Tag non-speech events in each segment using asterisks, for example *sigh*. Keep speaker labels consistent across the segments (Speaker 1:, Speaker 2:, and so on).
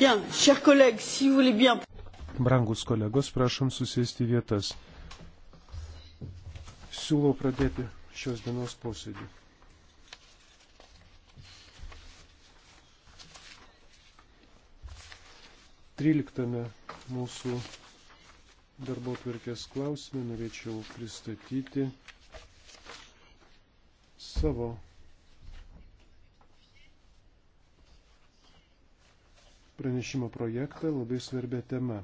Speaker 1: Bien, chers collègues, si vous voulez bien.
Speaker 2: Brangus kolegos, prašom susėsti vietas. Siūlau pradėti šios dienos posėdį. Tryliktame mūsų darbo tvarkės klausime norėčiau pristatyti savo pranešimo projektą labai svarbia tema.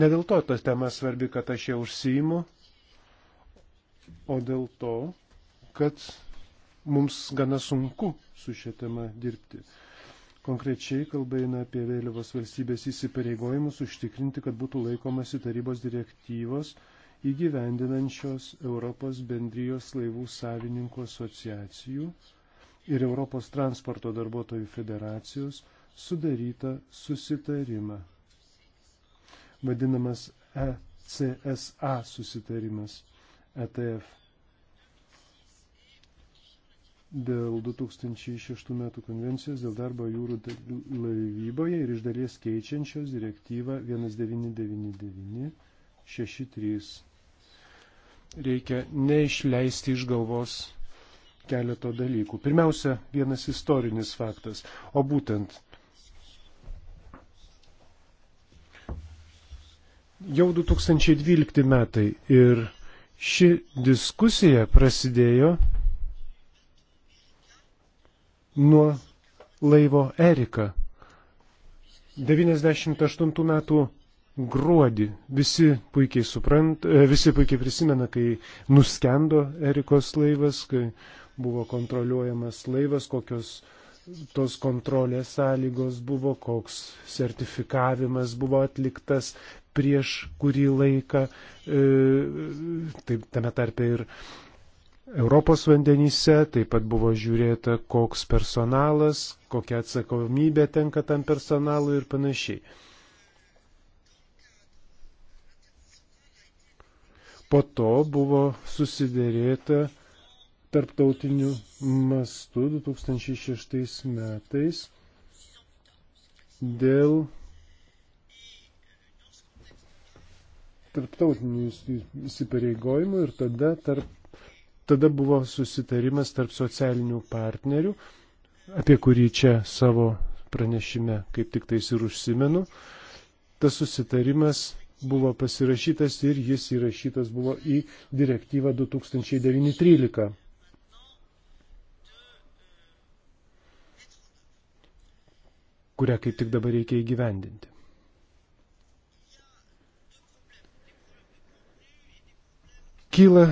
Speaker 2: Ne dėl to ta tema svarbi, kad aš ją užsijimu, o dėl to, kad mums gana sunku su šia tema dirbti. Konkrečiai kalba eina apie vėliavos valstybės įsipareigojimus užtikrinti, kad būtų laikomasi tarybos direktyvos įgyvendinančios Europos bendrijos laivų savininkų asociacijų ir Europos transporto darbuotojų federacijos sudarytą susitarimą, vadinamas ECSA susitarimas ETF dėl 2006 metų konvencijos dėl darbo jūrų laivyboje ir iš dalies keičiančios direktyvą 1999-63. Reikia neišleisti iš galvos keleto dalykų. Pirmiausia, vienas istorinis faktas, o būtent Jau 2012 metai ir ši diskusija prasidėjo nuo laivo Erika. 98 metų gruodį visi puikiai, suprant, e, visi puikiai prisimena, kai nuskendo Erikos laivas, kai buvo kontroliuojamas laivas, kokios tos kontrolės sąlygos buvo, koks sertifikavimas buvo atliktas, prieš kurį laiką, e, taip tame tarpe ir Europos vandenyse, taip pat buvo žiūrėta, koks personalas, kokia atsakomybė tenka tam personalui ir panašiai. Po to buvo susidėrėta tarptautiniu mastu 2006 metais dėl tarptautinių įsipareigojimų ir tada, tarp, tada buvo susitarimas tarp socialinių partnerių, apie kurį čia savo pranešime kaip tik tais ir užsimenu. Tas susitarimas buvo pasirašytas ir jis įrašytas buvo į direktyvą 2009-13. kurią kaip tik dabar reikia įgyvendinti. kyla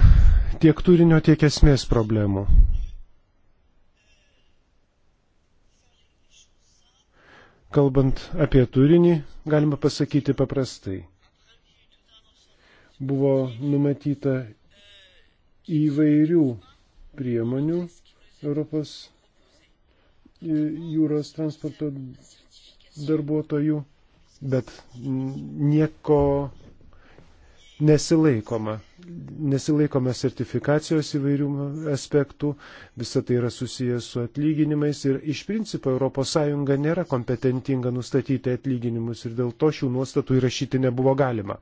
Speaker 2: tiek turinio, tiek esmės problemų. Kalbant apie turinį, galima pasakyti paprastai. Buvo numatyta įvairių priemonių Europos e, jūros transporto darbuotojų, bet nieko nesilaikoma. Nesilaikoma sertifikacijos įvairių aspektų, visa tai yra susijęs su atlyginimais ir iš principo ES nėra kompetentinga nustatyti atlyginimus ir dėl to šių nuostatų įrašyti nebuvo galima.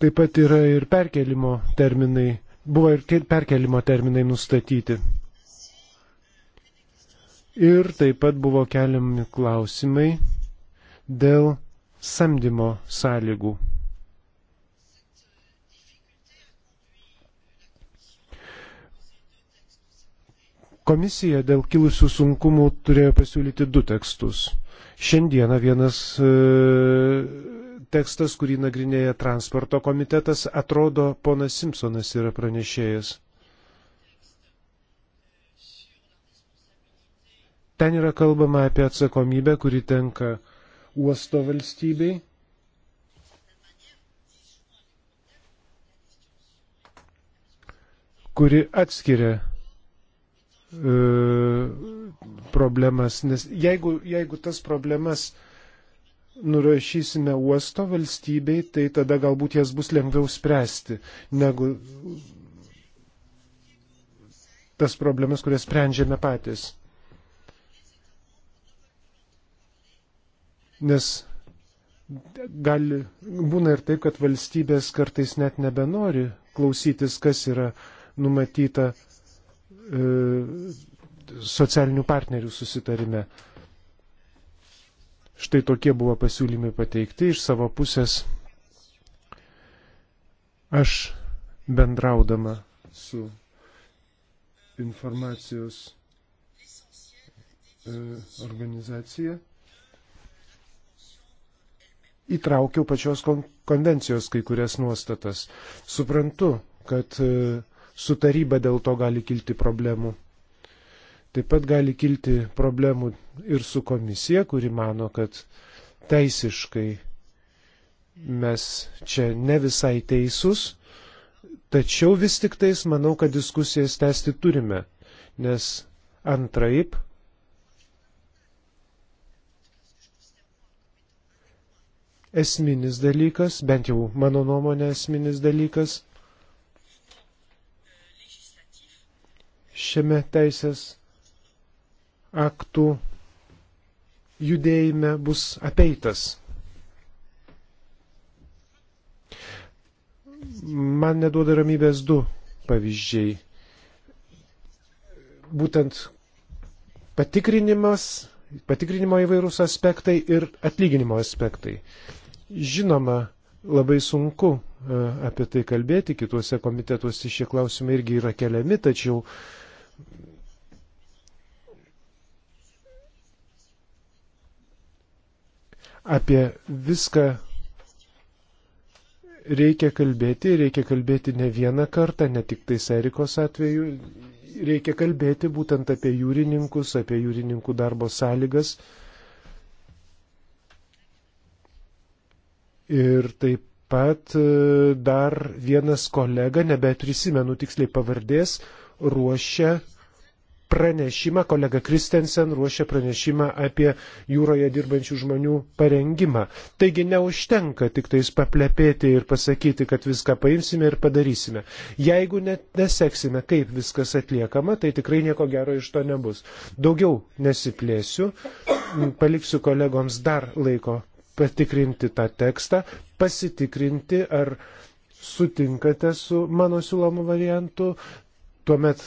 Speaker 2: Taip pat yra ir perkelimo terminai, buvo ir perkelimo terminai nustatyti. Ir taip pat buvo keliami klausimai dėl samdymo sąlygų. Komisija dėl kilusių sunkumų turėjo pasiūlyti du tekstus. Šiandieną vienas e, tekstas, kurį nagrinėja transporto komitetas, atrodo, ponas Simpsonas yra pranešėjas. Ten yra kalbama apie atsakomybę, kuri tenka e, uosto valstybei. kuri atskiria e, problemas, nes jeigu, jeigu tas problemas nurašysime uosto valstybei, tai tada galbūt jas bus lengviau spręsti, negu tas problemas, kurias sprendžiame patys. Nes gali, būna ir taip, kad valstybės kartais net nebenori klausytis, kas yra numatyta e, socialinių partnerių susitarime. Štai tokie buvo pasiūlymai pateikti iš savo pusės. Aš bendraudama su informacijos e, organizacija įtraukiau pačios konvencijos kai kurias nuostatas. Suprantu, kad e, su taryba dėl to gali kilti problemų. Taip pat gali kilti problemų ir su komisija, kuri mano, kad teisiškai mes čia ne visai teisūs, tačiau vis tik tais manau, kad diskusijas tęsti turime, nes antraip esminis dalykas, bent jau mano nuomonė esminis dalykas šiame teisės aktų judėjime bus apeitas. Man neduoda ramybės du pavyzdžiai. Būtent patikrinimas, patikrinimo įvairūs aspektai ir atlyginimo aspektai. Žinoma, labai sunku e, apie tai kalbėti, kituose komitetuose šie klausimai irgi yra keliami, tačiau apie viską reikia kalbėti, reikia kalbėti ne vieną kartą, ne tik tai Serikos atveju, reikia kalbėti būtent apie jūrininkus, apie jūrininkų darbo sąlygas. Ir taip pat e, dar vienas kolega, nebeprisimenu tiksliai pavardės, ruošia pranešimą, kolega Kristensen ruošia pranešimą apie jūroje dirbančių žmonių parengimą. Taigi neužtenka tik tais paplepėti ir pasakyti, kad viską paimsime ir padarysime. Jeigu net neseksime, kaip viskas atliekama, tai tikrai nieko gero iš to nebus. Daugiau nesiplėsiu, paliksiu kolegoms dar laiko patikrinti tą tekstą, pasitikrinti, ar sutinkate su mano siūlomu variantu. Tuomet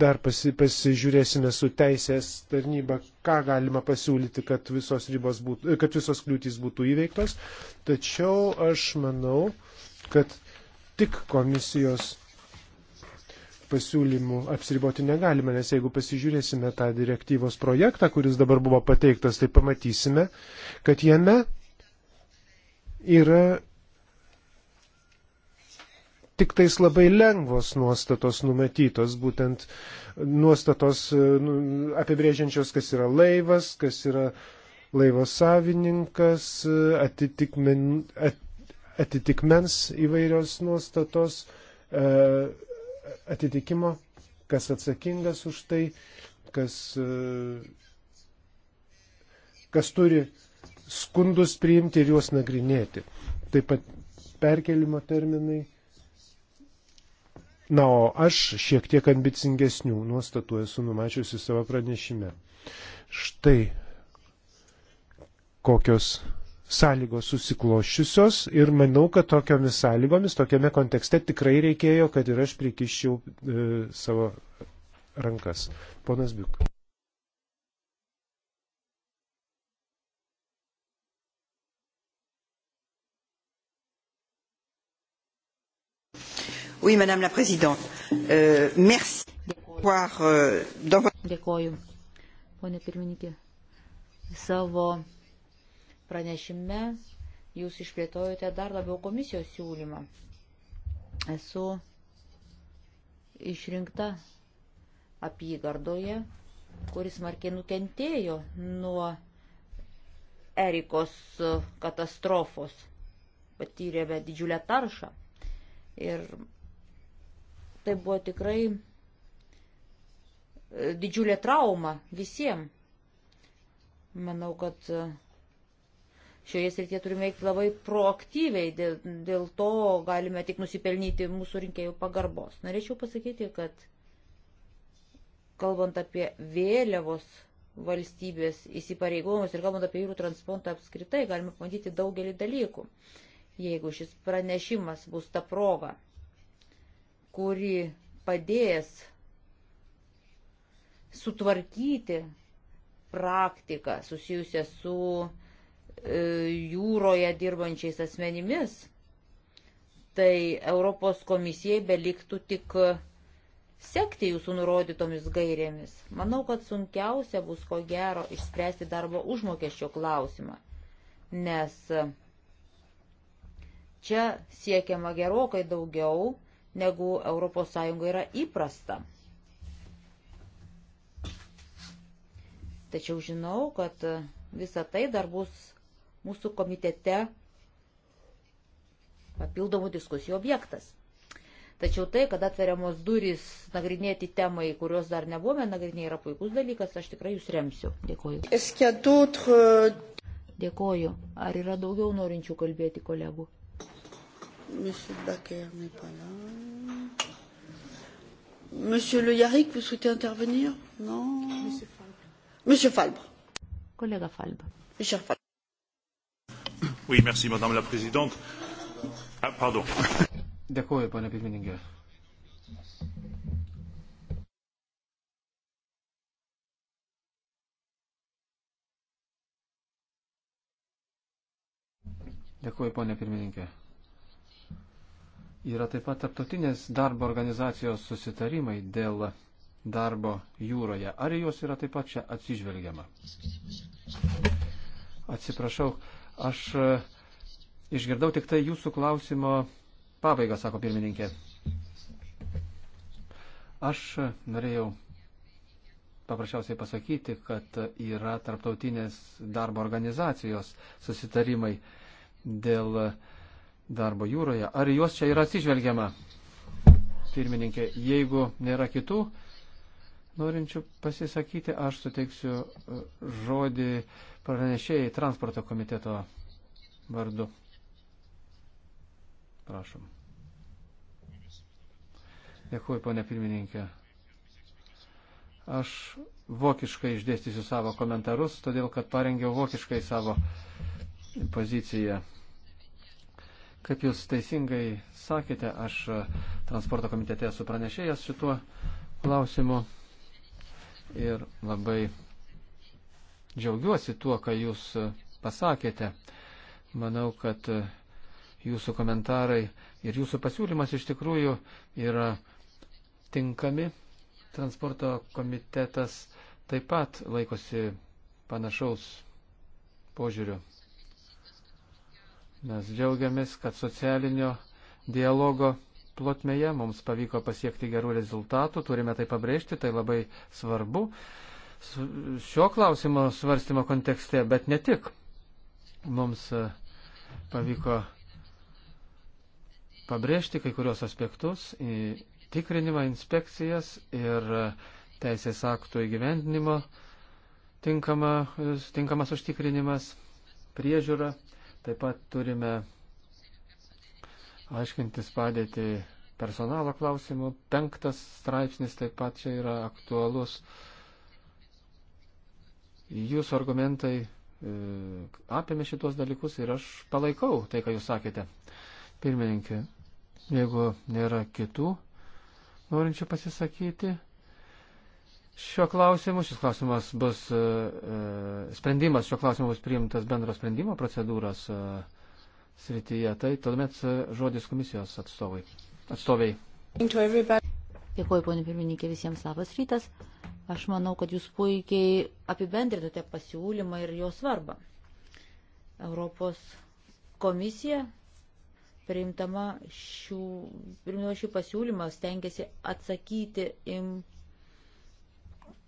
Speaker 2: dar pasi, pasižiūrėsime su teisės tarnyba, ką galima pasiūlyti, kad visos, būtų, kad visos kliūtys būtų įveiktos. Tačiau aš manau, kad tik komisijos pasiūlymų apsiriboti negalime, nes jeigu pasižiūrėsime tą direktyvos projektą, kuris dabar buvo pateiktas, tai pamatysime, kad jame yra tik tais labai lengvos nuostatos numatytos, būtent nuostatos e, nu, apibrėžiančios, kas yra laivas, kas yra laivo savininkas, e, atitikmen, at, atitikmens įvairios nuostatos, e, atitikimo, kas atsakingas už tai, kas, e, kas turi skundus priimti ir juos nagrinėti. Taip pat perkelimo terminai. Na, o aš šiek tiek ambicingesnių nuostatų esu numačiusi savo pranešime. Štai kokios sąlygos susikloščiusios ir manau, kad tokiamis sąlygomis, tokiame kontekste tikrai reikėjo, kad ir aš prikiščiau e, savo rankas. Ponas Biuk. Oui, Madame la Présidente.
Speaker 3: Euh, merci. Dėkoju. Euh, Dėkoju, ponė pirmininkė. Savo Pranešime jūs išplėtojote dar labiau komisijos siūlymą. Esu išrinkta apygardoje, kuris markiai nukentėjo nuo Erikos katastrofos. Patyrėme didžiulę taršą. Ir tai buvo tikrai e, didžiulė trauma visiems. Manau, kad e, Šioje srityje turime veikti labai proaktyviai, dėl, dėl to galime tik nusipelnyti mūsų rinkėjų pagarbos. Norėčiau pasakyti, kad kalbant apie vėliavos valstybės įsipareigojimus ir kalbant apie jūrų transportą apskritai, galime pamatyti daugelį dalykų. Jeigu šis pranešimas bus ta proga, kuri padės sutvarkyti praktiką susijusią su E, jūroje dirbančiais asmenimis, tai Europos komisijai beliktų tik sekti jūsų nurodytomis gairėmis. Manau, kad sunkiausia bus ko gero išspręsti darbo užmokesčio klausimą, nes čia siekiama gerokai daugiau, negu ES yra įprasta. Tačiau žinau, kad visa tai dar bus mūsų komitete papildomų diskusijų objektas. Tačiau tai, kad atveriamos durys nagrinėti temai, kurios dar nebuvome nagrinėję, yra puikus dalykas, aš tikrai jūs remsiu. Dėkoju. Euh, Dėkoju. Ar yra daugiau norinčių kalbėti kolegų? Monsieur Le Yarrick, vous souhaitez intervenir Non Monsieur Falbre. Monsieur Falbre. Collègue Falbre. Monsieur Falbre.
Speaker 4: Oui, merci, madame la présidente. Ah, pardon. *laughs* Dėkuoju, ponė pirmininkė. Dėkuoju, ponė pirmininkė. Yra taip pat tarptautinės darbo organizacijos susitarimai dėl darbo jūroje. Ar jos yra taip pat čia atsižvelgiama? Atsiprašau, Aš e, išgirdau tik tai jūsų klausimo pabaigą, sako pirmininkė. Aš e, norėjau paprasčiausiai pasakyti, kad yra tarptautinės darbo organizacijos susitarimai dėl darbo jūroje. Ar juos čia yra atsižvelgiama, pirmininkė? Jeigu nėra kitų norinčių pasisakyti, aš suteiksiu e, žodį uh, pranešėjai transporto komiteto vardu. Prašom. Dėkuoju, ponė pirmininkė. Aš vokiškai išdėstysiu savo komentarus, todėl kad parengiau vokiškai savo poziciją. Kaip jūs teisingai sakėte, aš transporto komitete esu pranešėjęs šituo klausimu ir labai džiaugiuosi tuo, ką jūs e, pasakėte. Manau, kad e, jūsų komentarai ir jūsų pasiūlymas iš tikrųjų yra tinkami. Transporto komitetas taip pat laikosi panašaus požiūriu. Mes džiaugiamės, kad socialinio dialogo plotmėje mums pavyko pasiekti gerų rezultatų, turime tai pabrėžti, tai labai svarbu šio klausimo svarstymo kontekste, bet ne tik. Mums e, pavyko pabrėžti kai kurios aspektus į tikrinimą, inspekcijas ir e, teisės aktų įgyvendinimo tinkama, e, tinkamas užtikrinimas, priežiūra. Taip pat turime aiškintis padėti personalo klausimų. Penktas straipsnis taip pat čia yra aktualus. Uh, Jūsų argumentai e, apėmė šitos dalykus ir aš palaikau tai, ką jūs sakėte. Pirmininkė, jeigu nėra kitų norinčių pasisakyti, šio klausimu, šis klausimas bus, e, e, sprendimas šio klausimu bus priimtas bendro sprendimo procedūros srityje, tai tuomet žodis komisijos atstovai. Atstoviai.
Speaker 3: Dėkuoju, ponė pirmininkė, visiems labas rytas. Aš manau, kad jūs puikiai apibendrinote pasiūlymą ir jo svarbą. Europos komisija, priimtama šių, priimtama šį pasiūlymą, stengiasi atsakyti im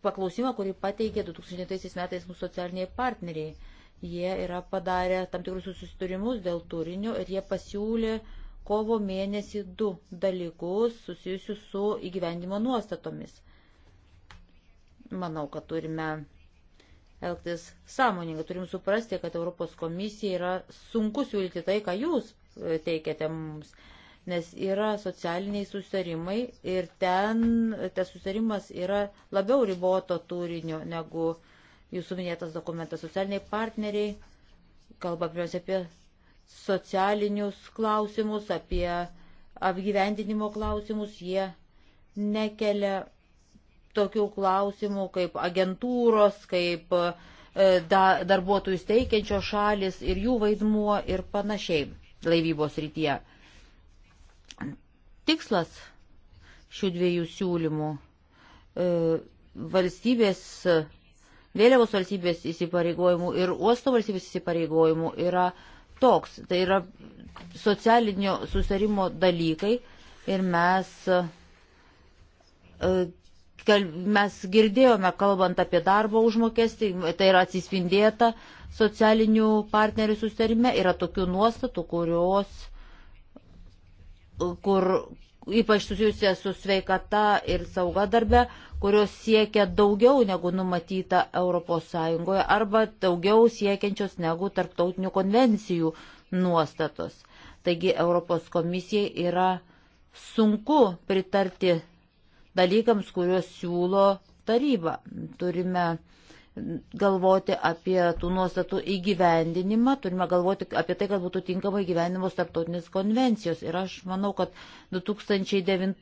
Speaker 3: paklausimą, kurį pateikė 2000 metais mūsų socialiniai partneriai. Jie yra padarę tam tikrus susiturimus dėl turinio ir jie pasiūlė kovo mėnesį du dalykus susijusius su įgyvendimo nuostatomis – Manau, kad turime elgtis sąmoningai, turim suprasti, kad Europos komisija yra sunku siūlyti tai, ką jūs e, teikiate mums, nes yra socialiniai susitarimai ir ten tas susitarimas yra labiau riboto turinio negu jūsų minėtas dokumentas. Socialiniai partneriai kalba pirmiausia apie socialinius klausimus, apie apgyvendinimo klausimus, jie nekelia tokių klausimų kaip agentūros, kaip e, da, darbuotojų steikiančios šalis ir jų vaidmuo ir panašiai laivybos rytyje. Tikslas šių dviejų siūlymų e, valstybės, vėliavos valstybės įsipareigojimų ir uosto valstybės įsipareigojimų yra toks. Tai yra socialinio sustarimo dalykai ir mes e, mes girdėjome, kalbant apie darbo užmokestį, tai yra atsispindėta socialinių partnerių sustarime, yra tokių nuostatų, kurios, kur ypač susijusia su sveikata ir sauga darbe, kurios siekia daugiau negu numatyta ES arba daugiau siekiančios negu tarptautinių konvencijų nuostatos. Taigi Europos komisijai yra sunku pritarti dalykams, kuriuos siūlo taryba. Turime galvoti apie tų nuostatų įgyvendinimą, turime galvoti apie tai, kad būtų tinkamai įgyvendinamos tarptautinės konvencijos. Ir aš manau, kad 2009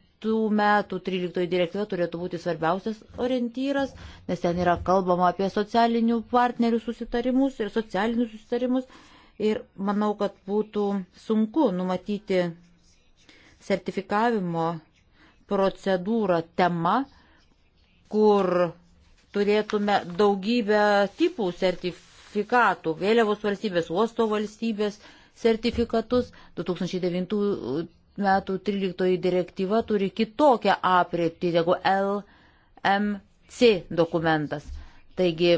Speaker 3: metų 13 direktyva turėtų būti svarbiausias orientyras, nes ten yra kalbama apie socialinių partnerių susitarimus ir socialinius susitarimus. Ir manau, kad būtų sunku numatyti sertifikavimo procedūrą tema, kur turėtume daugybę tipų sertifikatų, vėliavos valstybės, uosto valstybės sertifikatus. 2009 metų 13 direktyva turi kitokią apriepti negu LMC dokumentas. Taigi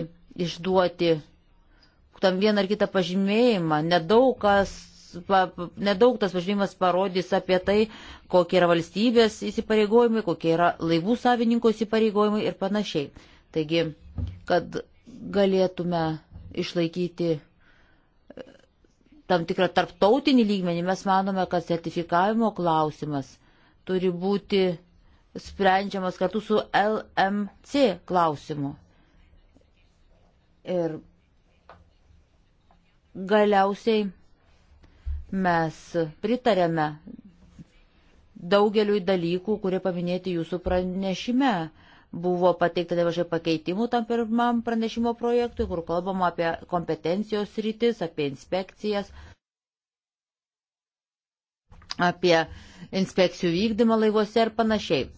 Speaker 3: išduoti tam vieną ar kitą pažymėjimą nedaug kas pa, nedaug tas pažymėjimas parodys apie tai, kokie yra valstybės įsipareigojimai, kokie yra laivų savininko įsipareigojimai ir panašiai. Taigi, kad galėtume išlaikyti e, tam tikrą tarptautinį lygmenį, mes manome, kad sertifikavimo klausimas turi būti sprendžiamas kartu su LMC klausimu. Ir galiausiai Mes pritarėme daugeliui dalykų, kurie paminėti jūsų pranešime. Buvo pateikta nemažai pakeitimų tam pirmam pranešimo projektui, kur kalbama apie kompetencijos rytis, apie inspekcijas, apie inspekcijų vykdymą laivuose ir panašiai.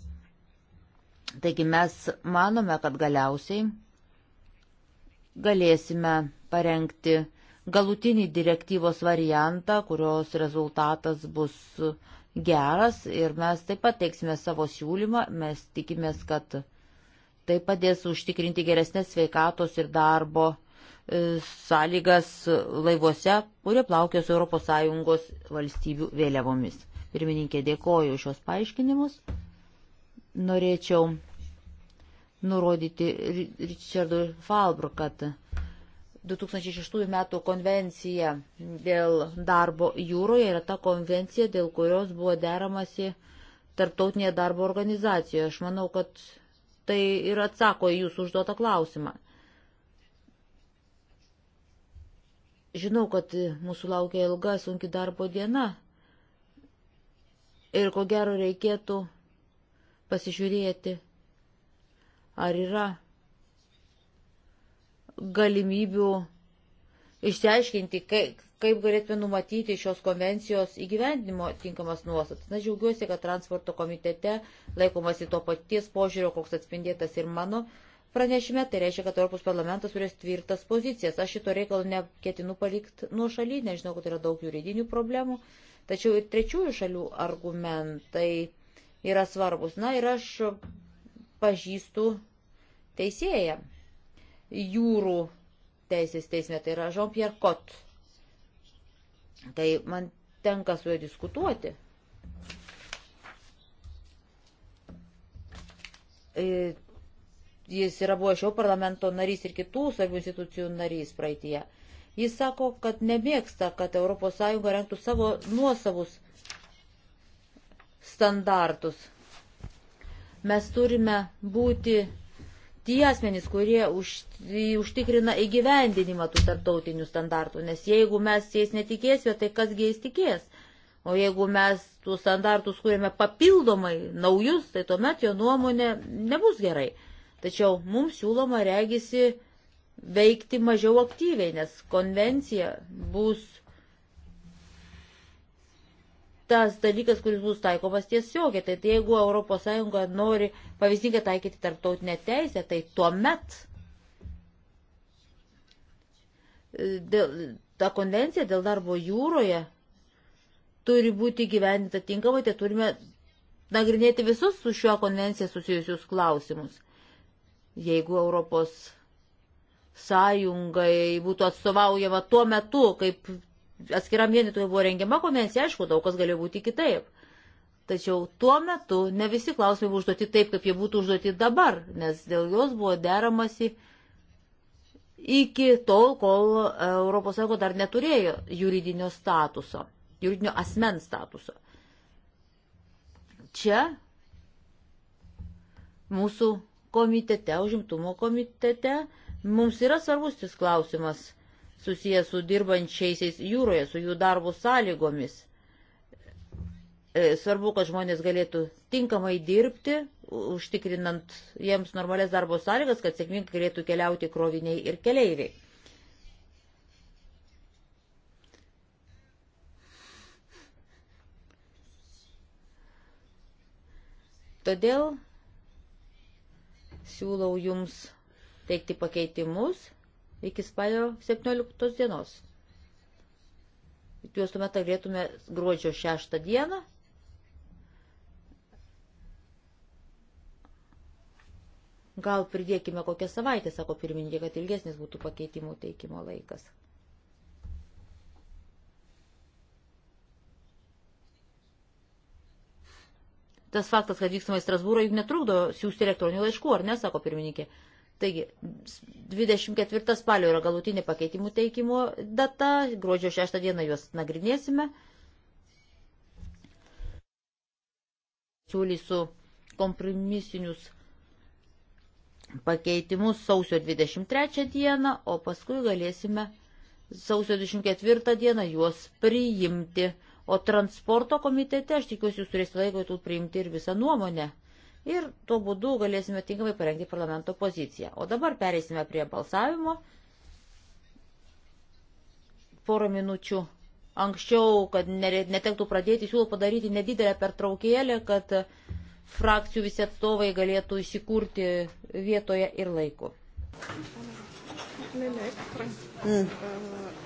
Speaker 3: Taigi mes manome, kad galiausiai galėsime parengti galutinį direktyvos variantą, kurios rezultatas bus geras ir mes taip pat teiksime savo siūlymą, mes tikimės, kad tai padės užtikrinti geresnės sveikatos ir darbo e, sąlygas laivuose, kurie plaukia su ES valstybių vėliavomis. Pirmininkė, dėkoju už šios paaiškinimus. Norėčiau nurodyti Richardui Falbru, kad 2006 metų konvencija dėl darbo jūroje yra ta konvencija, dėl kurios buvo deramasi tarptautinėje darbo organizacijoje. Aš manau, kad tai ir atsako į jūsų užduotą klausimą. Žinau, kad mūsų laukia ilga, sunki darbo diena ir ko gero reikėtų pasižiūrėti, ar yra galimybių išsiaiškinti, kaip, kaip galėtume numatyti šios konvencijos įgyvendinimo tinkamas nuostatas. Na, džiaugiuosi, kad transporto komitete laikomasi to paties požiūrio, koks atspindėtas ir mano pranešime, tai reiškia, kad Europos parlamentas turės tvirtas pozicijas. Aš šito reikalo neketinu palikti nuo šaly, nežinau, kad yra daug juridinių problemų, tačiau ir trečiųjų šalių argumentai yra svarbus. Na ir aš pažįstu teisėją jūrų teisės teisme, tai yra Jean-Pierre Cot. Tai man tenka su juo diskutuoti. E, jis yra buvo šio parlamento narys ir kitų svarbių institucijų narys praeitie. Jis sako, kad nemėgsta, kad ES renktų savo nuosavus standartus. Mes turime būti tie asmenys, kurie už, užtikrina įgyvendinimą tų tarptautinių standartų, nes jeigu mes jais netikėsime, tai kasgi jais tikės. O jeigu mes tų standartus kūrėme papildomai naujus, tai tuomet jo nuomonė nebus gerai. Tačiau mums siūloma regisi veikti mažiau aktyviai, nes konvencija bus tas dalykas, kuris bus taikomas tiesiogiai. Tai, tai jeigu ES nori pavyzdingai taikyti tarptautinę teisę, tai tuomet e, dėl, ta konvencija dėl darbo jūroje turi būti gyvendinta tinkamai, tai turime nagrinėti visus su šiuo konvencija susijusius klausimus. Jeigu Europos sąjungai būtų atstovaujama tuo metu, kaip atskiram vienetui buvo rengiama konvencija, aišku, daug kas galėjo būti kitaip. Tačiau tuo metu ne visi klausimai buvo užduoti taip, kaip jie būtų užduoti dabar, nes dėl jos buvo deramasi iki tol, kol ES dar neturėjo juridinio statuso, juridinio asmens statuso. Čia mūsų komitete, užimtumo komitete, mums yra svarbus šis klausimas – susijęs su dirbančiaisiais jūroje, su jų darbo sąlygomis. E, svarbu, kad žmonės galėtų tinkamai dirbti, užtikrinant jiems normales darbo sąlygas, kad sėkmingai galėtų keliauti kroviniai ir keleiviai. Todėl siūlau jums teikti pakeitimus iki spalio 17 dienos. Juos tuomet galėtume gruodžio 6 dieną. Gal pridėkime kokią savaitę, sako pirmininkė, kad ilgesnis būtų pakeitimų teikimo laikas. Tas faktas, kad vykstama į Strasbūrą, juk netrukdo siūsti elektroninių laiškų, ar ne, sako pirmininkė. Taigi, 24 spalio yra galutinė pakeitimų teikimo data, gruodžio 6 dieną juos nagrinėsime. Siūlysiu kompromisinius pakeitimus sausio 23 dieną, o paskui galėsime sausio 24 dieną juos priimti. O transporto komitete, aš tikiuosi, jūs turėsite laiko tų tai priimti ir visą nuomonę ir tuo būdu galėsime tinkamai parengti parlamento poziciją. O dabar pereisime prie balsavimo. Porą minučių anksčiau, kad netektų pradėti, siūlau padaryti nedidelę pertraukėlę, kad frakcijų visi atstovai galėtų įsikurti vietoje ir laiku.
Speaker 2: Ne, ne, mm. Uh,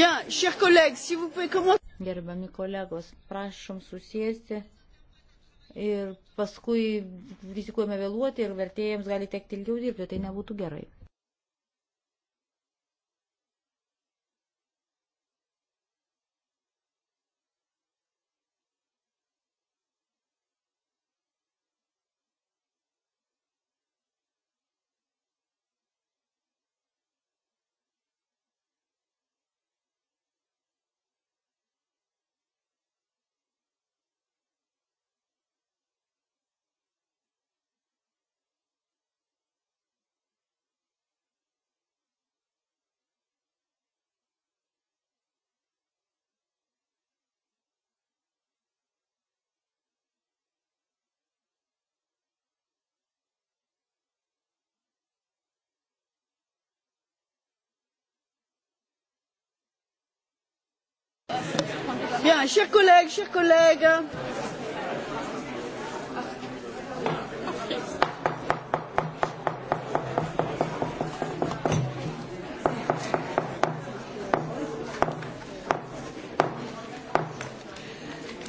Speaker 3: Bien, chers collègues, si vous pouvez commencer. Gerbiami kolegos, prašom susėsti ir paskui rizikuojame vėluoti ir vertėjams gali tekti ilgiau dirbti, tai nebūtų gerai.
Speaker 2: Bien, chers collègues, chers collègues.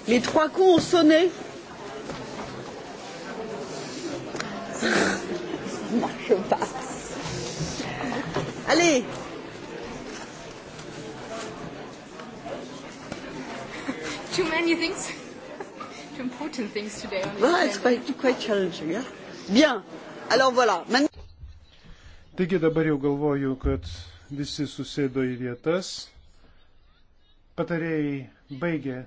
Speaker 1: Les trois coups ont sonné. quite, quite challenging.
Speaker 3: Yeah?
Speaker 2: Bien. Alors voilà. Man... Taigi dabar jau galvoju, kad visi susėdo į vietas. Patarėjai baigė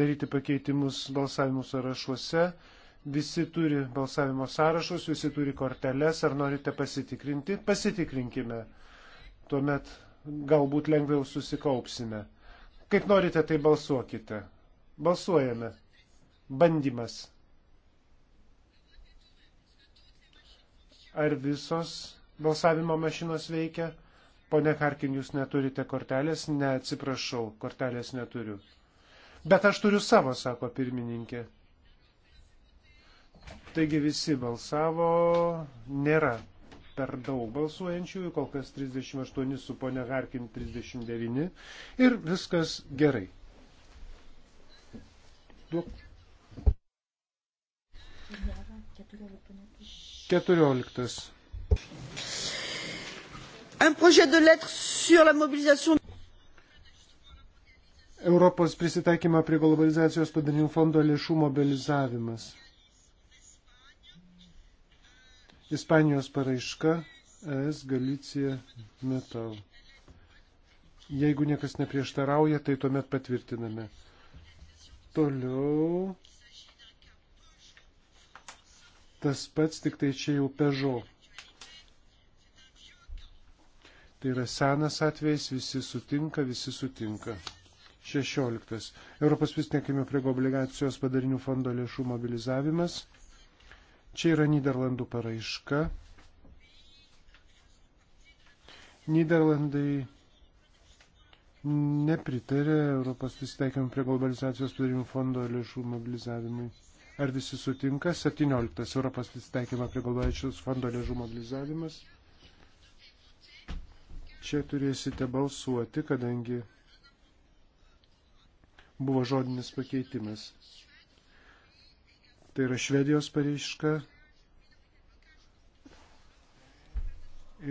Speaker 2: daryti pakeitimus balsavimų sąrašuose. Visi turi balsavimo sąrašus, visi turi korteles. Ar norite pasitikrinti? Pasitikrinkime. Tuomet galbūt lengviau susikaupsime. Kaip norite, tai balsuokite. Balsuojame bandymas. Ar visos balsavimo mašinos veikia? Pone Harkin, jūs neturite kortelės? Ne, atsiprašau, kortelės neturiu. Bet aš turiu savo, sako pirmininkė. Taigi visi balsavo, nėra per daug balsuojančiųjų, kol kas 38 su ponia Harkin 39 ir viskas gerai. Duok. 14.
Speaker 1: Un projet de lettre sur la mobilisation.
Speaker 2: Europos prisitaikymą prie globalizacijos padarinių fondo lėšų mobilizavimas. Ispanijos paraiška ES Galicija Metal. Jeigu niekas neprieštarauja, tai tuomet patvirtiname. Toliau tas pats, tik tai čia jau pežo. Tai yra senas atvejs, visi sutinka, visi sutinka. 16. Europos visnekimio priego obligacijos padarinių fondo lėšų mobilizavimas. Čia yra Niderlandų paraiška. Niderlandai nepritarė Europos visnekimio priego globalizacijos padarinių fondo lėšų mobilizavimui. Ar visi sutinka? 17. Europos prisitaikymo prie galvojančius fondo lėžų mobilizavimas. Čia turėsite balsuoti, kadangi buvo žodinis pakeitimas. Tai yra Švedijos pareiška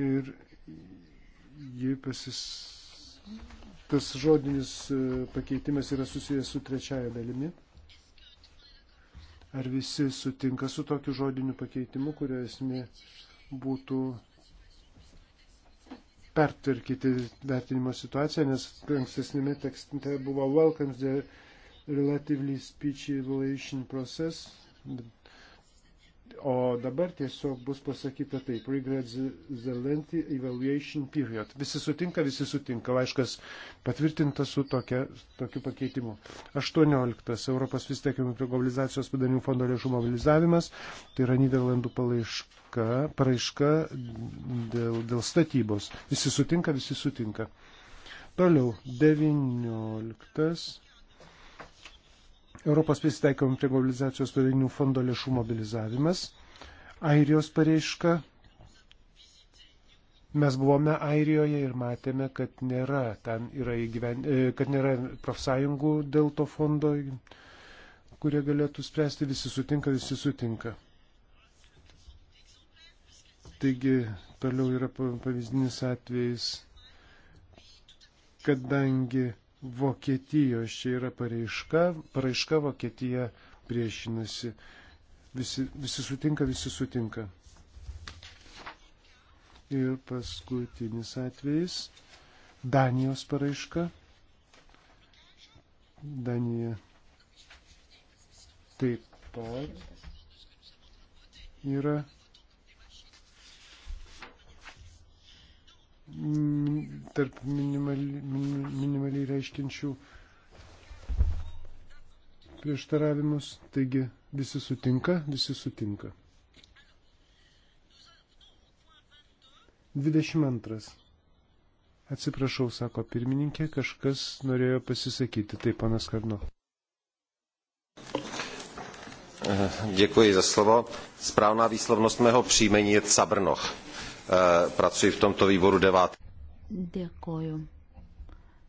Speaker 2: ir ji pasis... tas žodinis e, pakeitimas yra susijęs su trečiaja dalimi. Ar visi sutinka su tokiu žodiniu pakeitimu, kurio esmė būtų pertvarkyti vertinimo situaciją, nes ankstesnėme tekste buvo welcomes the relatively speech evaluation process, O dabar tiesiog bus pasakyta taip, regrets the lengthy evaluation period. Visi sutinka, visi sutinka. Laiškas patvirtintas su tokia, tokiu pakeitimu. 18. Europos vis tiek mikrogolizacijos padarinių fondo lėšų mobilizavimas. Tai yra Niderlandų palaiška, paraiška dėl, dėl statybos. Visi sutinka, visi sutinka. Toliau. 19. Europos prisitaikymo prie globalizacijos padarinių fondo lėšų mobilizavimas, Airijos pareiška. Mes buvome Airijoje ir matėme, kad nėra, įgyven... E, kad nėra profsąjungų dėl to fondo, kurie galėtų spręsti, visi sutinka, visi sutinka. Taigi toliau yra pavyzdinis atvejis, kadangi Vokietijos. Čia yra pareiška, paraiška Vokietija priešinasi. Visi, visi sutinka, visi sutinka. Ir paskutinis atvejis - Danijos paraiška. Danija taip pat yra Mm, tarp minimaliai, minimaliai reiškinčių prieštaravimus. Taigi visi sutinka, visi sutinka. 22. Atsiprašau, sako pirmininkė, kažkas norėjo pasisakyti. Tai panas Karno. Děkuji za slovo. Správná výslovnost mého příjmení je Cabrnoch. Eh, pracuji v tomto výboru 9.
Speaker 3: Dėkoju.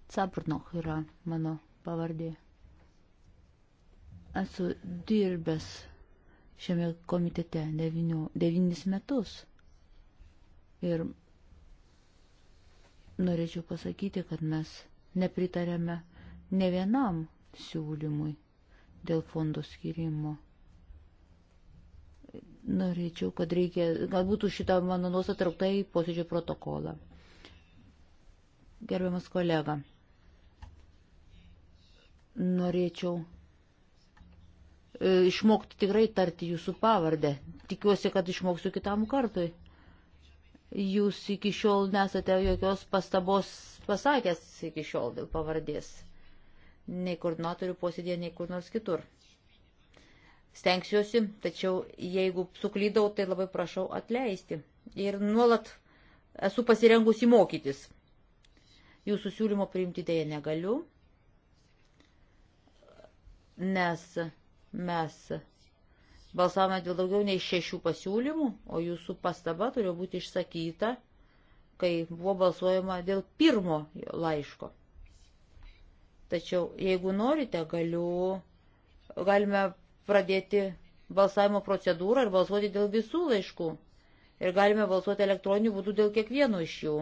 Speaker 3: Cabrnoch yra mano pavardė. Esu dirbęs šiame komitete devinių, devynis metus. Ir norėčiau pasakyti, kad mes nepritarėme ne vienam siūlymui dėl fondo skirimo. Norėčiau, kad reikia, galbūt šitą mano nuostatą traukta į posėdžio protokolą. Gerbiamas kolega, norėčiau e, išmokti tikrai tarti jūsų pavardę. Tikiuosi, kad išmoksiu kitam kartui. Jūs iki šiol nesate jokios pastabos pasakęs iki šiol dėl pavardės. Nei koordinatorių posėdėje, nei kur nors kitur stengsiuosi, tačiau jeigu suklydau, tai labai prašau atleisti. Ir nuolat esu pasirengusi mokytis. Jūsų siūlymo priimti dėja negaliu, nes mes balsavome dėl daugiau nei šešių pasiūlymų, o jūsų pastaba turėjo būti išsakyta, kai buvo balsuojama dėl pirmo laiško. Tačiau, jeigu norite, galiu, galime pradėti balsavimo procedūrą ir balsuoti dėl visų laiškų. Ir galime balsuoti elektroniniu būdu dėl kiekvieno iš jų.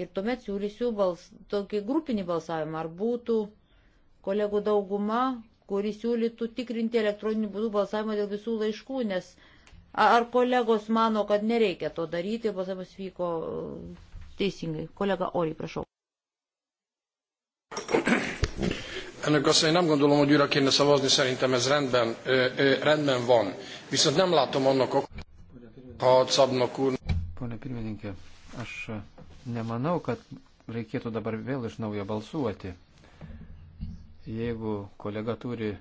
Speaker 3: Ir tuomet siūlysiu bals, tokį grupinį balsavimą, ar būtų kolegų dauguma, kuri siūlytų tikrinti elektroniniu būdu balsavimą dėl visų laiškų, nes ar kolegos mano, kad nereikia to daryti ir balsavimas vyko teisingai. Kolega Ori, prašau.
Speaker 4: Elnök azt én nem gondolom, hogy újra kéne szavazni, szerintem ez rendben, ö, ö, rendben van. Viszont nem látom annak ok, ha Szabnak úr... Pone pirmininkė, aš nemanau, kad reikėtų dabar vėl iš naujo balsuoti. Jeigu kolega turi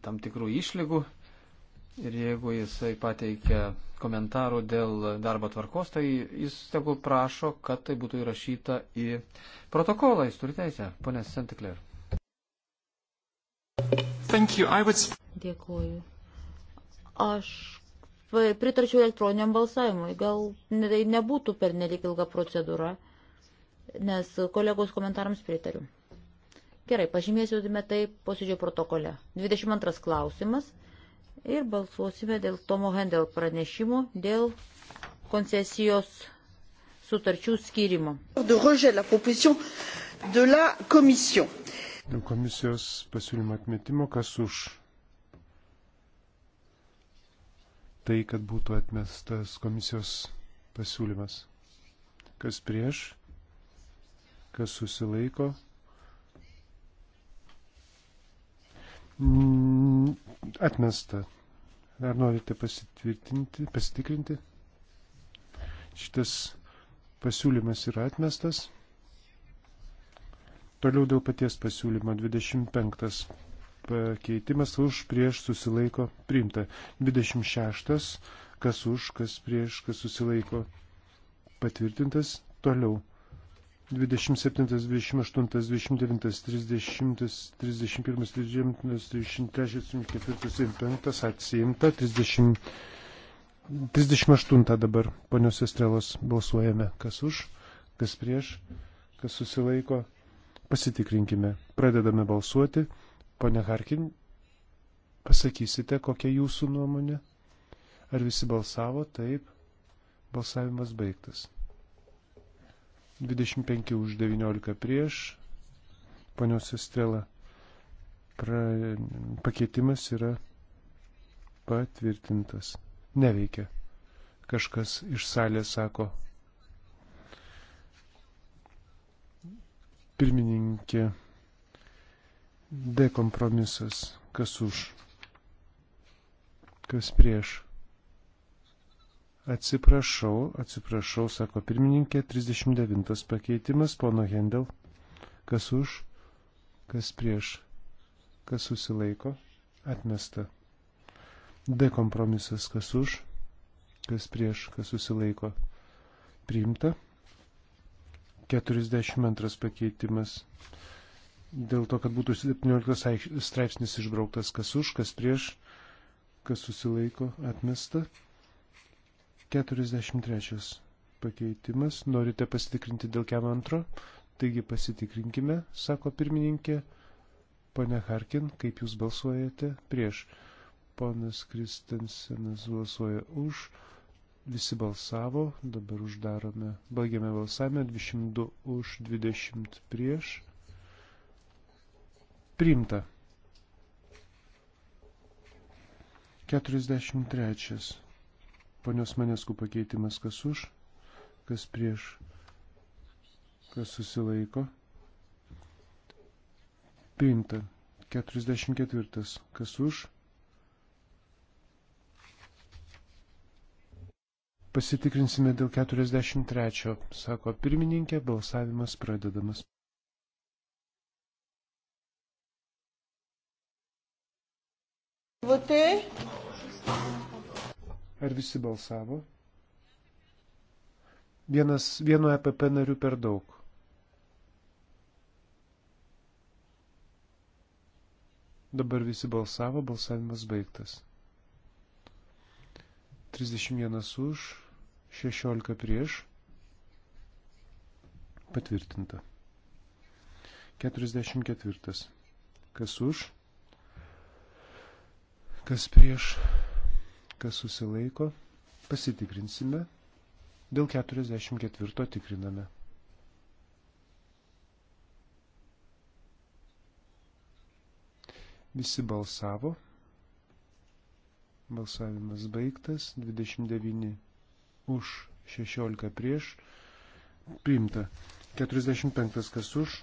Speaker 4: tam tikrų išlygų, Ir jeigu jisai pateikia komentarų dėl darbo tvarkos, tai jis tegul prašo, kad tai būtų įrašyta į protokolą. Jis turi teisę, ponė Sentikler. Would...
Speaker 3: Dėkuoju. Aš pritarčiau elektroniniam balsavimui. Gal tai nebūtų per nelik ilga procedūra, nes kolegos komentarams pritariu. Gerai, pažymėsime tai posėdžio protokole. 22 klausimas ir balsuosime dėl Tomo Hendel pranešimo dėl koncesijos sutarčių skirimo.
Speaker 2: Dėl komisijos pasiūlymo atmetimo, kas už tai, kad būtų atmestas komisijos pasiūlymas. Kas prieš, kas susilaiko, Mm, atmesta. Ar norite pasitvirtinti, pasitikrinti? Šitas pasiūlymas yra atmestas. Toliau dėl paties pasiūlymo 25 pakeitimas už prieš susilaiko priimta. 26 kas už, kas prieš, kas susilaiko patvirtintas. Toliau 27, 28, 29, 30, 31, 32, 33, 34, 5 atsiimta, 30, 38 dabar ponios Estrelos balsuojame, kas už, kas prieš, kas susilaiko. Pasitikrinkime, pradedame balsuoti. Pone Harkin, pasakysite, kokia jūsų nuomonė? Ar visi balsavo? Taip. Balsavimas baigtas. 25 už 19 prieš. Ponios Estrela pra... pakeitimas yra patvirtintas. Neveikia. Kažkas iš salės sako. Pirmininkė. D kompromisas. Kas už? Kas prieš? Atsiprašau, atsiprašau, sako pirmininkė, 39 pakeitimas, pono Hendel. Kas už, kas prieš, kas susilaiko, atmesta. D kompromisas, kas už, kas prieš, kas susilaiko, priimta. 42 pakeitimas. Dėl to, kad būtų 17 straipsnis išbrauktas, kas už, kas prieš, kas susilaiko, atmesta. 43 pakeitimas. Norite pasitikrinti dėl kiam antro? Taigi pasitikrinkime, sako pirmininkė. Pane Harkin, kaip jūs balsuojate prieš? Ponas Kristensenas balsuoja už. Visi balsavo. Dabar uždarome. Baigiame balsavimą. 22 už, 20 prieš. Priimta. 43. Ponios Maneskų pakeitimas kas už, kas prieš, kas susilaiko. Priimta. 44. Kas už? Pasitikrinsime dėl 43, sako pirmininkė, balsavimas pradedamas. Voter. Ar visi balsavo? Vienas, vienu EPP nariu per daug. Dabar visi balsavo, balsavimas baigtas. 31 už, 16 prieš. Patvirtinta. 44. Kas už, kas prieš kas susilaiko, pasitikrinsime. Dėl 44 tikriname. Visi balsavo. Balsavimas baigtas. 29 už, 16 prieš. Priimta. 45 kas už,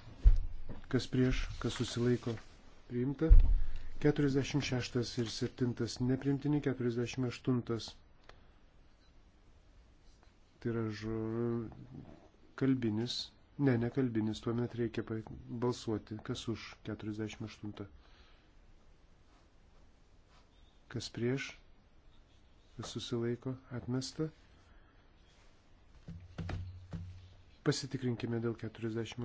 Speaker 2: kas prieš, kas susilaiko. Priimta. 46 ir 7 neprimtini, 48 tai yra žur, kalbinis, ne, ne kalbinis, tuomet reikia balsuoti, kas už 48, kas prieš, kas susilaiko, atmesta. Pasitikrinkime dėl 48.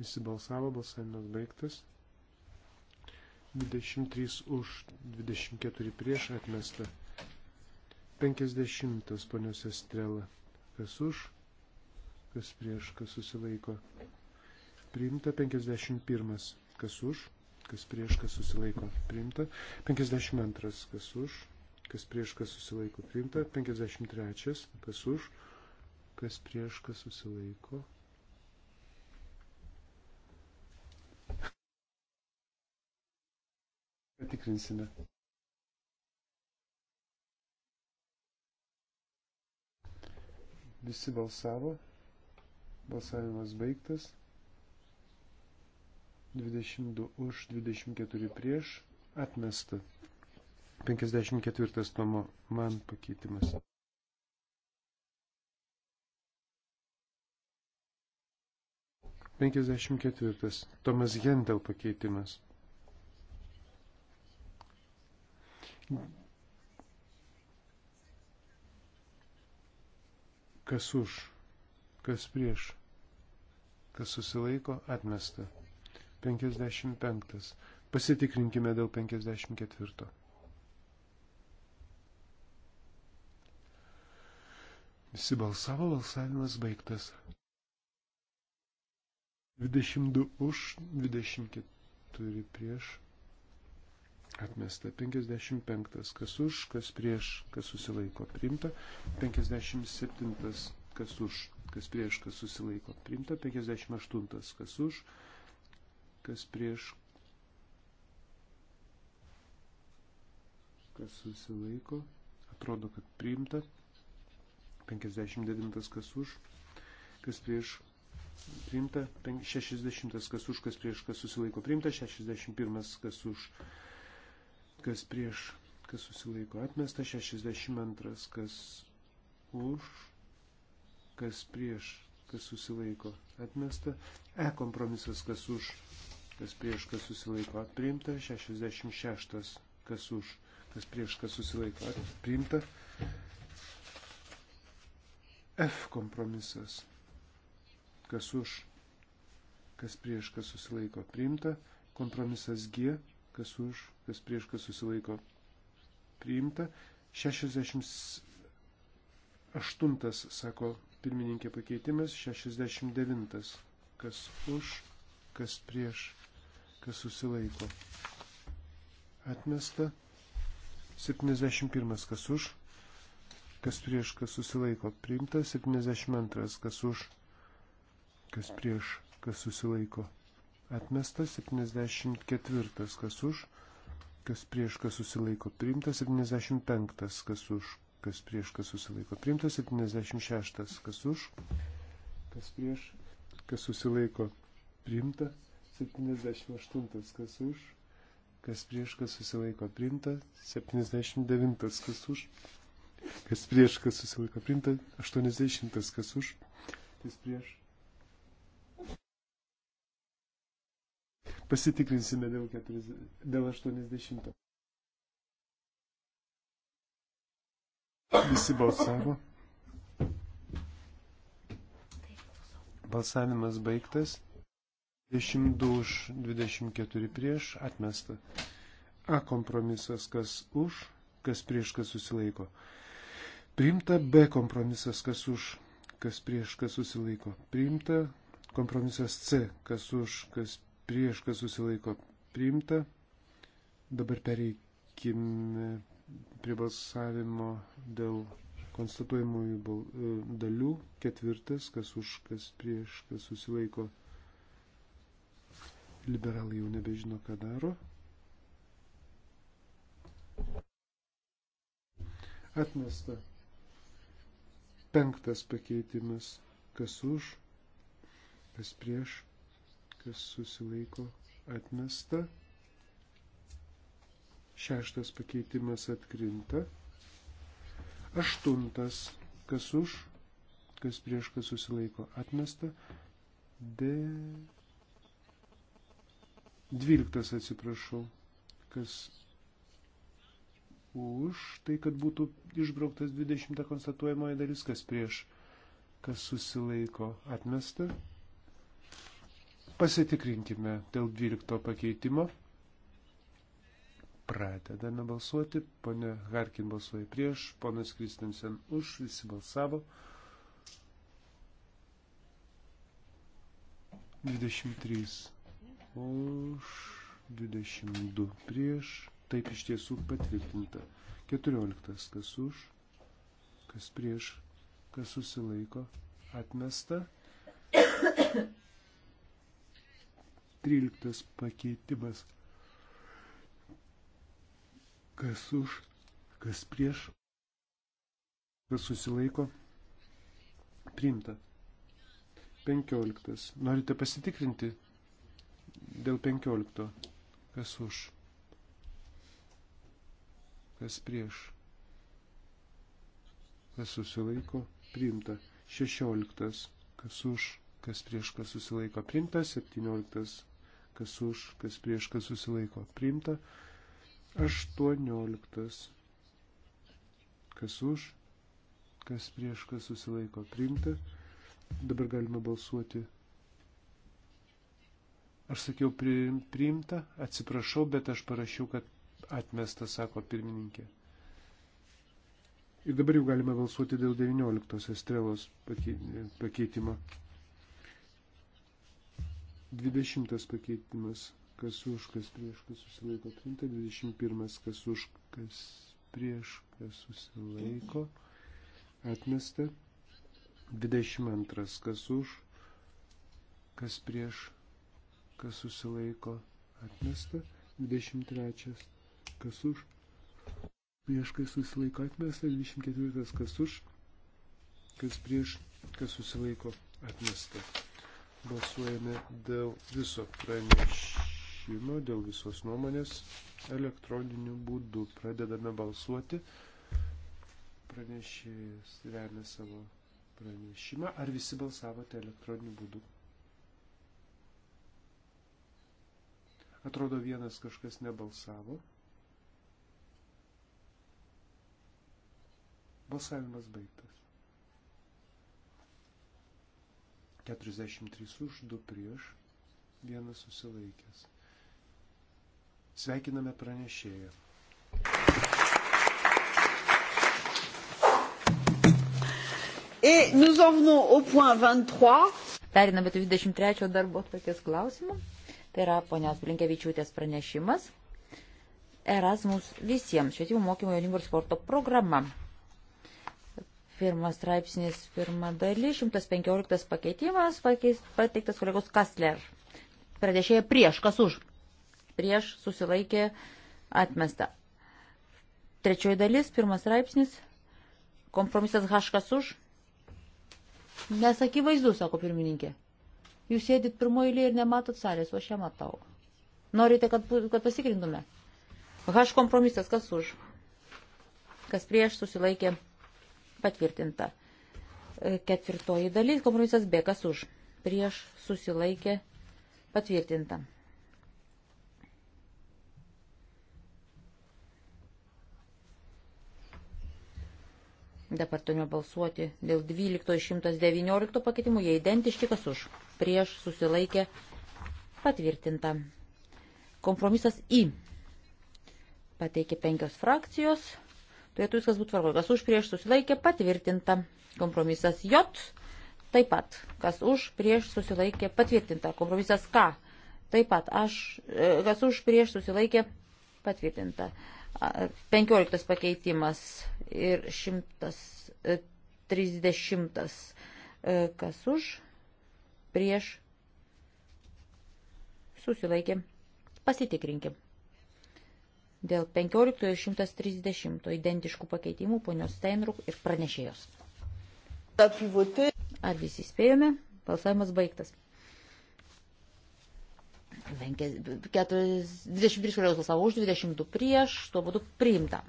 Speaker 2: Visi balsavo, balsavimas baigtas. 23 už, 24 prieš atmesta. 50 ponios Estrela. Kas už, kas prieš, kas susilaiko. Priimta 51. Kas už, kas prieš, kas susilaiko. Priimta 52. Kas už, kas prieš, kas susilaiko. Priimta 53. Kas už, kas prieš, kas susilaiko. patikrinsime. Visi balsavo. Balsavimas baigtas. 22 už, 24 prieš. Atmesta. 54 tomo man pakeitimas. Penkiasdešimt ketvirtas. Tomas Gendel pakeitimas. Kas už, kas prieš, kas susilaiko, atmesta. 55. Pasitikrinkime dėl 54. Visi balsavo, balsavimas baigtas. 22 už, 24 prieš, Atmesta 55. Kas už, kas prieš, kas susilaiko priimta. 57. Kas už, kas prieš, kas susilaiko priimta. 58. Kas už, kas prieš, kas susilaiko. Atrodo, kad priimta. 59. Kas už, kas prieš, priimta. 60. Kas už, kas prieš, kas susilaiko priimta. 61. Kas už kas prieš, kas susilaiko atmesta, 62, kas už, kas prieš, kas susilaiko atmesta, E kompromisas, kas už, kas prieš, kas susilaiko atpriimta, 66, kas už, kas prieš, kas susilaiko atpriimta, F kompromisas, kas už, kas prieš, kas susilaiko priimta, kompromisas G, kas už, kas prieš, kas susilaiko priimta. 68, sako pirmininkė pakeitimas, 69, kas už, kas prieš, kas susilaiko. Atmesta. 71, kas už, kas prieš, kas susilaiko. Priimta. 72, kas už, kas prieš, kas susilaiko atmestas, 74 kas už, kas prieš kas susilaiko priimtas, 75 kas už, kas prieš kas susilaiko priimtas, 76 kas už, kas prieš kas susilaiko priimta, 78 kas už, kas prieš kas susilaiko priimta, 79 kas už, kas prieš kas susilaiko priimta, 80 kas už, kas prieš Pasitikrinsime dėl, 40, dėl 80. Visi balsavo. Balsavimas baigtas. 22 už, 24 prieš, atmesta. A kompromisas, kas už, kas prieš, kas susilaiko. Priimta B kompromisas, kas už, kas prieš, kas susilaiko. Priimta kompromisas C, kas už, kas prieš kas susilaiko priimta. Dabar pereikime prie balsavimo dėl konstatuojamųjų e, dalių. Ketvirtas, kas už, kas prieš, kas susilaiko. Liberalai jau nebežino, ką daro. Atmesta. Penktas pakeitimas. Kas už, kas prieš, kas susilaiko atmesta. Šeštas pakeitimas atkrinta. Aštuntas, kas už, kas prieš, kas susilaiko atmesta. D. Dvyliktas atsiprašau, kas už tai, kad būtų išbrauktas 20 konstatuojamoji dalis, kas prieš, kas susilaiko atmesta. Pasitikrinkime dėl 12 pakeitimo. Pradedame balsuoti. Pone Harkin balsuoja prieš, ponas Kristinsen už, visi balsavo. 23 už, 22 prieš. Taip iš tiesų patvirtinta. 14 kas už, kas prieš, kas susilaiko, atmesta. 13 pakeitimas. Kas už, kas prieš, kas susilaiko, priimta. 15. Norite pasitikrinti dėl 15. Kas už, kas prieš, kas susilaiko, priimta. 16. Kas už, kas prieš, kas susilaiko, priimta. 17 kas už, kas prieš, kas susilaiko. Priimta. 18. Kas už, kas prieš, kas susilaiko. Priimta. Dabar galima balsuoti. Aš sakiau priimta, atsiprašau, bet aš parašiau, kad atmesta, sako pirmininkė. Ir dabar jau galime balsuoti dėl 19 estrelos pakeitimo. 20 pakeitimas, kas už, kas prieš, kas susilaiko priimta, 21 kas už, kas prieš, kas susilaiko atmesta, 22 kas už, kas prieš, kas susilaiko atmesta, 23 kas už, prieš, kas susilaiko atmesta, 24 kas už, kas prieš, kas susilaiko atmesta. Balsuojame dėl viso pranešimo, dėl visos nuomonės elektroniniu būdu. Pradedame balsuoti. Pranešėjas remia savo pranešimą. Ar visi balsavote elektroniniu būdu? Atrodo, vienas kažkas nebalsavo. Balsavimas baigtas. 43 už, 2 prieš, 1 susilaikęs. Sveikiname pranešėją.
Speaker 3: Et nous en venons au point 23. Periname 23 darbo tokias klausimą. Tai yra ponios Blinkevičiūtės pranešimas. Erasmus visiems švietimo mokymo jaunimo ir sporto programa. Pirmas straipsnis, pirma dalis, 115 pakeitimas, pakeis, pateiktas kolegos Kastler. Pradėšėja prieš, kas už. Prieš susilaikė atmesta. Trečioji dalis, pirmas straipsnis, kompromisas H, kas už. Nes akivaizdu, sako pirmininkė. Jūs sėdit pirmoji eilė ir nematot salės, o aš ją matau. Norite, kad, kad pasikrintume? H kompromisas, kas už? Kas prieš susilaikė atmesta patvirtinta. E, ketvirtoji dalis, kompromisas B, kas už, prieš susilaikė patvirtinta. Dabar turime balsuoti dėl 12.119 pakeitimų, jie identiški, kas už, prieš susilaikė patvirtinta. Kompromisas I pateikė penkios frakcijos turėtų tai viskas būti tvarkoje. Kas už prieš susilaikė patvirtinta. Kompromisas J taip pat. Kas už prieš susilaikė patvirtinta. Kompromisas K taip pat. Aš, e, kas už prieš susilaikė patvirtinta. 15 pakeitimas ir 130. E, e, kas už prieš susilaikė. Pasitikrinkim dėl 15 ir 130 identiškų pakeitimų ponios Steinruk ir pranešėjos. Ar visi spėjome? Balsavimas baigtas. 23 kolegos balsavo už, 22 prieš, tuo būdu priimta.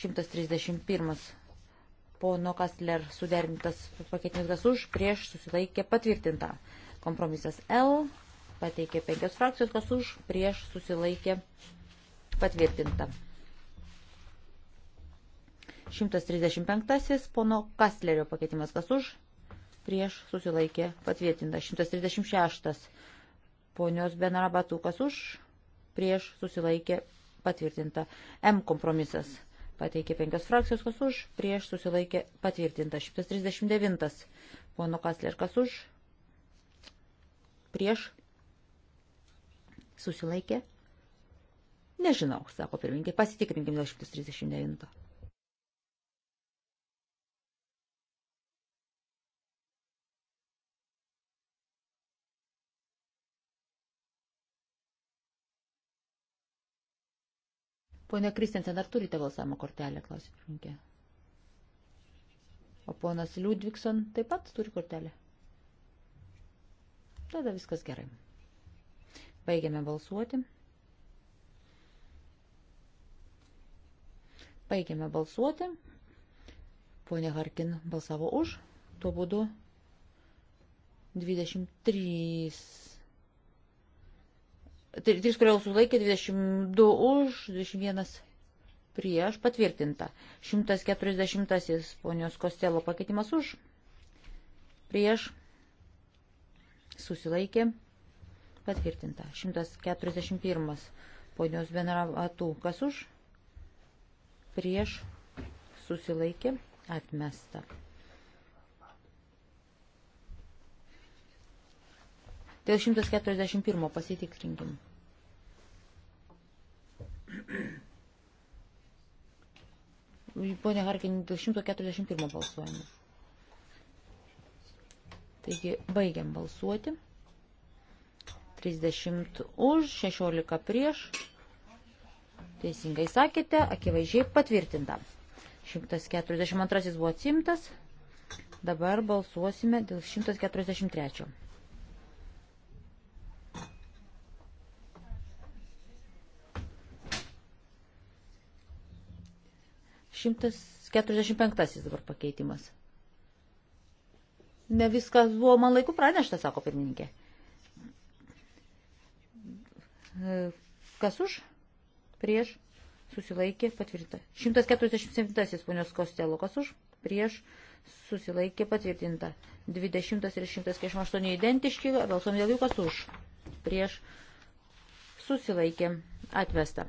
Speaker 3: 131 pono Kastler suderintas pakeitimas už, prieš susilaikė patvirtinta. Kompromisas L pateikė penkios frakcijos, kas už, prieš susilaikė patvirtinta Patvirtinta. 135. Pono Kastlerio pakeitimas kas už. Prieš susilaikė patvirtinta. 136. Ponios Benarabatų kas už. Prieš susilaikė patvirtinta. M kompromisas. Pateikė penkios frakcijos kas už. Prieš susilaikė patvirtinta. 139. Pono Kastler kas už. Prieš susilaikė Nežinau, sako pirmininkė, pasitikrinkim dėl 139. Pone Kristensen, ar turite balsavimo kortelę, klausė pirmininkė. O ponas Liudvikson taip pat turi kortelę. Tada viskas gerai. Baigiame balsuoti. Baigėme balsuoti. Pone Harkin balsavo už. Tuo būdu 23. 3, kurie sulaikė, 22 už, 21 prieš, patvirtinta. 140 ponios Kostelo pakeitimas už, prieš, susilaikė, patvirtinta. 141 ponios Benravatų, kas už, prieš susilaikė atmesta. Dėl 141 pasitikslinkim. Pone Harkin, dėl 141 balsuojame. Taigi, baigiam balsuoti. 30 už, 16 prieš. Teisingai sakėte, akivaizdžiai patvirtinta. 142 buvo atsimtas. Dabar balsuosime dėl 143. Šimtas keturiasdešimt penktasis dabar pakeitimas. Ne viskas buvo man laiku pranešta, sako pirmininkė. Kas už? prieš, susilaikė, patvirtinta. 147 ponios Kostelo, kas už, prieš, susilaikė, patvirtinta. 20 ir 148 identiški, balsuom dėl jų, kas už, prieš, susilaikė, atvesta.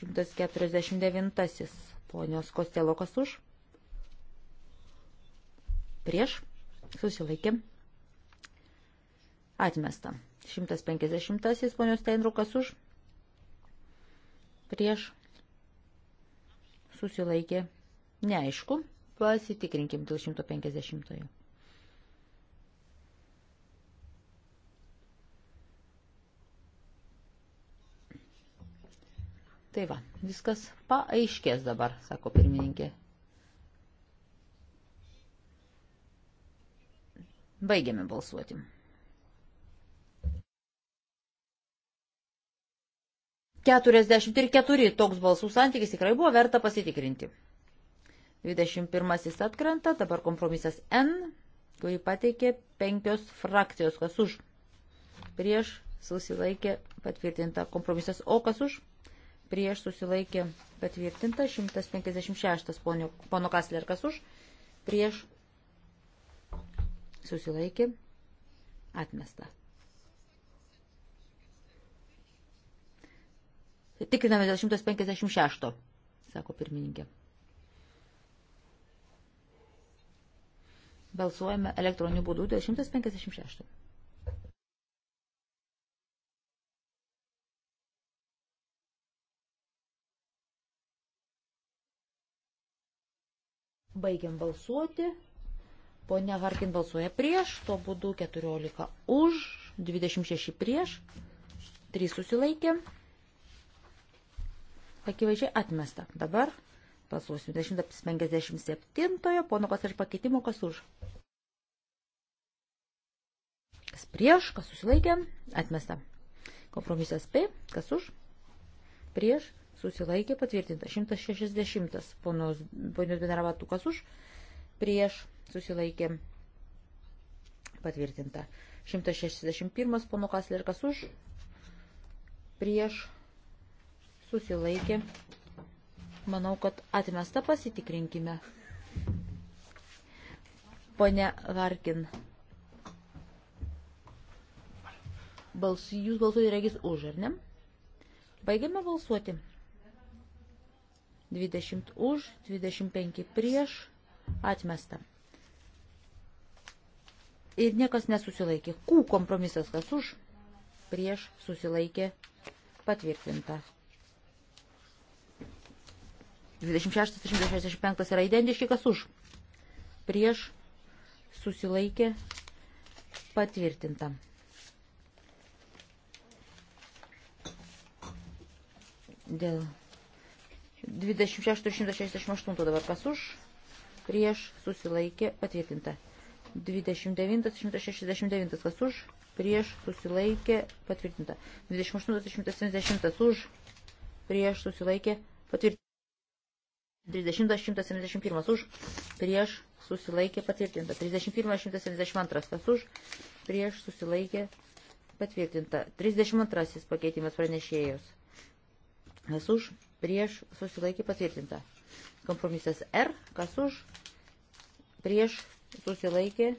Speaker 3: 149 ponios Kostelo, kas už, prieš, susilaikė, atmesta. 150 ponios Steinrukas už, prieš, prieš susilaikė neaišku. Pasitikrinkim dėl 150. -ojo. Tai va, viskas paaiškės dabar, sako pirmininkė. Baigiame balsuoti. 44 toks balsų santykis tikrai buvo verta pasitikrinti. 21 atkrenta, dabar kompromisas N, kurį pateikė penkios frakcijos, kas už. Prieš susilaikė patvirtinta kompromisas O, kas už. Prieš susilaikė patvirtinta 156 ponio, pono Kasler, kas už. Prieš susilaikė atmesta. Tikriname dėl 156, sako pirmininkė. Balsuojame elektroniniu būdu dėl 156. Baigiam balsuoti. Pone Harkin balsuoja prieš, to būdu 14 už, 26 prieš, 3 susilaikė akivaizdžiai atmesta. Dabar balsuosime 157, pono kas ir pakeitimo, kas už. Kas prieš, kas susilaikė, atmesta. Kompromisas P, kas už, prieš, susilaikė, patvirtinta. 160, ponios Benaravatų, kas už, prieš, susilaikė, patvirtinta. 161, pono Kasler, kas už, prieš, susilaikė. Manau, kad atmesta pasitikrinkime. Pone Varkin. Bals, jūs balsuojate regis už, ar ne? Baigiame balsuoti. 20 už, 25 prieš, atmesta. Ir niekas nesusilaikė. Kų kompromisas kas už, prieš susilaikė patvirtinta. 26-165 yra identiški, kas už. Prieš susilaikė patvirtinta. Dėl 26-168 dabar kas už. Prieš susilaikė patvirtinta. 29-169 kas už. Prieš susilaikė patvirtinta. 28-170 už. Prieš susilaikė patvirtinta. 30.171 už, prieš susilaikė patvirtinta. 31.172 kas už, prieš susilaikė patvirtinta. 32 pakeitimas pranešėjos. Kas už, prieš susilaikė patvirtinta. Kompromisas R, kas už, prieš susilaikė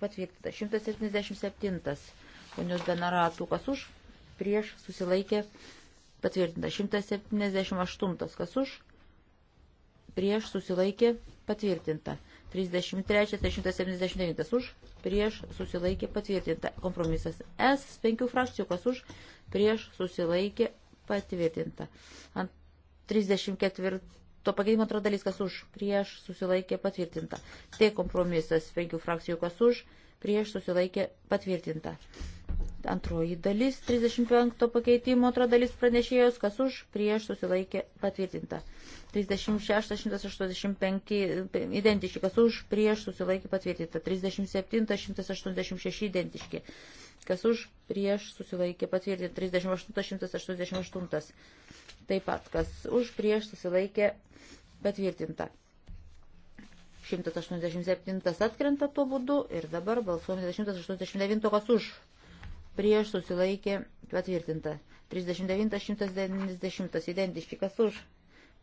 Speaker 3: patvirtinta. 177 ponios Benaratų, kas už, prieš susilaikė patvirtinta. 178 kas už, prieš susilaikė patvirtinta. 33, 379 už, prieš susilaikė patvirtinta. Kompromisas S, 5 frakcijų kas už, prieš susilaikė patvirtinta. Ant 34 to pakeitimo antro dalis kas už, prieš susilaikė patvirtinta. T kompromisas, 5 frakcijų kas už, prieš susilaikė patvirtinta. Antroji dalis 35 pakeitimo, antra dalis pranešėjos, kas už, prieš susilaikė patvirtinta. 36, 185 identiški, kas už, prieš susilaikė patvirtinta. 37, 186 identiški, kas už, prieš susilaikė patvirtinta. 38, 188 taip pat, kas už, prieš susilaikė patvirtinta. 187 atkrenta tuo būdu ir dabar balsuojame 189, kas už, prieš susilaikė patvirtinta. 39.190 identiški, kas už,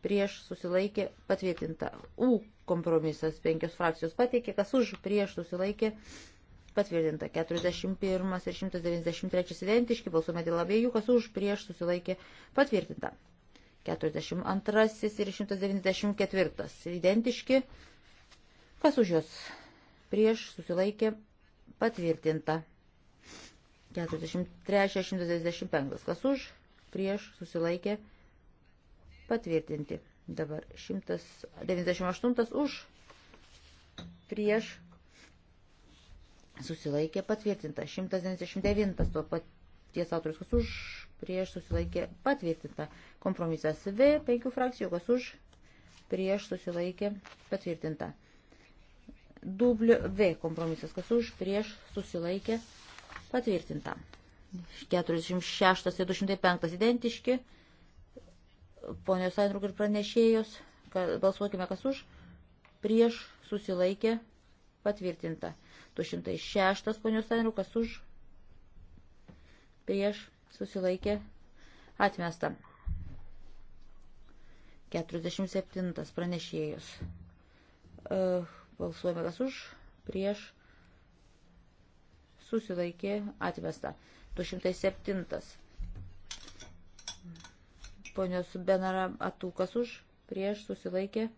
Speaker 3: prieš susilaikė patvirtinta. U kompromisas penkios frakcijos pateikė, kas už, prieš susilaikė patvirtinta. 41 ir 193 identiški, balsuome dėl abiejų, kas už, prieš susilaikė patvirtinta. 42 ir 194 identiški, kas už jos, prieš susilaikė patvirtinta. 43-125. Kas už, prieš, susilaikė, patvirtinti. Dabar 198 už, prieš, susilaikė, patvirtinta. 199 to paties autorius, kas už, prieš, susilaikė, patvirtinta. Kompromisas V, 5 frakcijų, kas už, prieš, susilaikė, patvirtinta. Dubliu V kompromisas, kas už, prieš, susilaikė, patvirtinta Patvirtinta. 46 ir 205 identiški. Ponios Ainruk ir pranešėjos. Balsuokime kas už. Prieš susilaikė. Patvirtinta. 206 ponios Ainruk kas už. Prieš susilaikė. Atmesta. 47 pranešėjos. E, balsuojame kas už. Prieš susilaikė atvesta. 207. Ponios Benara Atukas už, prieš susilaikė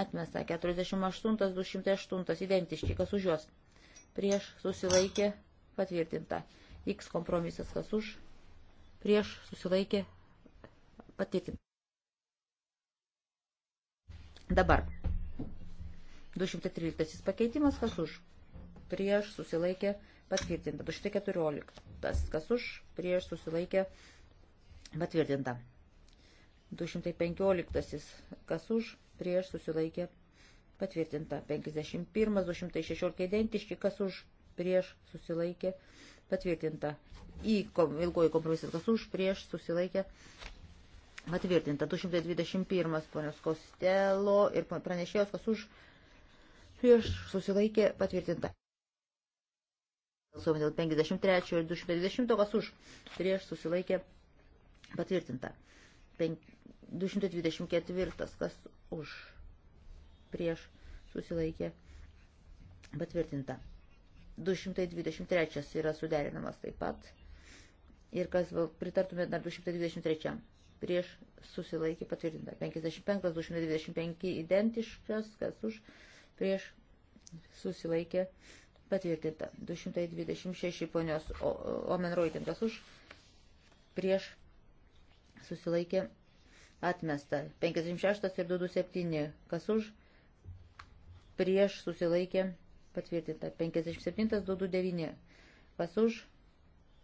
Speaker 3: atmesta. 48, 208 identiški, kas už juos. Prieš susilaikė patvirtinta. X kompromisas, kas už, prieš susilaikė patvirtinta. Dabar 213 pakeitimas, kas už, prieš susilaikė patvirtinta patvirtinta. 214. Kas už, prieš susilaikė patvirtinta. 215. Kas už, prieš susilaikė patvirtinta. 51. 216 identiški. Kas už, prieš susilaikė patvirtinta. Į kom, ilgoji kompromisas. Kas už, prieš susilaikė patvirtinta. 221. Ponios Kostelo ir pranešėjos. Kas už, prieš susilaikė patvirtinta. Balsuojame dėl 53 ir 220, kas už prieš susilaikė patvirtinta. 224, kas už prieš susilaikė patvirtinta. 223 yra suderinamas taip pat. Ir kas pritartumėt dar 223 prieš susilaikė patvirtinta. 55, 225 identiškas, kas už prieš susilaikė patvirtinta patvirtinta. 226 ponios Omenroitintas už prieš susilaikė atmesta. 56 ir 227 kas už prieš susilaikė patvirtinta. 57 229 kas už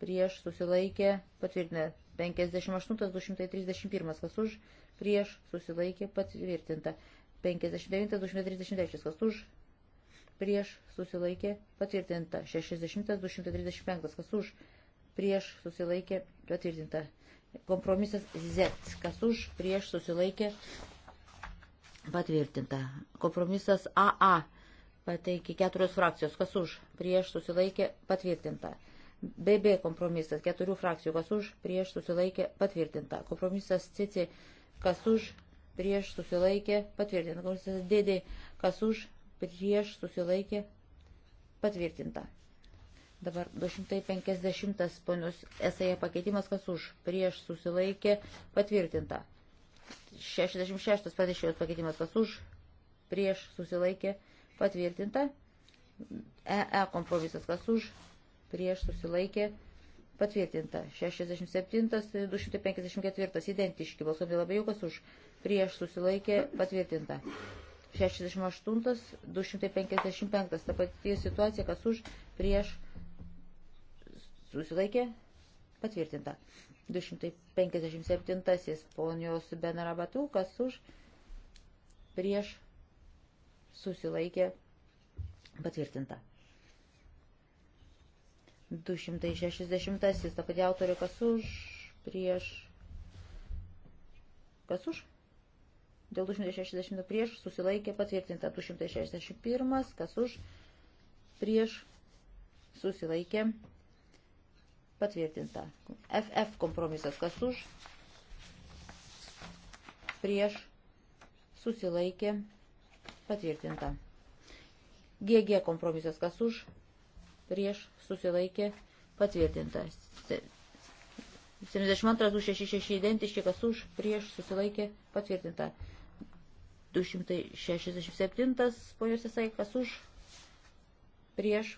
Speaker 3: prieš susilaikė patvirtinta. 58 231 kas už prieš susilaikė patvirtinta. 59 233 kas už prieš susilaikė patvirtinta. 60, 235, kas už, prieš susilaikė patvirtinta. Kompromisas Z, kas už, prieš susilaikė patvirtinta. Kompromisas AA, pateikė keturios frakcijos, kas už, prieš susilaikė patvirtinta. BB kompromisas, keturių frakcijų, kas už, prieš susilaikė patvirtinta. Kompromisas CC, kas už, prieš susilaikė patvirtinta. Kompromisas DD, kas už, prieš susilaikė patvirtinta. Dabar 250 ponios esai pakeitimas, kas už, prieš susilaikė patvirtinta. 66 pranešėjos pakeitimas, kas už, prieš susilaikė patvirtinta. EE e kompromisas, kas už, prieš susilaikė patvirtinta. 67, 254 identiški balsuomi labai jau kas už, prieš susilaikė patvirtinta. 68, 255, ta pati situacija, kas už, prieš, susilaikė, patvirtinta. 257, ponios Benarabatų, kas už, prieš, susilaikė, patvirtinta. 260, ta pati autorė, kas už, prieš, kas už, dėl 260 prieš susilaikė patvirtinta 261, kas už prieš susilaikė patvirtinta. FF kompromisas, kas už prieš susilaikė patvirtinta. GG kompromisas, kas už prieš susilaikė patvirtinta. 72, 266 identiški, kas už prieš susilaikė patvirtinta. 267, ponios jisai, kas už, prieš,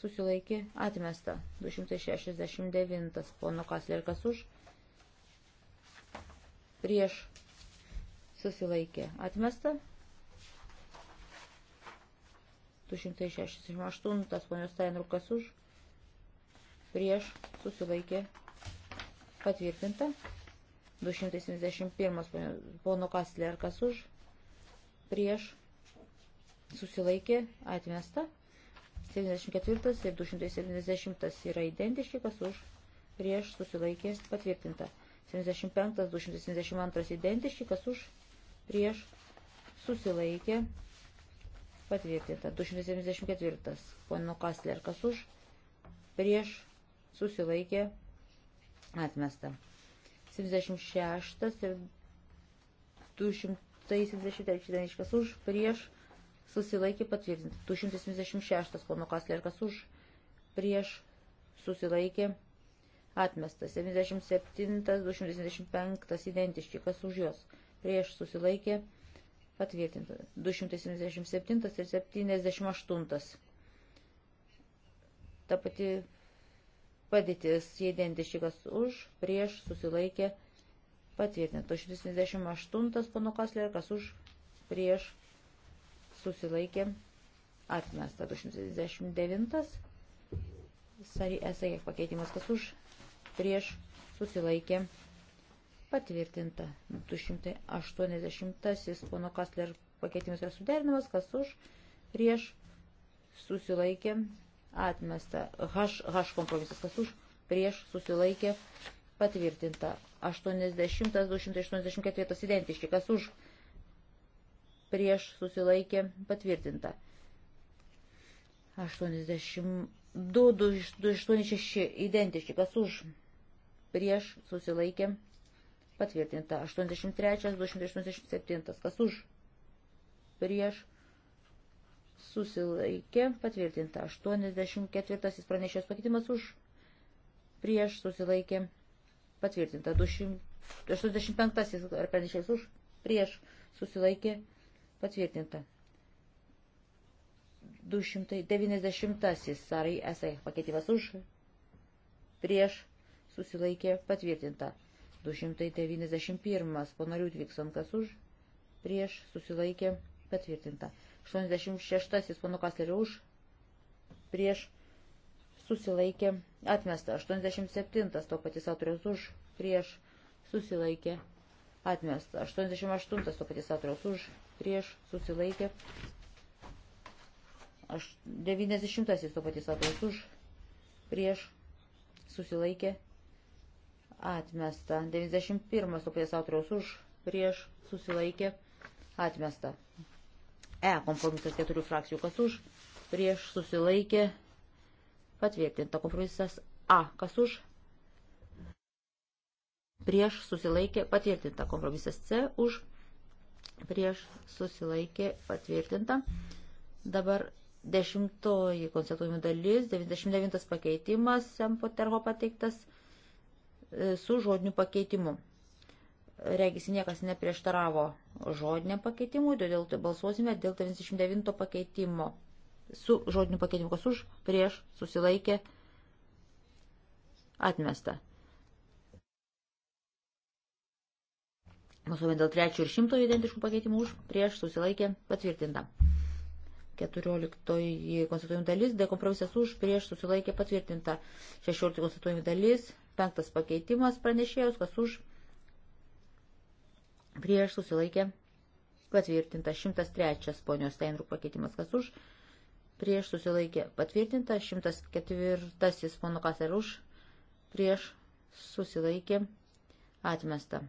Speaker 3: susilaikė, atmesta. 269, pono Kasler, kas už, prieš, susilaikė, atmesta. 268, ponios Steinrukas už, prieš, susilaikė, patvirtinta. 271 pono Kastler, kas už, prieš, susilaikė, atmesta. 74 ir 270 yra identiški, kas už, prieš, susilaikė, patvirtinta. 75, 272 identiški, kas už, prieš, susilaikė, patvirtinta. 274 pono Kastler, kas už, prieš, susilaikė, atmesta. 76 ir 273 daniškas už, prieš susilaikė patvirtinti. 276 pono Kaslerkas už, prieš susilaikė atmestas. 77, 275 identiški, kas už jos, prieš susilaikė patvirtinta. 277 ir 78. Ta pati padėtis, jie identiškas už, prieš, susilaikė, patvirtinta. 68 pono Kasler, kas už, prieš, susilaikė, atmesta. 279 Sari esai pakeitimas, kas už, prieš, susilaikė, patvirtinta. 280 pono Kasler pakeitimas yra suderinamas, kas už, prieš, susilaikė, atmesta. H, H kompromisas kas už, prieš susilaikė patvirtinta. 80, 284 identiški, kas už, prieš susilaikė patvirtinta. 82, 286 identiški, kas už, prieš susilaikė patvirtinta. 83, 287, kas už, prieš susilaikė, patvirtinta 84 pranešės pakeitimas už, prieš susilaikė, patvirtinta 285 pranešės už, prieš susilaikė, patvirtinta 290 sarai esai pakeitimas už, prieš susilaikė, patvirtinta 291 ponarių dvikson kas už, prieš susilaikė, patvirtinta 86 pono Kaslerio už, prieš susilaikė atmesta. 87 to paties autoriaus už, prieš susilaikė atmesta. 88 to paties autoriaus už, prieš susilaikė. 90 to paties autoriaus už, prieš susilaikė atmesta. 91 to paties autoriaus už, prieš susilaikė atmesta. E kompromisas keturių frakcijų, kas už, prieš susilaikė, patvirtinta kompromisas A, kas už, prieš susilaikė, patvirtinta kompromisas C, už, prieš susilaikė, patvirtinta. Dabar dešimtoji konstatuojimų dalis, 99 pakeitimas, Sempoterho pateiktas e, su žodiniu pakeitimu. Regisi niekas neprieštaravo žodiniam pakeitimui, todėl balsuosime dėl 39 pakeitimo. Su žodiniu pakeitimu, kas už, prieš, susilaikė, atmesta. Balsuojame dėl 3 ir 100 identiškų pakeitimų už, prieš, susilaikė, patvirtinta. 14 konstatuojimų dalis, D kompromisas už, prieš, susilaikė, patvirtinta. 16 konstatuojimų dalis, 5 pakeitimas pranešėjos, kas už, prieš susilaikė patvirtinta 103 ponios Steinrų pakeitimas, kas už, prieš susilaikė patvirtinta 104 pono Kaser už, prieš susilaikė atmesta.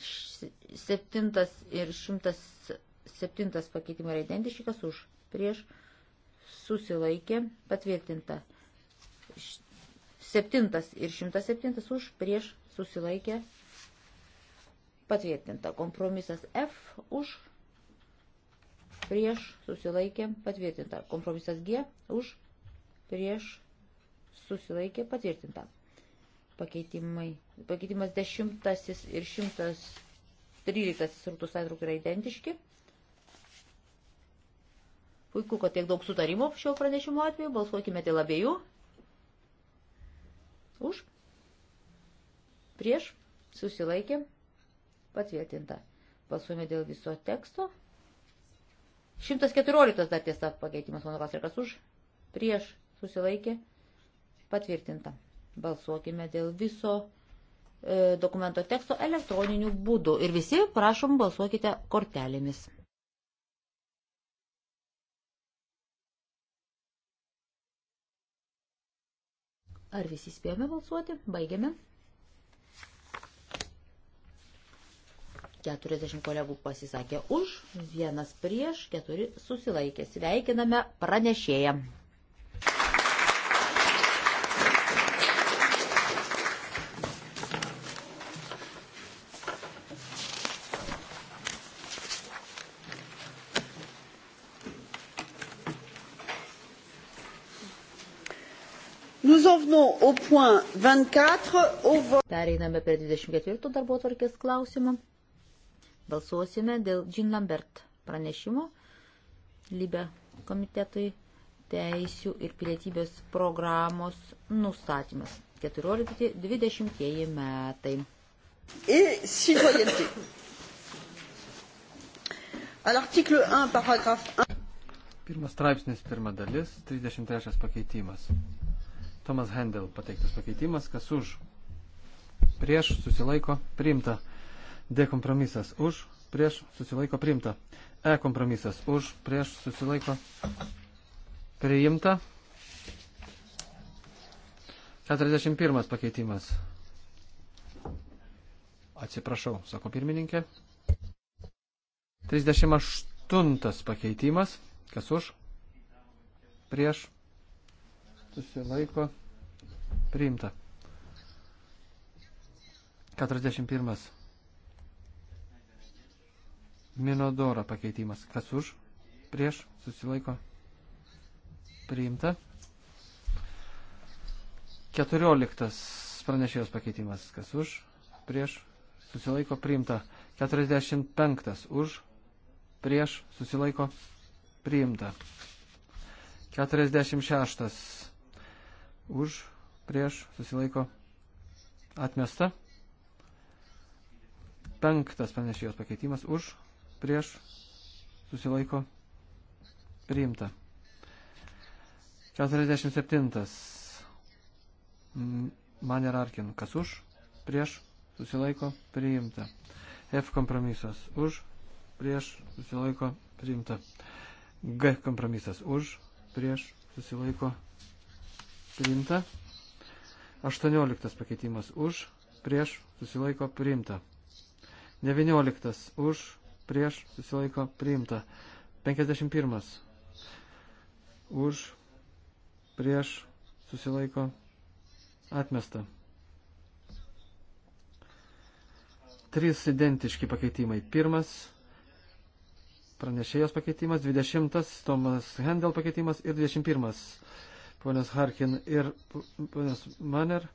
Speaker 3: 7 ir 107 pakeitimai yra identiški, kas už, prieš susilaikė patvirtinta. 7 ir 107 už, prieš susilaikė atmesta patvirtinta. Kompromisas F už, prieš, susilaikė, patvirtinta. Kompromisas G už, prieš, susilaikė, patvirtinta. Pakeitimai. Pakeitimas dešimtasis ir šimtas tryliktasis rūtų sątruk yra identiški. Puiku, kad tiek daug sutarimo šio pranešimo atveju. Balsuokime dėl abiejų. Už. Prieš. Susilaikė patvirtinta. Pasuome dėl viso teksto. 114 dar tiesa pakeitimas mano pasirkas už, prieš susilaikė, patvirtinta. Balsuokime dėl viso e, dokumento teksto elektroniniu būdu. Ir visi, prašom, balsuokite kortelėmis. Ar visi spėjome balsuoti? Baigiame. 40 kolegų pasisakė už, vienas prieš, keturi susilaikė. Sveikiname pranešėją. Nous en venons au point 24, au vote. Pereiname prie 24 darbo tvarkės klausimą. Balsuosime dėl Jean Lambert pranešimo Libe komitetui teisių ir pilietybės programos nustatymas 14-20 metai. Et citoyenneté. À
Speaker 1: l'article 1, paragraphe 1.
Speaker 4: Pirmas straipsnis, pirma dalis, 33 pakeitimas. Tomas Hendel pateiktas pakeitimas, kas už prieš susilaiko priimta. D kompromisas už, prieš susilaiko priimta. E kompromisas už, prieš susilaiko priimta. 41 pakeitimas. Atsiprašau, sako pirmininkė. 38 pakeitimas. Kas už? Prieš. Susilaiko. Priimta. 41. Minodoro pakeitimas. Kas už? Prieš? Susilaiko? Priimta. Keturioliktas pranešėjos pakeitimas. Kas už? Prieš? Susilaiko? Priimta. Keturiasdešimt penktas. Už? Prieš? Susilaiko? Priimta. Keturiasdešimt šeštas. Už? Prieš? Susilaiko? Atmesta. Penktas pranešėjos pakeitimas. Už? prieš susilaiko priimta. 47. Maner Arkin, kas už, prieš susilaiko priimta. F kompromisas už, prieš susilaiko priimta. G kompromisas už, prieš susilaiko priimta. 18 pakeitimas už, prieš susilaiko priimta. 19 už, prieš susilaiko priimta. 51. Už prieš susilaiko atmesta. Trys identiški pakeitimai. Pirmas pranešėjos pakeitimas, 20 Tomas Hendel pakeitimas ir 21 ponios Harkin ir ponios Manner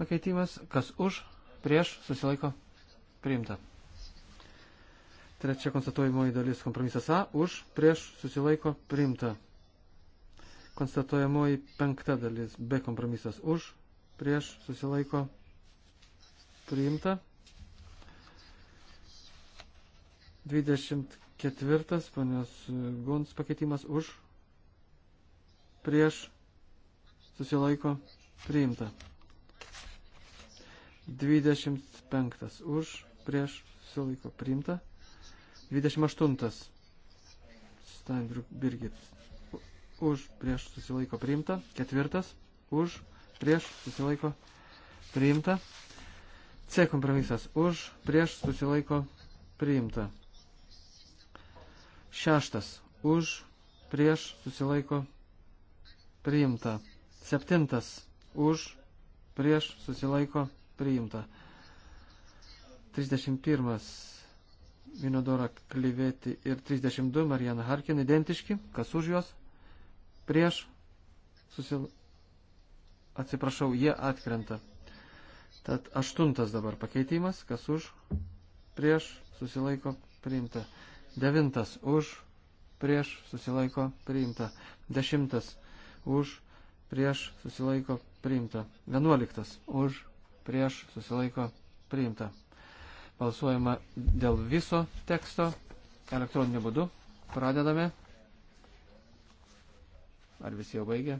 Speaker 4: pakeitimas, kas už, prieš susilaiko priimta. Trečia konstatuojamoji dalis kompromisas A už prieš susilaiko priimta. Konstatuojamoji penkta dalis B kompromisas už prieš susilaiko priimta. 24 ponios Guns pakeitimas už prieš susilaiko priimta. 25 už prieš susilaiko priimta. 28. Steinbrück Birgit. Už prieš susilaiko priimta. Ketvirtas. Už prieš susilaiko priimta. C kompromisas. Už prieš susilaiko priimta. Šeštas. Už prieš susilaiko priimta. Septintas. Už prieš susilaiko priimta. 31 Vinodora Klyvėti ir 32 Marijana Harkin identiški. Kas už juos? Prieš. Susil... Atsiprašau, jie atkrenta. Tad aštuntas dabar pakeitimas. Kas už? Prieš. Susilaiko. Priimta. Devintas už. Prieš. Susilaiko. Priimta. Dešimtas už. Prieš. Susilaiko. Priimta. Vienuoliktas už. Prieš. Susilaiko. Priimta. Balsuojama dėl viso teksto elektroniniu būdu. Pradedame. Ar visi jau baigė?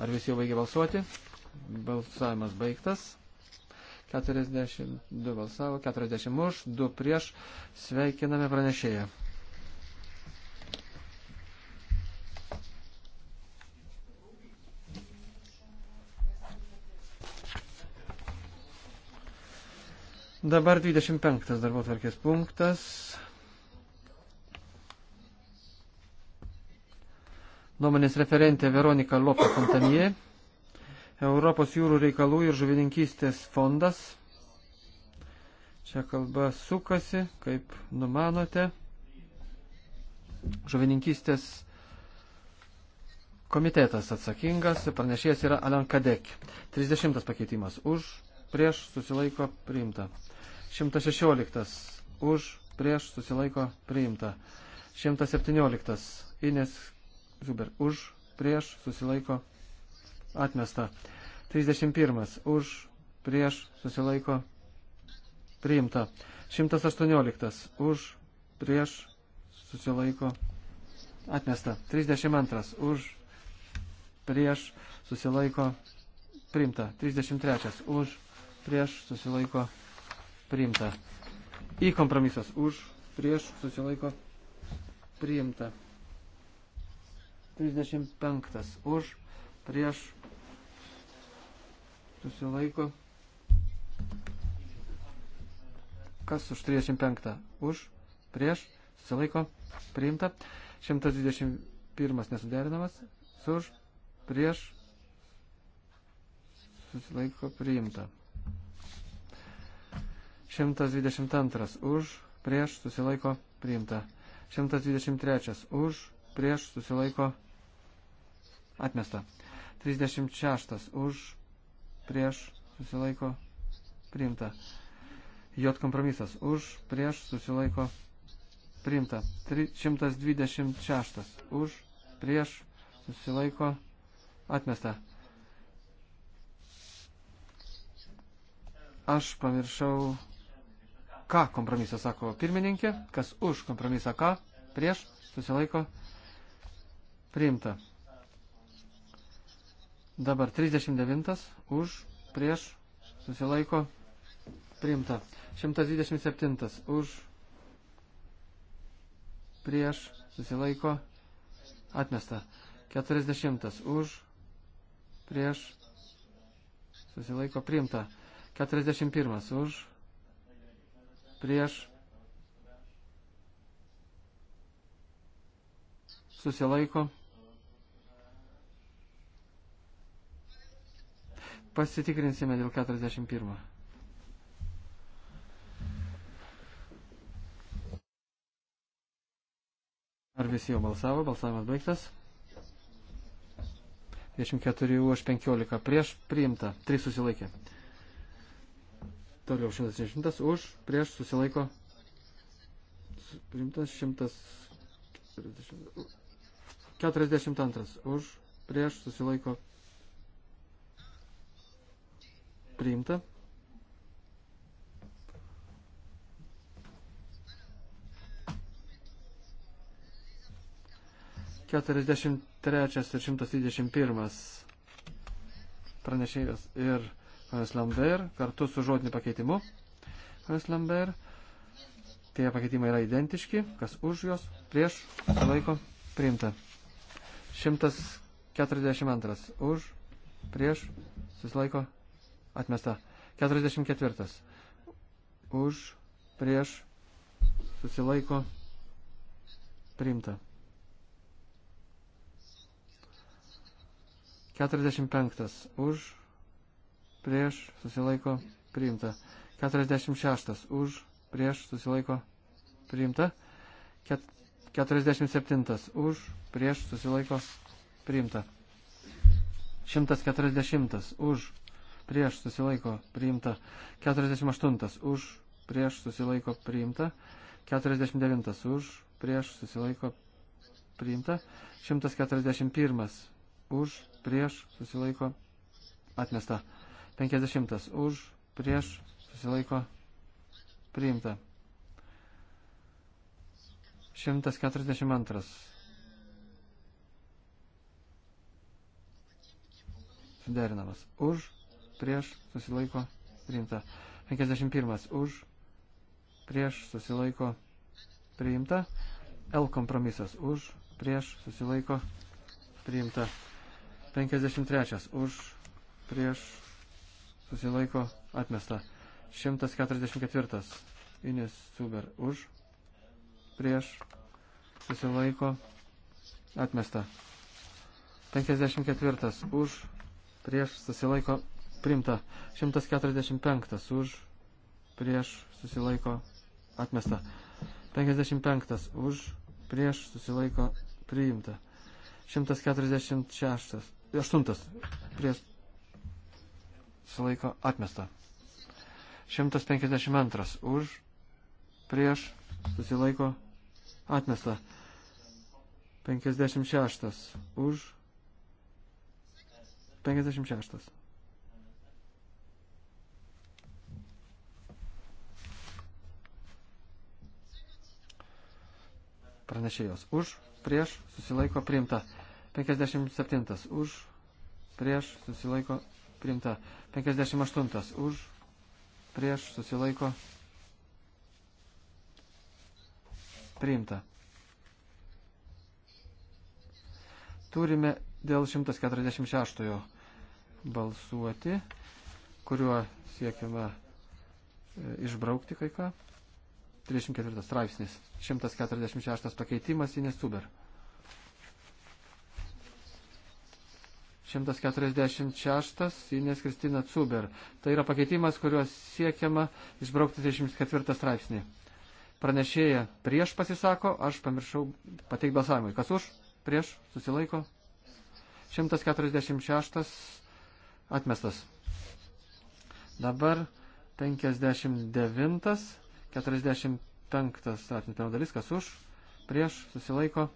Speaker 4: Ar visi jau baigė balsuoti? Balsavimas baigtas. 42 balsavo, 40 už, 2 prieš. Sveikiname pranešėją. Dabar 25 darbo tvarkės punktas. Nuomonės referentė Veronika Lopė Fontanie, Europos jūrų reikalų ir žuvininkystės fondas. Čia kalba sukasi, kaip numanote, žuvininkystės fondas komitetas atsakingas, pranešėjas yra Alan Kadek. 30 pakeitimas už, prieš, susilaiko, priimta. 116 už, prieš, susilaiko, priimta. 117 Ines Zuber už, prieš, susilaiko, atmesta. 31 už, prieš, susilaiko, priimta. 118 už, prieš, susilaiko, atmesta. 32 už, prieš, susilaiko, priimta. 33 už, prieš, susilaiko, atmesta priimta. Į kompromisas už, prieš, susilaiko, priimta. 35 už, prieš, susilaiko. Kas už 35? Už, prieš, susilaiko, priimta. 121 nesuderinamas, už, prieš, susilaiko, priimta. 122 už, prieš susilaiko priimta. 123 už, prieš susilaiko atmesta. 36 už, prieš susilaiko priimta. J kompromisas už, prieš susilaiko priimta. 126 už, prieš susilaiko atmesta. Aš pamiršau K kompromisą, sako pirmininkė, kas už kompromisą K, prieš, susilaiko, priimta. Dabar 39 už, prieš, susilaiko, priimta. 127 už, prieš, susilaiko, atmesta. 40 už, prieš, susilaiko, priimta. 41 už, prieš susilaiko. Pasitikrinsime dėl 41. Ar visi jau balsavo? Balsavimas baigtas. 24 už 15 prieš priimta. 3 susilaikė. Toliau 110 už, prieš susilaiko priimtas 142 už, prieš susilaiko priimta. Keturiasdešimt trečias ir šimtas dvidešimt pirmas pranešėjas ir Panas Lambert, kartu su žodiniu pakeitimu. Panas Lambert, tie pakeitimai yra identiški, kas už juos, prieš, laiko, priimta. 142 už, prieš, susilaiko, atmesta. 44 už, prieš, susilaiko, priimta. 45 už, prieš susilaiko priimta. 46 už prieš susilaiko priimta. 47 už prieš susilaiko priimta. 140 už prieš susilaiko priimta. 48 už prieš susilaiko priimta. 49 už prieš susilaiko priimta. 141 už prieš susilaiko atmesta. 50 už, prieš, susilaiko, priimta. 142. Suderinamas. Už, prieš, susilaiko, priimta. 51. Už, prieš, susilaiko, priimta. L kompromisas. Už, prieš, susilaiko, priimta. 53. Už, prieš, susilaiko atmesta. 144. Ines Suber už, prieš, susilaiko atmesta. 54. Už, prieš, susilaiko primta. 145. Už, prieš, susilaiko atmesta. 55. Už, prieš, susilaiko priimta. 146. 8. Prieš sulaiko atmesta. 152 už, prieš, susilaiko atmesta. 56 už, 56. Pranešėjos už, prieš, susilaiko priimta. 57 už, prieš, susilaiko priimta. 58 už, prieš, susilaiko, priimta. Turime dėl 146 balsuoti, kuriuo siekiama e, išbraukti kai ką. 34 straipsnis, 146 pakeitimas į Nesuber. 146 Inės Kristina Cuber. Tai yra pakeitimas, kuriuos siekiama išbraukti 34 straipsnį. Pranešėja prieš pasisako, aš pamiršau pateikti balsavimui. Kas už? Prieš? Susilaiko? 146 atmestas. Dabar 59, 45 straipsnio dalis, kas už, prieš, susilaiko,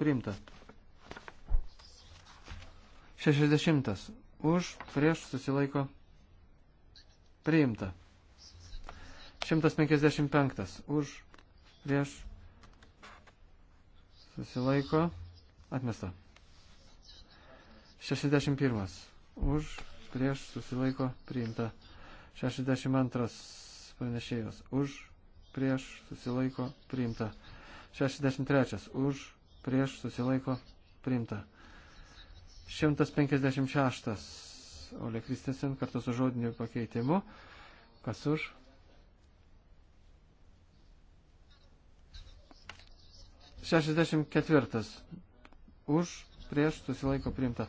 Speaker 4: priimta. 60. Už, prieš, susilaiko, priimta. 155. Už, prieš, susilaiko, atmesta. 61. Už, prieš, susilaiko, priimta. 62. Pranešėjos. Už, prieš, susilaiko, priimta. 63. Už, prieš, susilaiko, priimta. 156. Ole Kristesen kartu su žodiniu pakeitimu. Kas už? Šešiasdešimt ketvirtas. Už, prieš, susilaiko priimta.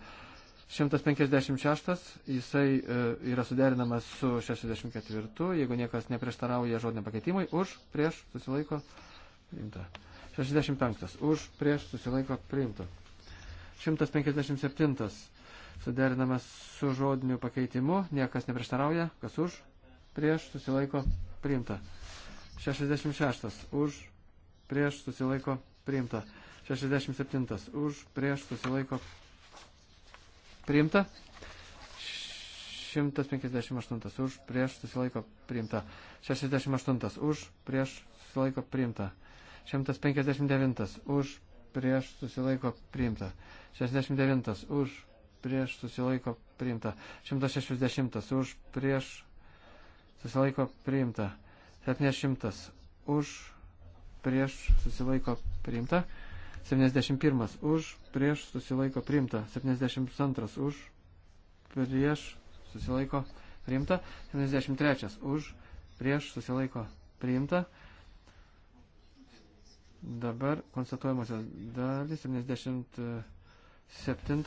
Speaker 4: 156, jisai e, yra suderinamas su 64, jeigu niekas neprieštarauja žodiniam pakeitimui, už, prieš, susilaiko, priimta. 65, už, prieš, susilaiko, priimta. 157. Suderinamas su žodiniu pakeitimu. Niekas neprieštarauja. Kas už? Prieš susilaiko priimta. 66. Už. Prieš susilaiko priimta. 67. Už. Prieš susilaiko priimta. 158. Už. Prieš susilaiko priimta. 68. Už. Prieš susilaiko priimta. 159. Už prieš susilaiko priimta. 69 už prieš susilaiko priimta. 160 už prieš susilaiko priimta. 700 už prieš susilaiko priimta. 71 už prieš susilaiko priimta. 72 už prieš susilaiko priimta. 73 už prieš susilaiko priimta. Dabar konstatuojamosios dalis 77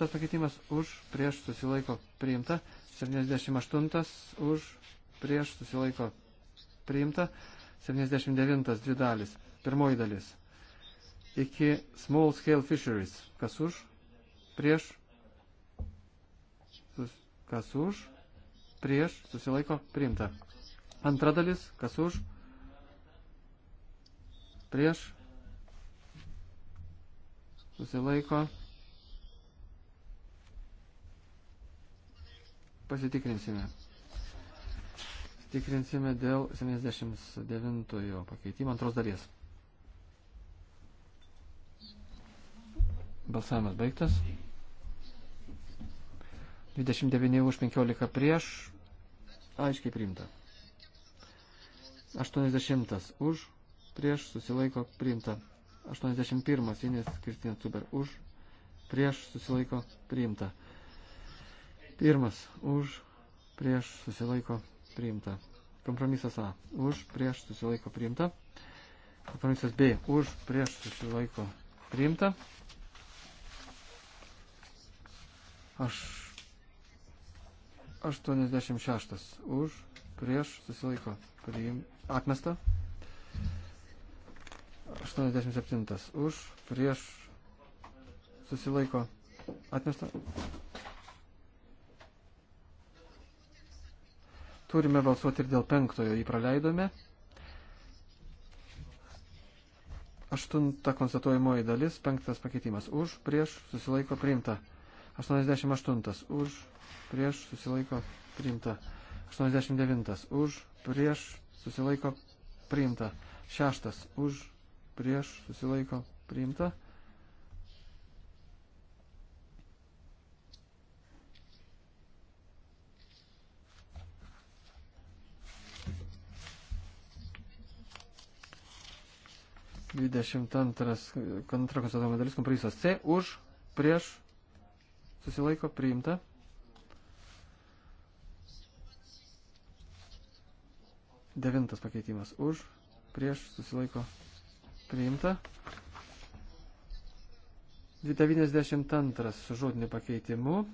Speaker 4: pakeitimas už prieš susilaiko priimta, 78 už prieš susilaiko priimta, 79 dvi dalis, pirmoji dalis. Iki small scale fisheries, kas už, prieš, sus, kas už, prieš susilaiko priimta. Antra dalis, kas už, prieš susilaiko. Pasitikrinsime. Tikrinsime dėl 79 pakeitimo antros dalies. Balsavimas baigtas. 29 už 15 prieš. Aiškiai priimta. 80 už prieš susilaiko priimta. 81. Inės Kristina Tuber už, prieš susilaiko priimta. Pirmas už, prieš susilaiko priimta. Kompromisas A. Už, prieš susilaiko priimta. Kompromisas B. Už, prieš susilaiko priimta. Aš 86. Už, prieš susilaiko priimta. Atmesta. 87 už, prieš, susilaiko, atmesta. Turime balsuoti ir dėl penktojo, jį praleidome. Aštunta konstatuojamoji dalis, penktas pakeitimas. Už, prieš, susilaiko, priimta. 88. Už, prieš, susilaiko, priimta. 89. Už, prieš, susilaiko, priimta. 6. Už, prieš susilaiko priimta. Dvidešimt antras kontra konstatuojama dalis kompromisas C už prieš susilaiko priimta. 9 pakeitimas už, prieš, susilaiko, priimta. 92 su žodiniu pakeitimu.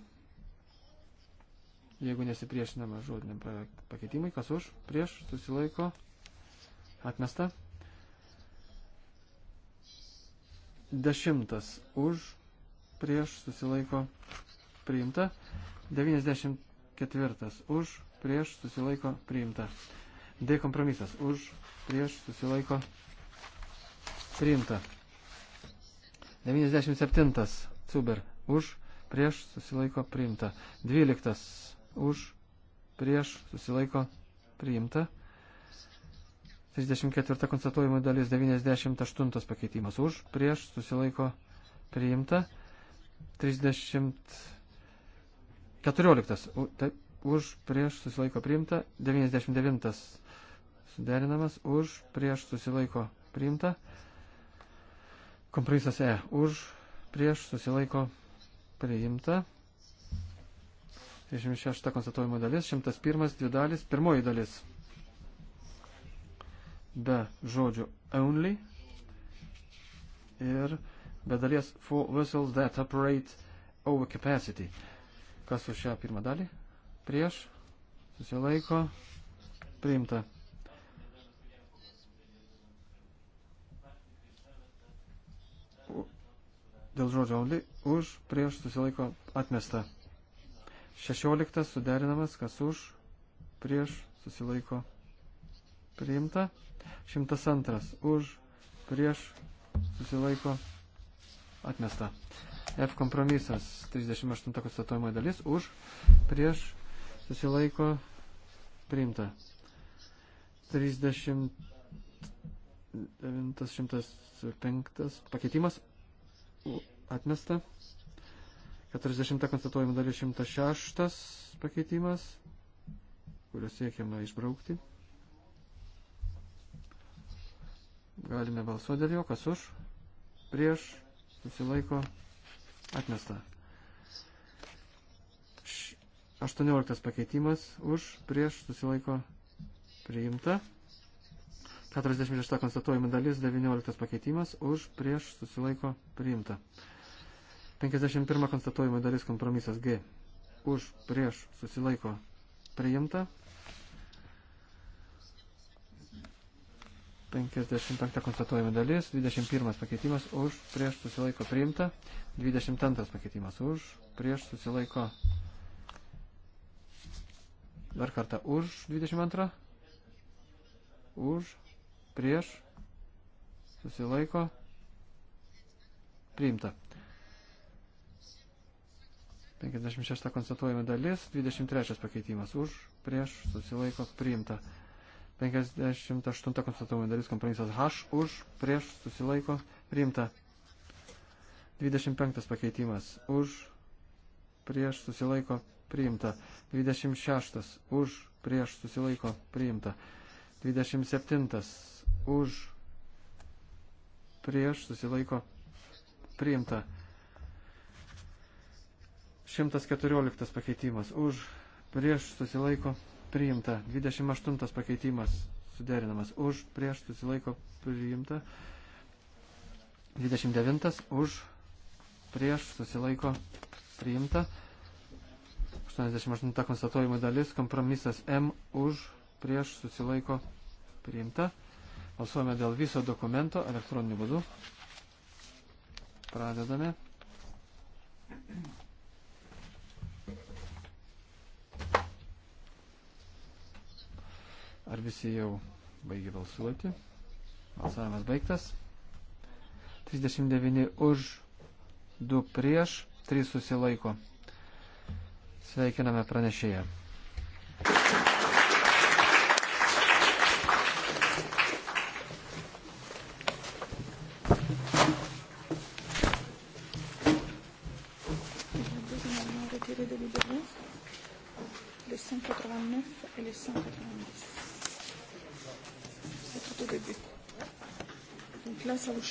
Speaker 4: Jeigu nesipriešinama žodiniam pakeitimui, kas už, prieš, susilaiko, atmesta. Dešimtas už, prieš, susilaiko, priimta. 94 už, prieš, susilaiko, priimta. D kompromisas už, prieš, susilaiko, priimta priimta. 97 Cuber už, prieš susilaiko priimta. 12 už, prieš susilaiko priimta. 34 konstatuojimo dalis 98 pakeitimas už, prieš susilaiko priimta. 30 14 taip, už, prieš susilaiko priimta. 99 suderinamas už, prieš susilaiko priimta. Kompromisas E už, prieš, susilaiko priimta. 36 konstatuojimo dalis, 101 dvi dalis, pirmoji dalis. Be žodžių only ir be dalies for vessels that operate over capacity. Kas už šią pirmą dalį? Prieš, susilaiko, priimta. dėl žodžio only už prieš susilaiko atmesta. 16 suderinamas, kas už prieš susilaiko priimta. 102 už prieš susilaiko atmesta. F kompromisas 38 konstatuojama dalis už prieš susilaiko priimta. 30 905 pakeitimas atmesta. 40 konstatuojama dalis 106 pakeitimas, kurio siekiama išbraukti. Galime balsuoti dėl jo, kas už, prieš, susilaiko, atmesta. 18 pakeitimas, už, prieš, susilaiko, priimta. 46 konstatuojama dalis, 19 pakeitimas, už, prieš, susilaiko, priimta. 51 konstatuojama dalis, kompromisas G, už, prieš, susilaiko, priimta. 55 konstatuojama dalis, 21 pakeitimas už, prieš susilaiko priimta, 22 pakeitimas už, prieš susilaiko dar kartą už 22, už, prieš, susilaiko, priimta. 56 konstatuojama dalis, 23 pakeitimas už, prieš, susilaiko, priimta. 58 konstatuojama dalis, kompromisas H, už, prieš, susilaiko, priimta. 25 pakeitimas už, prieš, susilaiko, priimta. 26 už, prieš, susilaiko, priimta. 27 už, prieš, susilaiko, priimta. 114 pakeitimas už, prieš, susilaiko, priimta. 28 pakeitimas suderinamas už, prieš, susilaiko, priimta. 29 už, prieš, susilaiko, priimta. 88 konstatuojimo dalis, kompromisas M už, prieš, susilaiko, priimta. Balsuojame dėl viso dokumento elektroniniu būdu. Pradedame. Ar visi jau baigė balsuoti? Balsavimas baigtas. 39 už, 2 prieš, 3 susilaiko. Sveikiname pranešėją.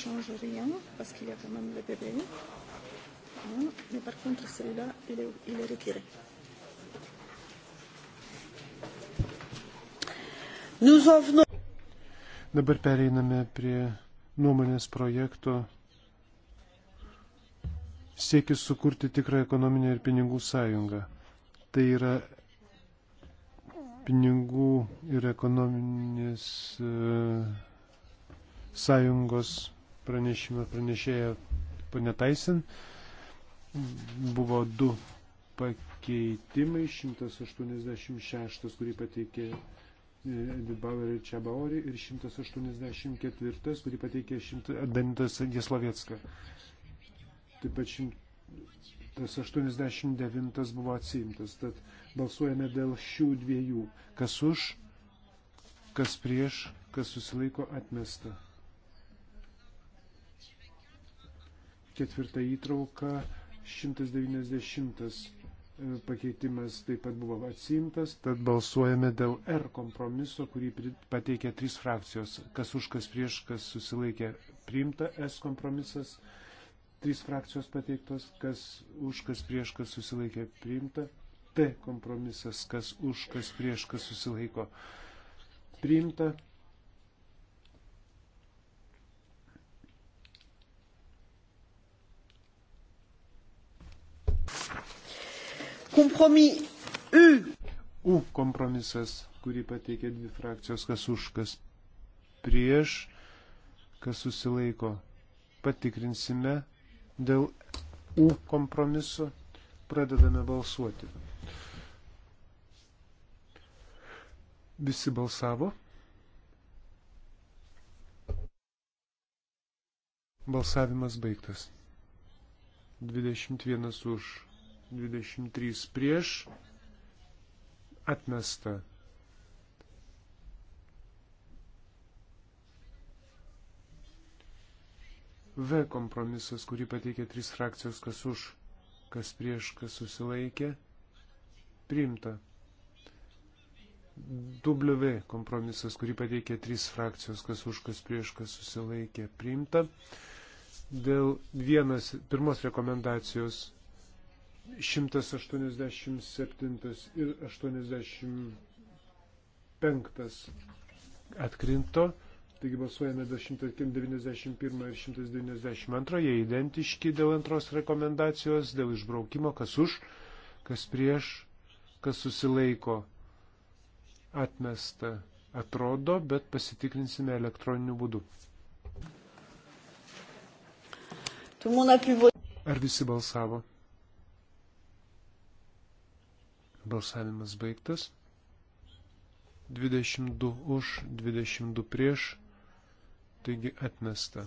Speaker 1: change rien parce qu'il y a quand même le bébé. Hein, mais par contre, celui-là, il est, il est retiré.
Speaker 2: Nous en venons. Dabar pereiname prie nuomonės projekto siekis sukurti tikrą ekonominę ir pinigų sąjungą. Tai yra pinigų ir ekonominės e, sąjungos pranešime pranešėja panetaisin. Buvo du pakeitimai, 186, kurį pateikė e, Dibauer ir Čiabaori ir 184, kurį pateikė Danitas Jeslovietska. Taip pat 189 buvo atsiimtas, tad balsuojame dėl šių dviejų. Kas už, kas prieš, kas susilaiko atmesta. Ketvirta įtrauka 190 e, pakeitimas taip pat buvo atsimtas, tad balsuojame dėl R kompromiso, kurį pateikė trys frakcijos. Kas už, kas prieš, kas susilaikė priimta S kompromisas. Trys frakcijos pateiktos, kas už, kas prieš, kas susilaikė priimta. T kompromisas, kas už, kas prieš, kas susilaiko priimta. Kompromis U. U kompromisas, kurį pateikė dvi frakcijos, kas už, kas prieš, kas susilaiko. Patikrinsime dėl U kompromisu. Pradedame balsuoti. Visi balsavo. Balsavimas baigtas. 21 už 23 prieš, atmesta. V kompromisas, kurį pateikė trys frakcijos, kas už, kas prieš, kas susilaikė, priimta. W kompromisas, kurį pateikė trys frakcijos, kas už, kas prieš, kas susilaikė, priimta. Dėl vienas, pirmos rekomendacijos 187 ir 85 atkrinto. Taigi balsuojame dėl 191 ir 192. Jie identiški dėl antros rekomendacijos, dėl išbraukimo, kas už, kas prieš, kas susilaiko. Atmesta atrodo, bet pasitikrinsime elektroniniu būdu. Ar visi balsavo? Balsavimas baigtas. 22 už, 22 prieš, taigi atmesta.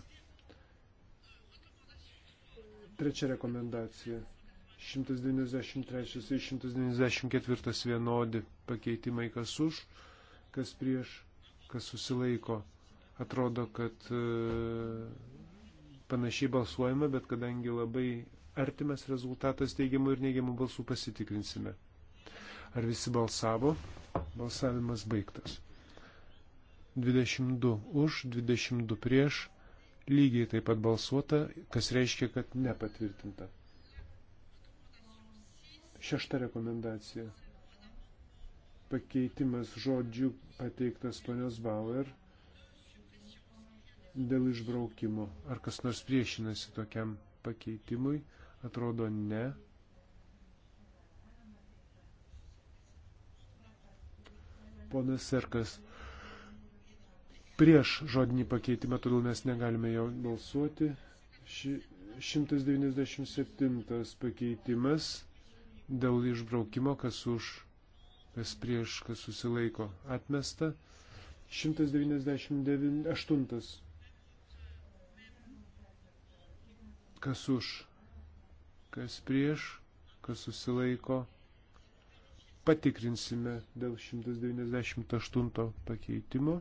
Speaker 2: Trečia rekomendacija. 193 ir 194 vienodi pakeitimai, kas už, kas prieš, kas susilaiko. Atrodo, kad e, panašiai balsuojame, bet kadangi labai artimas rezultatas teigiamų ir neigiamų balsų pasitikrinsime. Ar visi balsavo? Balsavimas baigtas. 22 už, 22 prieš, lygiai taip pat balsuota, kas reiškia, kad nepatvirtinta. Šešta rekomendacija. Pakeitimas žodžių pateiktas ponios Bauer dėl išbraukimo. Ar kas nors priešinasi tokiam pakeitimui? Atrodo ne. ponas Serkas prieš žodinį pakeitimą, todėl mes negalime jo balsuoti. Ši 197 pakeitimas dėl išbraukimo, kas už, kas prieš, kas susilaiko atmesta. 198. Kas už, kas prieš, kas susilaiko atmesta Patikrinsime dėl 198 pakeitimo.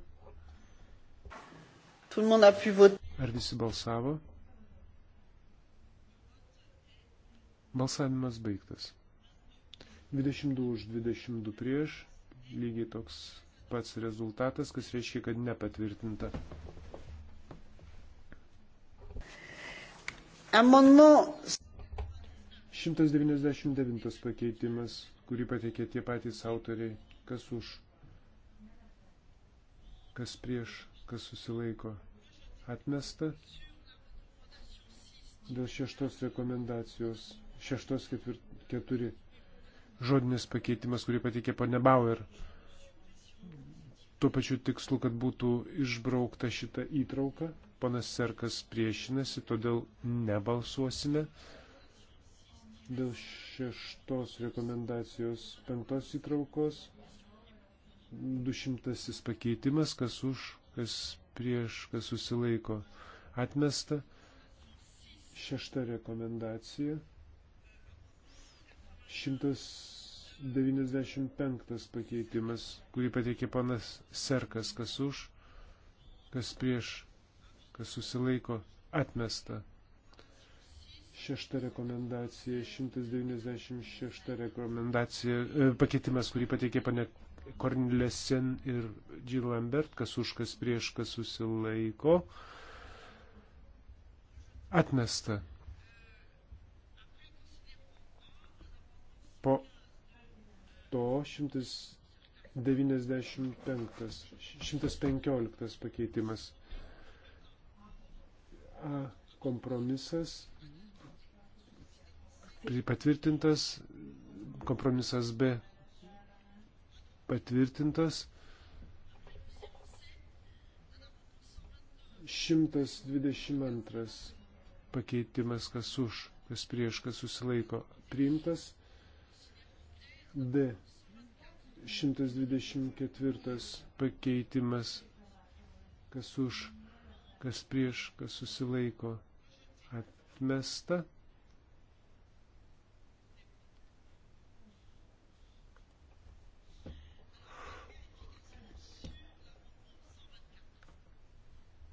Speaker 2: Ar visi balsavo? Balsavimas baigtas. 22 už 22 prieš, lygiai toks pats rezultatas, kas reiškia, kad nepatvirtinta. Amendment 199 pakeitimas kurį pateikė tie patys autoriai, kas už, kas prieš, kas susilaiko. Atmesta dėl šeštos rekomendacijos, šeštos ketvir, keturi žodinis pakeitimas, kurį pateikė pane Bauer. Tuo pačiu tikslu, kad būtų išbraukta šita įtrauka, panas Serkas priešinasi, todėl nebalsuosime dėl šeštos rekomendacijos penktos įtraukos. 200 pakeitimas, kas už, kas prieš, kas susilaiko. Atmesta. Šešta rekomendacija. 195 pakeitimas, kurį pateikė panas Serkas, kas už, kas prieš, kas susilaiko. Atmesta. 196 rekomendacija, 196 rekomendacija, e, pakeitimas, kurį pateikė pane Kornilesen ir Jill Lambert, kas už, kas prieš, kas susilaiko. Atmesta. Po to 195, 115 pakeitimas. A, kompromisas patvirtintas, kompromisas B patvirtintas. 122 pakeitimas, kas už, kas prieš, kas susilaiko, priimtas. D. 124 pakeitimas, kas už, kas prieš, kas susilaiko, atmesta.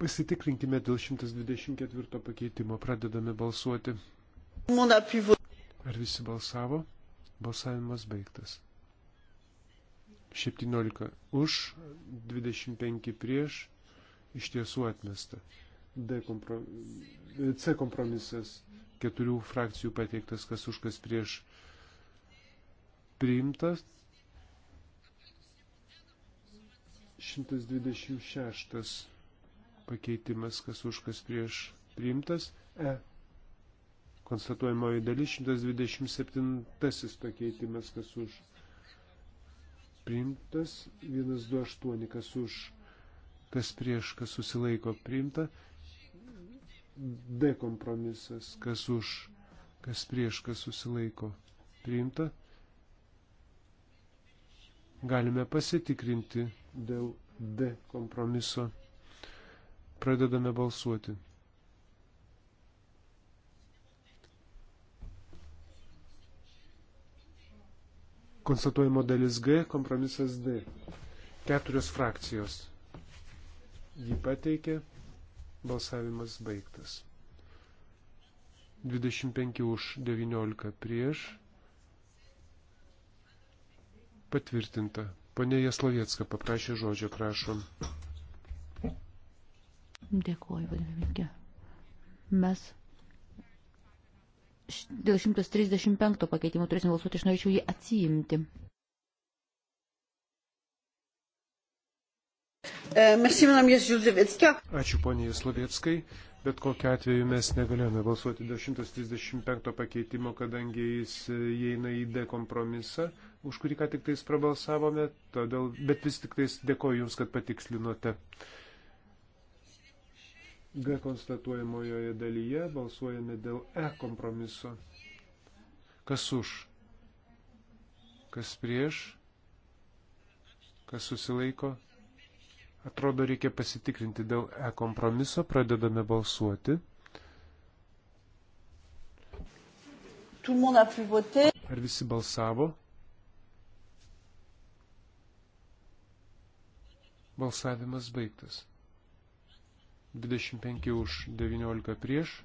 Speaker 2: Pasitikrinkime dėl 124 pakeitimo. Pradedame balsuoti. Ar visi balsavo? Balsavimas baigtas. 17 už, 25 prieš, iš tiesų atmesta. D komprom... C kompromisas, keturių frakcijų pateiktas, kas už, kas prieš, priimtas. 126 pakeitimas, kas už, kas prieš priimtas. E. Konstatuojamoji dalis 127 pakeitimas, kas už priimtas. 128, kas už, kas prieš, kas susilaiko priimta. D kompromisas, kas už, kas prieš, kas susilaiko priimta. Galime pasitikrinti dėl D kompromiso. Pradedame balsuoti. Konstatuojimo dalis G, kompromisas D. Keturios frakcijos. Jį pateikė. Balsavimas baigtas. 25 už 19 prieš. Patvirtinta. Pone Jaslovietska paprašė žodžio, prašom.
Speaker 3: Dėkuoju, vadinamikė. Mes dėl 135 pakeitimo turėsim balsuoti, aš norėčiau jį atsiimti.
Speaker 2: E, Ačiū poniai Slovėtskai, bet kokiu atveju mes negalėjome balsuoti dėl 135 pakeitimo, kadangi jis įeina į D kompromisą, už kurį ką tik tais prabalsavome, todėl, bet vis tik tais dėkoju Jums, kad patikslinote. G konstatuojamojoje dalyje balsuojame dėl E kompromiso. Kas už? Kas prieš? Kas susilaiko? Atrodo, reikia pasitikrinti dėl E kompromiso. Pradedame balsuoti. Ar visi balsavo? Balsavimas baigtas. 25 už 19 prieš,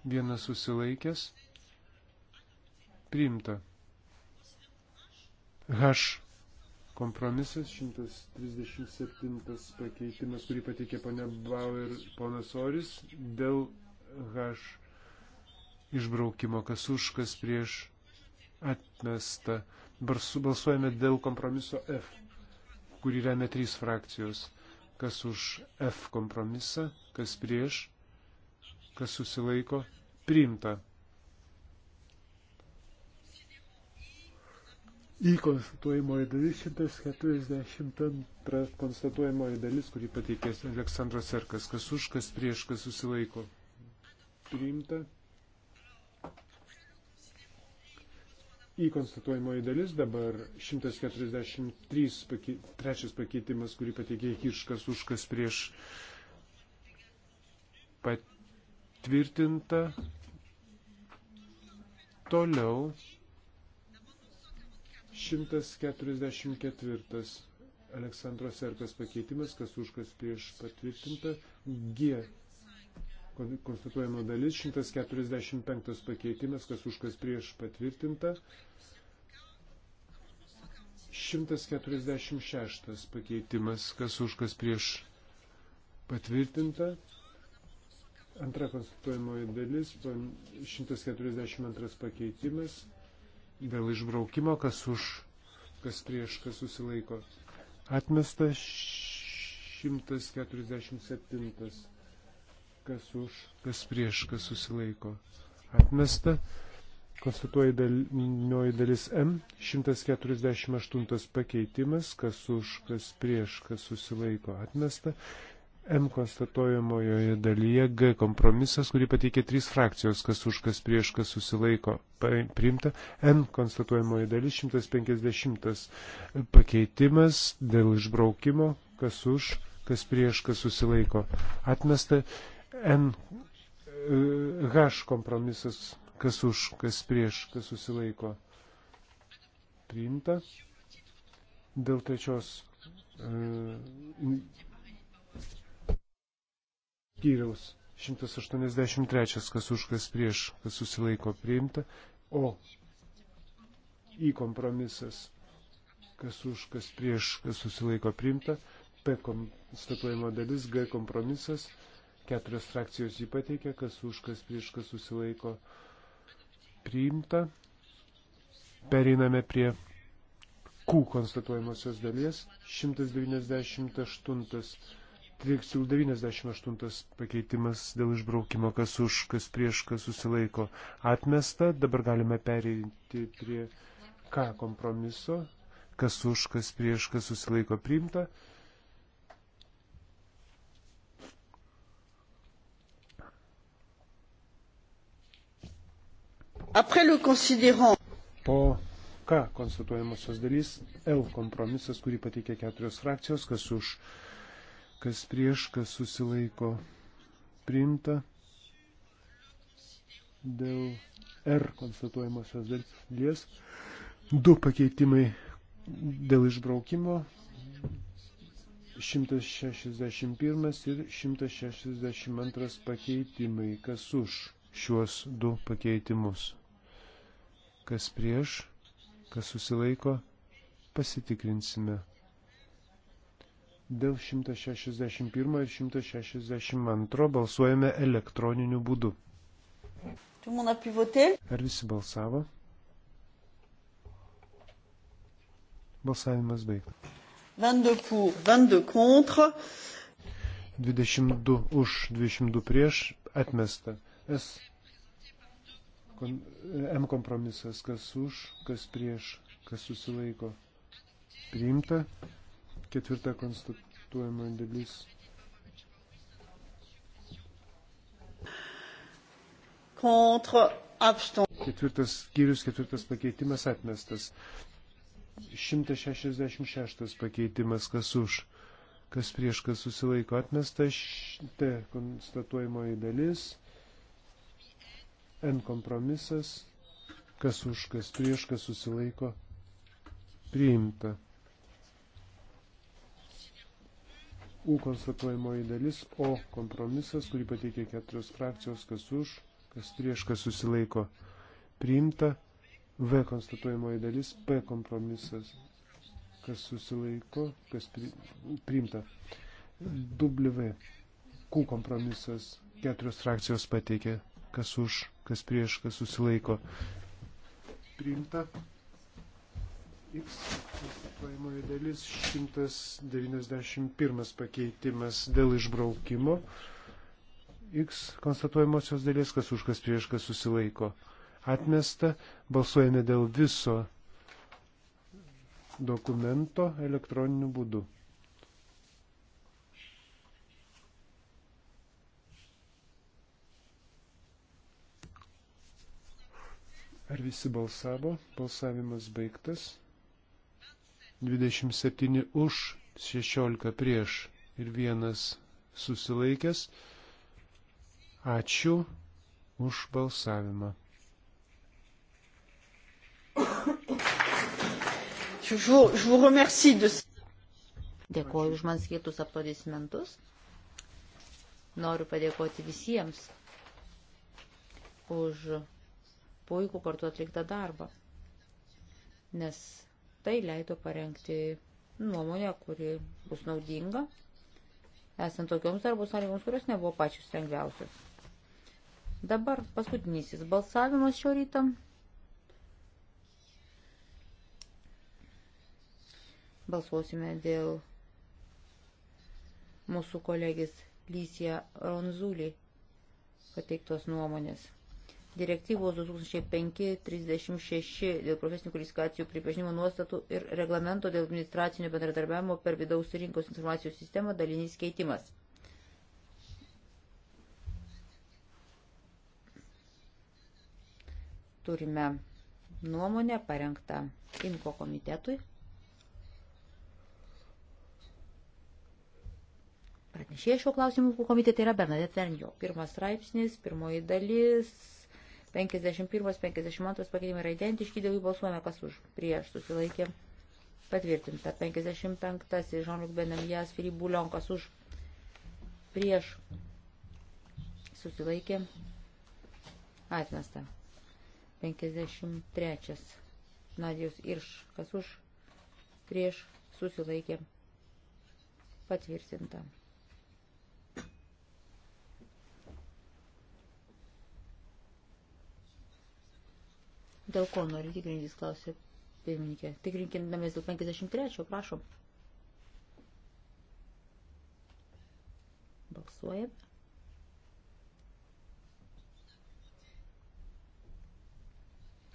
Speaker 2: vienas susilaikęs, priimta. H. Kompromisas 137 pakeitimas, kurį pateikė pane Bau ir ponas Oris dėl H išbraukimo, kas už, kas prieš atmesta. Balsuojame dėl kompromiso F, kurį remia trys frakcijos kas už F kompromisą, kas prieš, kas susilaiko, priimta. Į konstatuojamoji dalis 142 konstatuojamoji dalis, kurį pateikė Aleksandras Serkas, kas už, kas prieš, kas susilaiko. Priimta. į konstatuojamoji dalis, dabar 143 paki, trečias pakeitimas, kurį pateikė Kirškas užkas prieš patvirtinta. Toliau 144 Aleksandros Serkas pakeitimas, kas užkas prieš patvirtinta. G konstatuojama dalis 145 pakeitimas, kas už kas prieš patvirtinta. 146 pakeitimas, kas už kas prieš patvirtinta. Antra konstatuojamoji dalis, 142 pakeitimas, dėl išbraukimo, kas už, kas prieš, kas susilaiko. Atmestas 147 kas už, kas prieš, kas susilaiko. Atmesta. Konstatuoja dalinioji dalis M. 148 pakeitimas, kas už, kas prieš, kas susilaiko. Atmesta. M konstatuojamojoje dalyje G kompromisas, kurį pateikė trys frakcijos, kas už, kas prieš, kas susilaiko priimta. N konstatuojamoje dalis 150 pakeitimas dėl išbraukimo, kas už, kas prieš, kas susilaiko atmesta. NH kompromisas, kas už, kas prieš, kas susilaiko priimta. Dėl trečios e, skyriaus 183, kas už, kas prieš, kas susilaiko priimta. O į kompromisas, kas už, kas prieš, kas susilaiko priimta. P konstatuojama dalis, G kompromisas, Keturios frakcijos jį pateikė, kas už, kas prieš, kas susilaiko priimta. Pereiname prie Q konstatuojamosios dalies. 198. 398 pakeitimas dėl išbraukimo, kas už, kas prieš, kas susilaiko atmesta. Dabar galime perėti prie K kompromiso, kas už, kas prieš, kas susilaiko priimta. Po ką konstatuojamosios dalys L kompromisas, kurį pateikė keturios frakcijos, kas už, kas prieš, kas susilaiko priimta dėl R konstatuojamosios dalies. Du pakeitimai dėl išbraukimo 161 ir 162 pakeitimai. Kas už šiuos du pakeitimus? kas prieš, kas susilaiko, pasitikrinsime. Dėl 161 ir 162 balsuojame elektroniniu būdu.
Speaker 1: Ar
Speaker 2: visi balsavo? Balsavimas baigtas.
Speaker 1: 22 pour, 22 contre.
Speaker 2: 22 už, 22 prieš, atmesta. S M kompromisas, kas už, kas prieš, kas susilaiko priimta. Ketvirta konstatuojama dalis. Contre abstant. Ketvirtas skyrius, ketvirtas pakeitimas atmestas. 166 pakeitimas, kas už, kas prieš, kas susilaiko atmestas. Šitą konstatuojamoji dalis. N kompromisas, kas už, kas prieš, kas susilaiko, priimta. U konstatuojamoji dalis, O kompromisas, kurį pateikė keturios frakcijos, kas už, kas prieš, kas susilaiko, priimta. V konstatuojamoji dalis, P kompromisas, kas susilaiko, kas pri, priimta. W. Q kompromisas, keturios frakcijos pateikė kas už, kas prieš, kas susilaiko. Priimta. X konstatuojamoji dalis 191 pakeitimas dėl išbraukimo. X konstatuojamosios dalies, kas už, kas prieš, kas susilaiko. Atmesta. Balsuojame dėl viso dokumento elektroniniu būdu. Ar visi balsavo? Balsavimas baigtas. 27 už, 16 prieš ir vienas susilaikęs. Ačiū už balsavimą.
Speaker 3: Dėkuoju už man skirtus aplodismentus. Noriu padėkoti visiems už puikų kartu atliktą darbą, nes tai leido parengti nuomonę, kuri bus naudinga, esant tokioms darbų sąlygoms, kurios nebuvo pačius lengviausios. Dabar paskutinysis balsavimas šio ryto. Balsuosime dėl mūsų kolegės Lysija Ronzulį pateiktos nuomonės direktyvos 2005-36 dėl profesinių kvalifikacijų pripažinimo nuostatų ir reglamento dėl administracinio bendradarbiavimo per vidaus rinkos informacijos sistemą dalinys keitimas. Turime nuomonę parengtą INKO komitetui. Pranešėjai šio klausimų komitete yra Bernadette Vernio. Pirmas straipsnis, pirmoji dalis, 51-52 pakeitimai yra identiški, dėl jų balsuojame, kas už prieš susilaikė patvirtinta. 55 Žonliuk Benamijas Filibulion, kas už prieš susilaikė atmesta. 53 Nadijus Irš, kas už prieš susilaikė patvirtinta. Dėl ko nori tikrintis, klausė pirmininkė. Tikrinkinamės dėl 53, prašom. Balsuojame.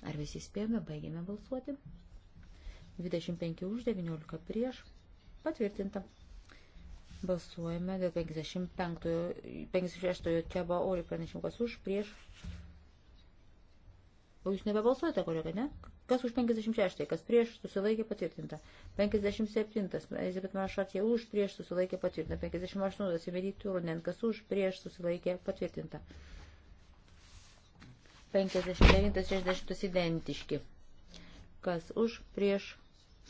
Speaker 3: Ar visi spėjome, baigėme balsuoti. 25 už 19 prieš. Patvirtinta. Balsuojame dėl 55, 56 Keba Ori pranešimkas už prieš O jūs nebebalsuojate, kolega, ne? Kas už 56, kas prieš susilaikė patvirtinta. 57, Elizabet Marašatė už prieš susilaikė patvirtinta. 58, Simedį Turunen, kas už prieš susilaikė patvirtinta. 59, 60 identiški. Kas už prieš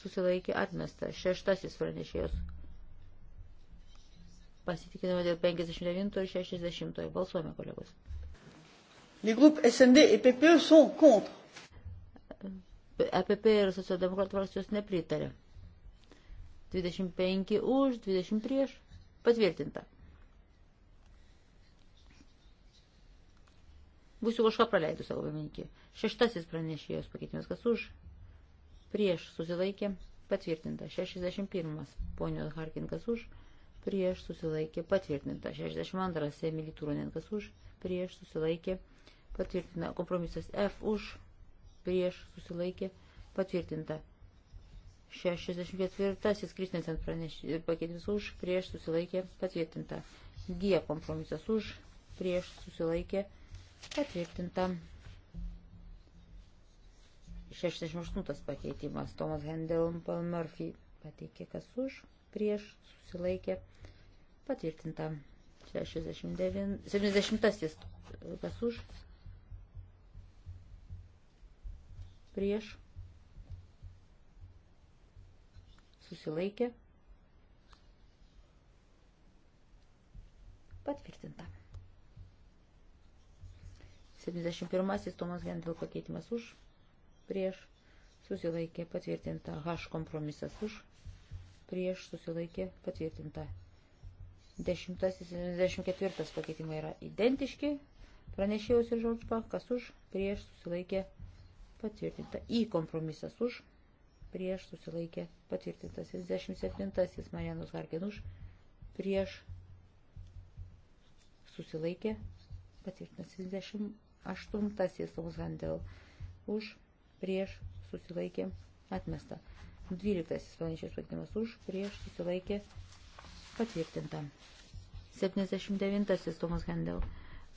Speaker 3: susilaikė atmesta. Šeštasis pranešėjos. Pasitikiname dėl 59 ir 60. Balsuojame, kolegos.
Speaker 1: Les groupes SND et PPE sont
Speaker 3: contre. EPP ir socialdemokratų frakcijos nepritarė. 25 už, 20 prieš. Patvirtinta. Būsiu kažką praleidus savo vėminkį. Šeštasis pranešėjos pakeitimas, kas už. Prieš susilaikė. Patvirtinta. 61. Ponios Harkinkas už. Prieš susilaikė. Patvirtinta. 62. Emilitūroninkas už. Prieš susilaikė. Patvirtinta patvirtina. Kompromisas F už, prieš, susilaikė, patvirtinta. 64. Kristinsen pakeitimas už, prieš, susilaikė, patvirtinta. G kompromisas už, prieš, susilaikė, patvirtinta. 68 pakeitimas. Tomas Hendel Murphy pateikė, kas už, prieš, susilaikė, patvirtinta. 69, 70 kas už, prieš, susilaikė, patvirtinta. 71. Tomas Gendel pakeitimas už, prieš, susilaikė, patvirtinta. H kompromisas už, prieš, susilaikė, patvirtinta. 10. 74. pakeitimai yra identiški, pranešėjus ir žodžpa, kas už, prieš, susilaikė, patvirtinta patvirtinta. Į kompromisas už, prieš susilaikė patvirtintas. 67 Marianus Harkin už, prieš susilaikė patvirtintas. 78 Tomas Handel už, prieš susilaikė atmesta. 12 panašios pakeitimas už, prieš susilaikė patvirtinta. 79 Tomas Handel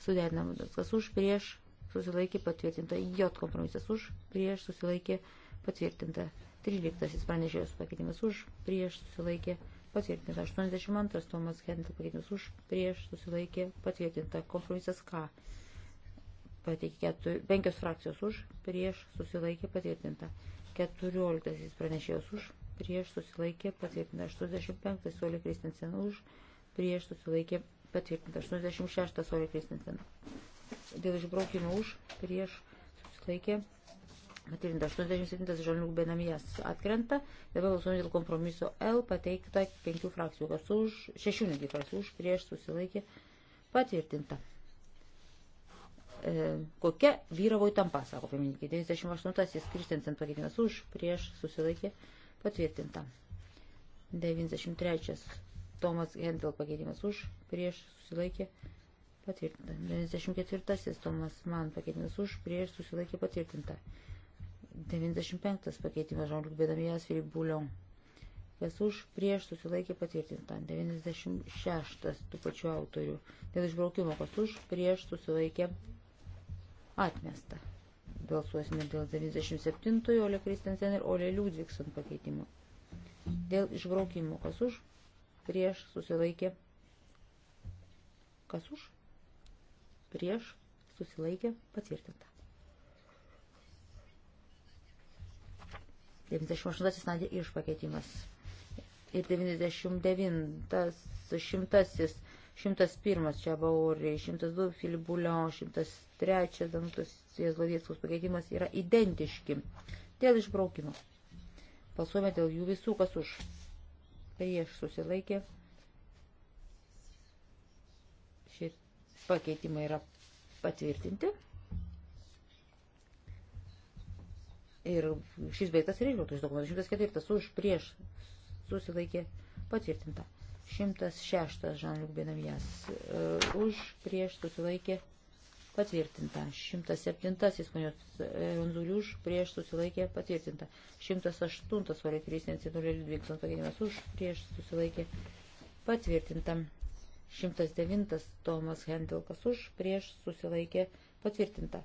Speaker 3: suderinamas kas už, prieš susilaikė patvirtinta, J kompromisas už, prieš susilaikė patvirtinta, 13 pranešėjos pakeitimas už, prieš susilaikė patvirtinta, 82 Tomas Hentel pakeitimas už, prieš susilaikė patvirtinta, kompromisas K. Pateikė 5 frakcijos už, prieš susilaikė patvirtinta, 14 pranešėjos už, prieš susilaikė patvirtinta, 85 Solė Kristinsen už, prieš susilaikė patvirtinta, 86 Solė Kristinsen dėl išbraukimo už, prieš, susilaikė, patvirtinta 87 žalinių benamijas atkrenta, dabar balsuojame dėl kompromiso L, pateikta 5 frakcijų, kas už, 6 netgi frakcijų už, prieš, susilaikė, patvirtinta. E, kokia vyravo įtampa, sako pirmininkė, 98-asis Kristensen pakeitimas už, prieš, susilaikė, patvirtinta. 93 Tomas Hendel pakeitimas už, prieš, susilaikė, patvirtinta patvirtinta. 94 Tomas man pakeitimas už, prieš susilaikė patvirtinta. 95 pakeitimas Žanliuk Bedamijas ir Bulion. Kas už, prieš susilaikė patvirtinta. 96 tų pačių autorių. Dėl išbraukimo, kas už, prieš susilaikė atmesta. Balsuosime dėl 97 Ole Kristensen ir Ole Liudvikson pakeitimų. Dėl išbraukimo, kas už, prieš susilaikė atmesta. Kas už? prieš, susilaikė, patvirtinta. 98 nadė iš pakeitimas. Ir 99, 100, 101 čia bauriai, 102 filibulio, 103 dantus Jezlovieckus pakeitimas yra identiški. Dėl išbraukimo. Pasuome dėl jų visų, kas už prieš susilaikė, Pakeitimai yra patvirtinti. Ir šis beigtas reikėtų iš dokumentų. 104 už prieš susilaikė patvirtinta. 106 Žanliuk Benamijas e, už prieš susilaikė patvirtinta. 107 Ispanijos Ronzulį už prieš susilaikė patvirtinta. 108 Svarė Kristinės Sinulėlių Dvikson pakeitimas už prieš susilaikė patvirtinta. 109 Tomas Hendelkas už, prieš susilaikė patvirtinta.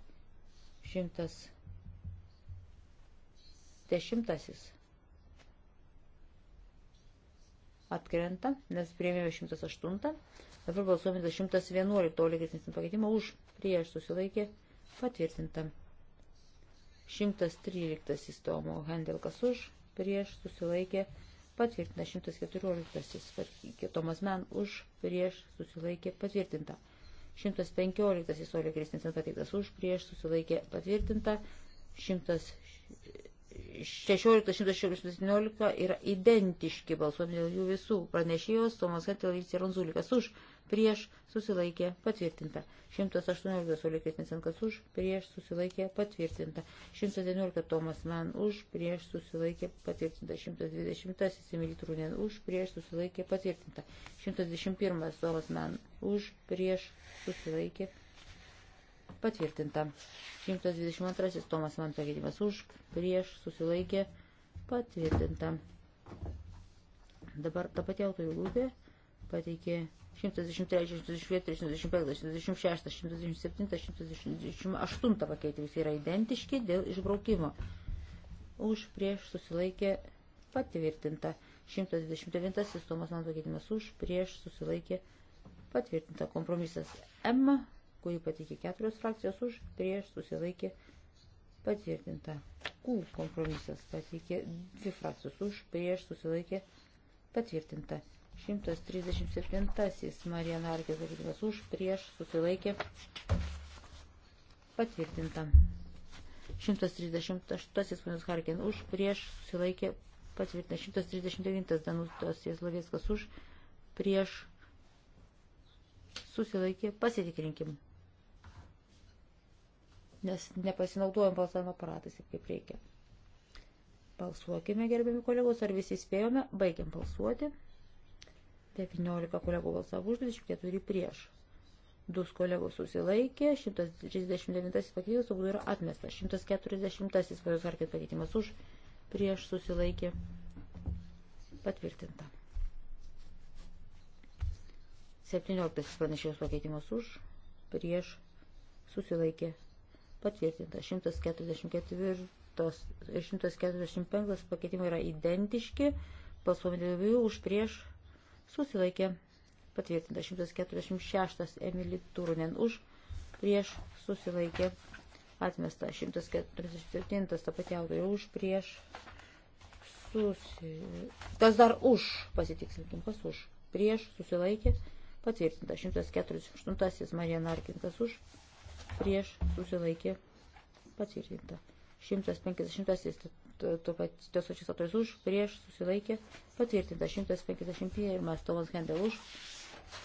Speaker 3: 110 atkrenta, nes priėmėme 108. Dabar balsuojame dėl 111 tolygesnis pakeitimo už, prieš susilaikė patvirtinta. 113 Tomo Hendelkas už, prieš susilaikė patvirtinta patvirtina 114 Tomas Men už prieš susilaikė patvirtinta. 115 Olė Kristinsen pateiktas už prieš susilaikė patvirtinta. 116-117 yra identiški balsuomi dėl jų visų. Pranešėjos Tomas Kentelis ir Ronzulikas už prieš susilaikė patvirtinta. 118 Solikės Nesenkas už, prieš susilaikė patvirtinta. 119 Tomas Man už, prieš susilaikė patvirtinta. 120 Similitrūnien už, prieš susilaikė patvirtinta. 121 Tomas Man už, prieš susilaikė patvirtinta. 122 Tomas Man pagėdimas už, prieš susilaikė patvirtinta. Dabar ta pati autorių grupė pateikė 123, 124, 125, 126, 127, 128 pakeitimus yra identiški dėl išbraukimo. Už prieš susilaikė patvirtinta. 129 Tomas Mano pakeitimas už prieš susilaikė patvirtinta. Kompromisas M, kurį patikė keturios frakcijos už prieš susilaikė patvirtinta. Q kompromisas patikė dvi frakcijos už prieš susilaikė patvirtinta. 137. Marijan Arkės pakeitimas už, prieš, susilaikė, patvirtinta. 138. Ponios Harkin už, prieš, susilaikė, patvirtinta. 139. Danutos Jezlovieskas už, prieš, susilaikė, pasitikrinkim. Nes nepasinaudojom balsavimo aparatais, kaip reikia. Balsuokime, gerbiami kolegos, ar visi spėjome, baigiam balsuoti. 19 kolegų balsavo už, 24 prieš. Dus kolegos susilaikė, 139 pakeitimas abu yra atmestas, 140 vajos arkit pakeitimas už, prieš susilaikė, patvirtinta. 17 panašiaus pakeitimas už, prieš susilaikė, patvirtinta. 144 ir 145 pakeitimai yra identiški, balsuojant dėl už prieš susilaikė patvirtinta 146 Emily Turunen už, prieš susilaikė atmesta 147, ta pati autorė už, prieš susi... Kas dar už, pasitikslinkim, kas už, prieš susilaikė patvirtinta 148 Marija Narkinkas už, prieš susilaikė patvirtinta 150 to pat, tos pačios autorius už, prieš, susilaikė, patvirtinta 151, Tomas Hendel už,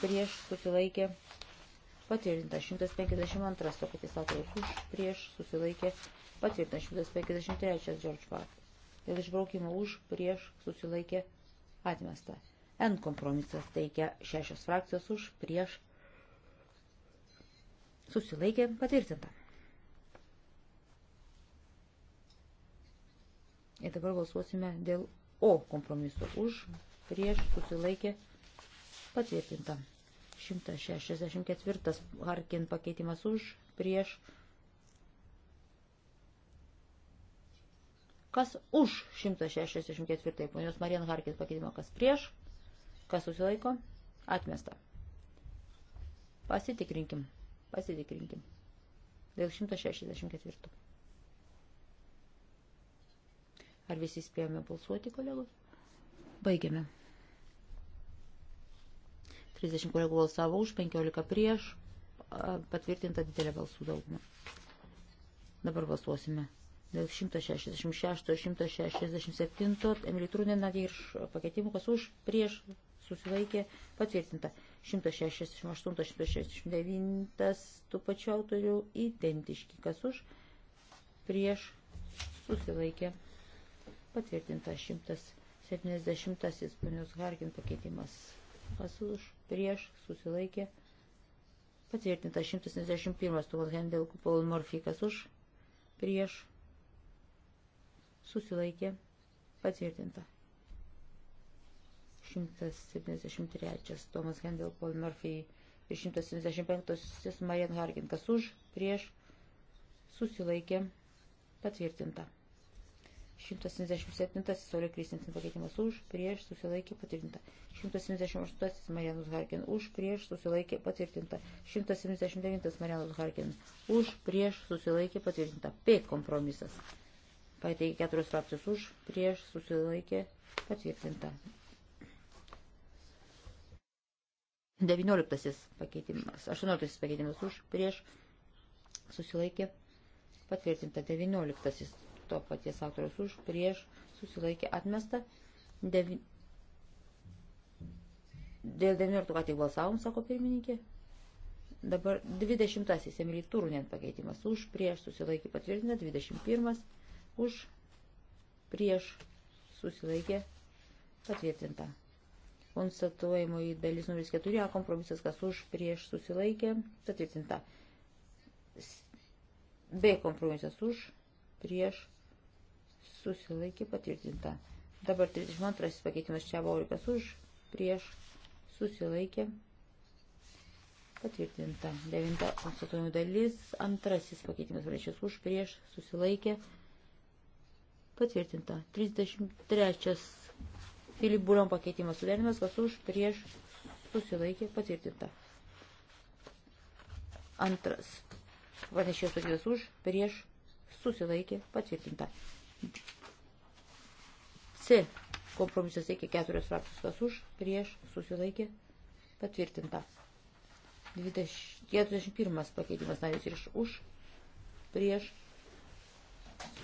Speaker 3: prieš, susilaikė, patvirtinta 152, to patys autorius už, prieš, susilaikė, patvirtinta 153, George Park. Dėl išbraukimo už, prieš, susilaikė, atmesta. N kompromisas teikia šešios frakcijos už, prieš, susilaikė, patvirtinta. Ir dabar balsuosime dėl O kompromiso. Už, prieš, susilaikė, patvirtinta. 164 Harkin pakeitimas už, prieš. Kas už 164 ponios Marijan Harkin pakeitimą, kas prieš, kas susilaiko, atmesta. Pasitikrinkim, pasitikrinkim. Dėl 164. Ar visi spėjome balsuoti, kolegos? Baigiame. 30 kolegų balsavo už, 15 prieš, patvirtinta didelė balsų dauguma. Dabar balsuosime dėl 166, 167, Emily Trūnina ir pakeitimų, kas už, prieš, susilaikė, patvirtinta. 168, 169, tų pačių autorių identiški, kas už, prieš, susilaikė, Patvirtintas 170 ponios Harkin pakeitimas. Kas už, prieš, susilaikė. Patvirtintas 171 Tomas Hendel Kupol Morfikas už, prieš, susilaikė. Patvirtinta. 173 Tomas Hendel Paul Murphy ir 175 Marian Harkin. Kas už, prieš, susilaikė. Patvirtinta. 177 Solė Kristinsen pakeitimas už, prieš susilaikė patvirtinta. 178 Marianus Harkin už, prieš susilaikė patvirtinta. 179 Marianus Harkin už, prieš susilaikė patvirtinta. P kompromisas. Pateikė keturios frakcijos už, prieš susilaikė patvirtinta. 19 pakeitimas, 18 pakeitimas už, prieš susilaikė patvirtinta. 19 to paties autorius už, prieš, susilaikė atmesta. Devi... Dėl 19 ką tik balsavom, sako pirmininkė. Dabar 20-asis Emily Turunen pakeitimas už, prieš, susilaikė patvirtinta, 21-as už, prieš, susilaikė patvirtinta. Konstatuojimo į dalis 04, kompromisas kas už, prieš, susilaikė patvirtinta. B kompromisas už, prieš, susilaikė patvirtinta. Dabar 32 pakeitimas čia baurikas už, prieš, susilaikė patvirtinta. 9 konstatuojimų dalis, antrasis pakeitimas varėčias už, prieš, susilaikė patvirtinta. 33 Filip Būliom pakeitimas suderinimas, kas už, prieš, susilaikė patvirtinta. Antras varėčias pakeitimas už, prieš, susilaikė patvirtinta. C. Kompromisas iki keturios frakcijos kas už, prieš, susilaikė, patvirtinta. 41 pakeitimas narys ir už, prieš,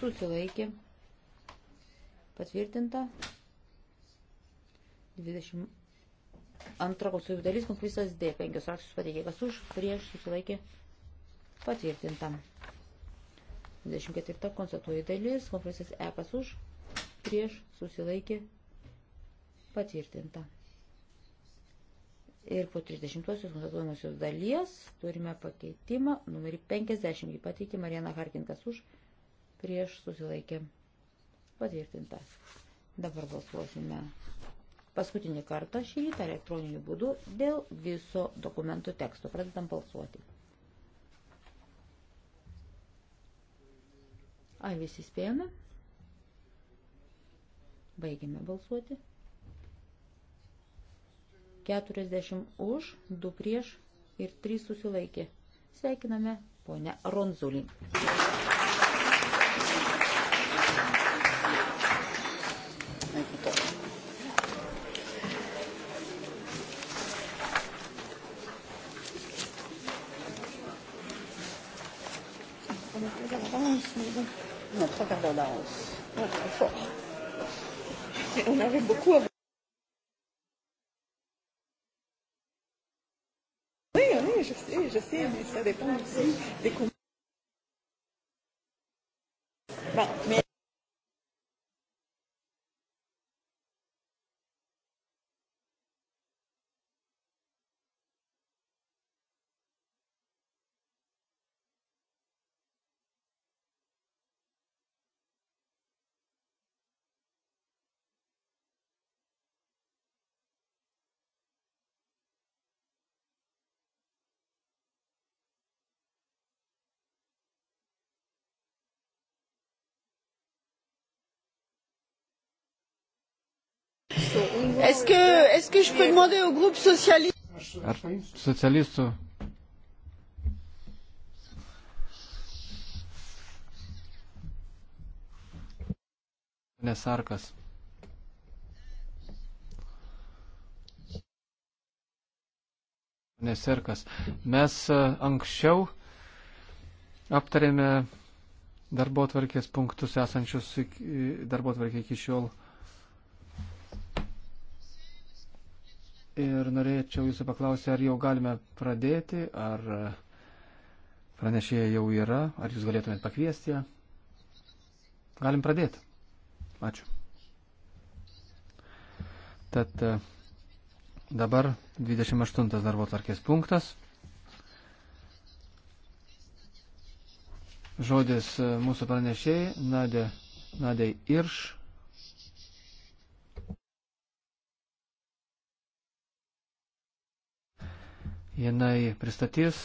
Speaker 3: susilaikė, patvirtinta. 22 konsultų dalis konfliktas D. 5 frakcijos pateikė kas už, prieš, susilaikė, patvirtinta. 24 konstatuoji dalis, kompromisas E kas už, prieš susilaikė patvirtinta. Ir po 30 konstatuojamosios dalies turime pakeitimą, numerį 50 jį pateikė Marijana Harkinkas už, prieš susilaikė patvirtinta. Dabar balsuosime paskutinį kartą šį rytą elektroniniu būdu dėl viso dokumento teksto. Pradedam balsuoti. Ar visi spėjome? Baigėme balsuoti. 40 už, 2 prieš ir 3 susilaikė. Sveikiname ponę Ronzulį.
Speaker 1: beaucoup à vous. Oui, oui, je sais, je sais, mais ça dépend aussi des compétences.
Speaker 2: Est-ce que, est que je peux demander au groupe socialiste
Speaker 4: Ar socialistų Nesarkas. Nesirkas. Mes e, anksčiau aptarėme darbo tvarkės punktus esančius darbo tvarkė iki šiol. ir norėčiau jūsų paklausti, ar jau galime pradėti, ar pranešėja jau yra, ar jūs galėtumėt pakviesti ją. Galim pradėti. Ačiū. Tad e, dabar 28 darbo tvarkės punktas. Žodis e, mūsų pranešėjai Nadė, Nadė Irš jinai pristatys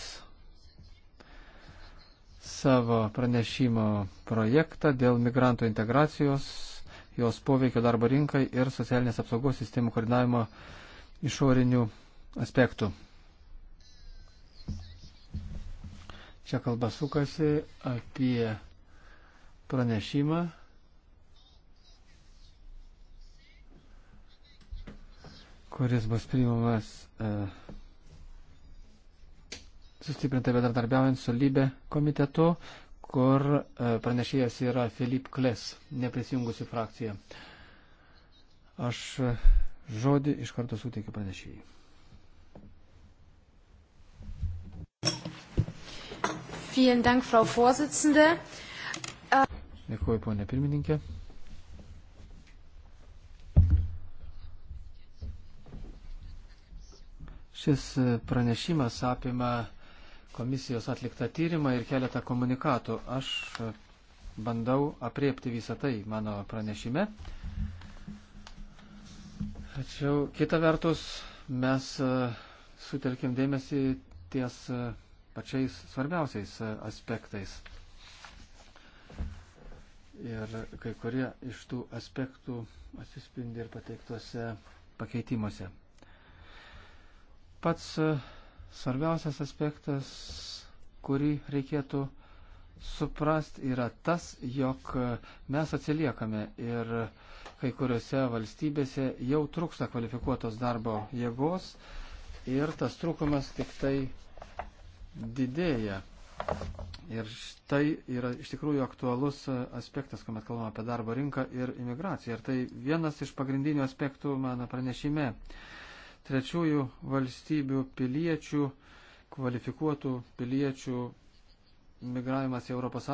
Speaker 4: savo pranešimo projektą dėl migrantų integracijos, jos poveikio darbo rinkai ir socialinės apsaugos sistemų koordinavimo išorinių aspektų. Čia kalba sukasi apie pranešimą kuris bus priimamas uh, sustiprintai bedradarbiaujant su Libė komitetu, kur e, pranešėjas yra Filip Kles, neprisijungusi frakcija. Aš e, žodį iš karto suteikiu pranešėjai.
Speaker 3: Vielen Dank, Frau Vorsitzende.
Speaker 4: Äh, Dėkuoju, ponė pirmininkė. Šis e, pranešimas apima komisijos atliktą tyrimą ir keletą komunikatų. Aš bandau apriepti visą tai mano pranešime. Tačiau kita vertus mes e, sutelkim dėmesį ties e, pačiais svarbiausiais e, aspektais. Ir kai kurie iš tų aspektų atsispindi ir pateiktuose pakeitimuose. Pats Svarbiausias aspektas, kurį reikėtų suprasti, yra tas, jog mes atsiliekame ir kai kuriuose valstybėse jau trūksta kvalifikuotos darbo jėgos ir tas trūkumas tik tai didėja. Ir tai yra iš tikrųjų aktualus aspektas, kuomet kalbame apie darbo rinką ir imigraciją. Ir tai vienas iš pagrindinių aspektų mano pranešime. Uh, trečiųjų valstybių piliečių, kvalifikuotų piliečių migravimas į ES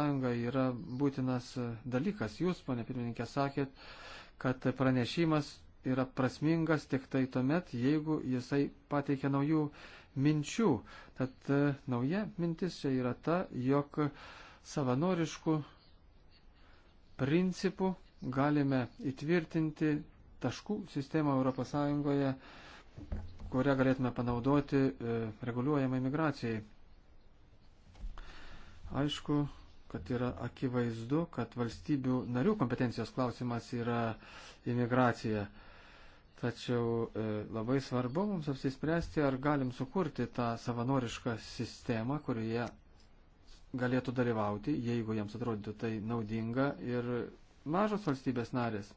Speaker 4: yra būtinas dalykas. Jūs, ponė pirmininkė, sakėt, kad pranešimas yra prasmingas tik tai tuomet, jeigu jisai pateikia naujų minčių. Tad e, nauja mintis čia yra ta, jog savanoriškų principų galime įtvirtinti taškų sistemą ES kurią galėtume panaudoti e, reguliuojamai migracijai. Aišku, kad yra akivaizdu, kad valstybių narių kompetencijos klausimas yra imigracija. Tačiau e, labai svarbu mums apsispręsti, ar galim sukurti tą savanorišką sistemą, kurioje galėtų dalyvauti, jeigu jiems atrodytų tai naudinga ir mažos valstybės narės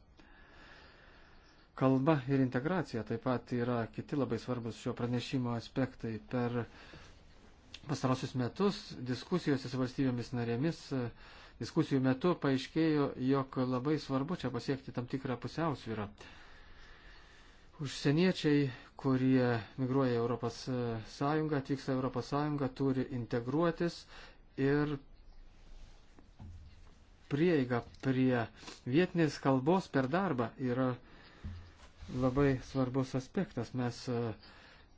Speaker 4: Kalba ir integracija taip pat yra kiti labai svarbus šio pranešimo aspektai. Per pastarosius metus diskusijose su valstybėmis narėmis, diskusijų metu paaiškėjo, jog labai svarbu čia pasiekti tam tikrą pusiausvyrą. Užsieniečiai, kurie migruoja Europos Sąjungą, atvyksta Europos Sąjungą, turi integruotis ir prieiga prie vietinės kalbos per darbą yra labai svarbus aspektas. Mes e,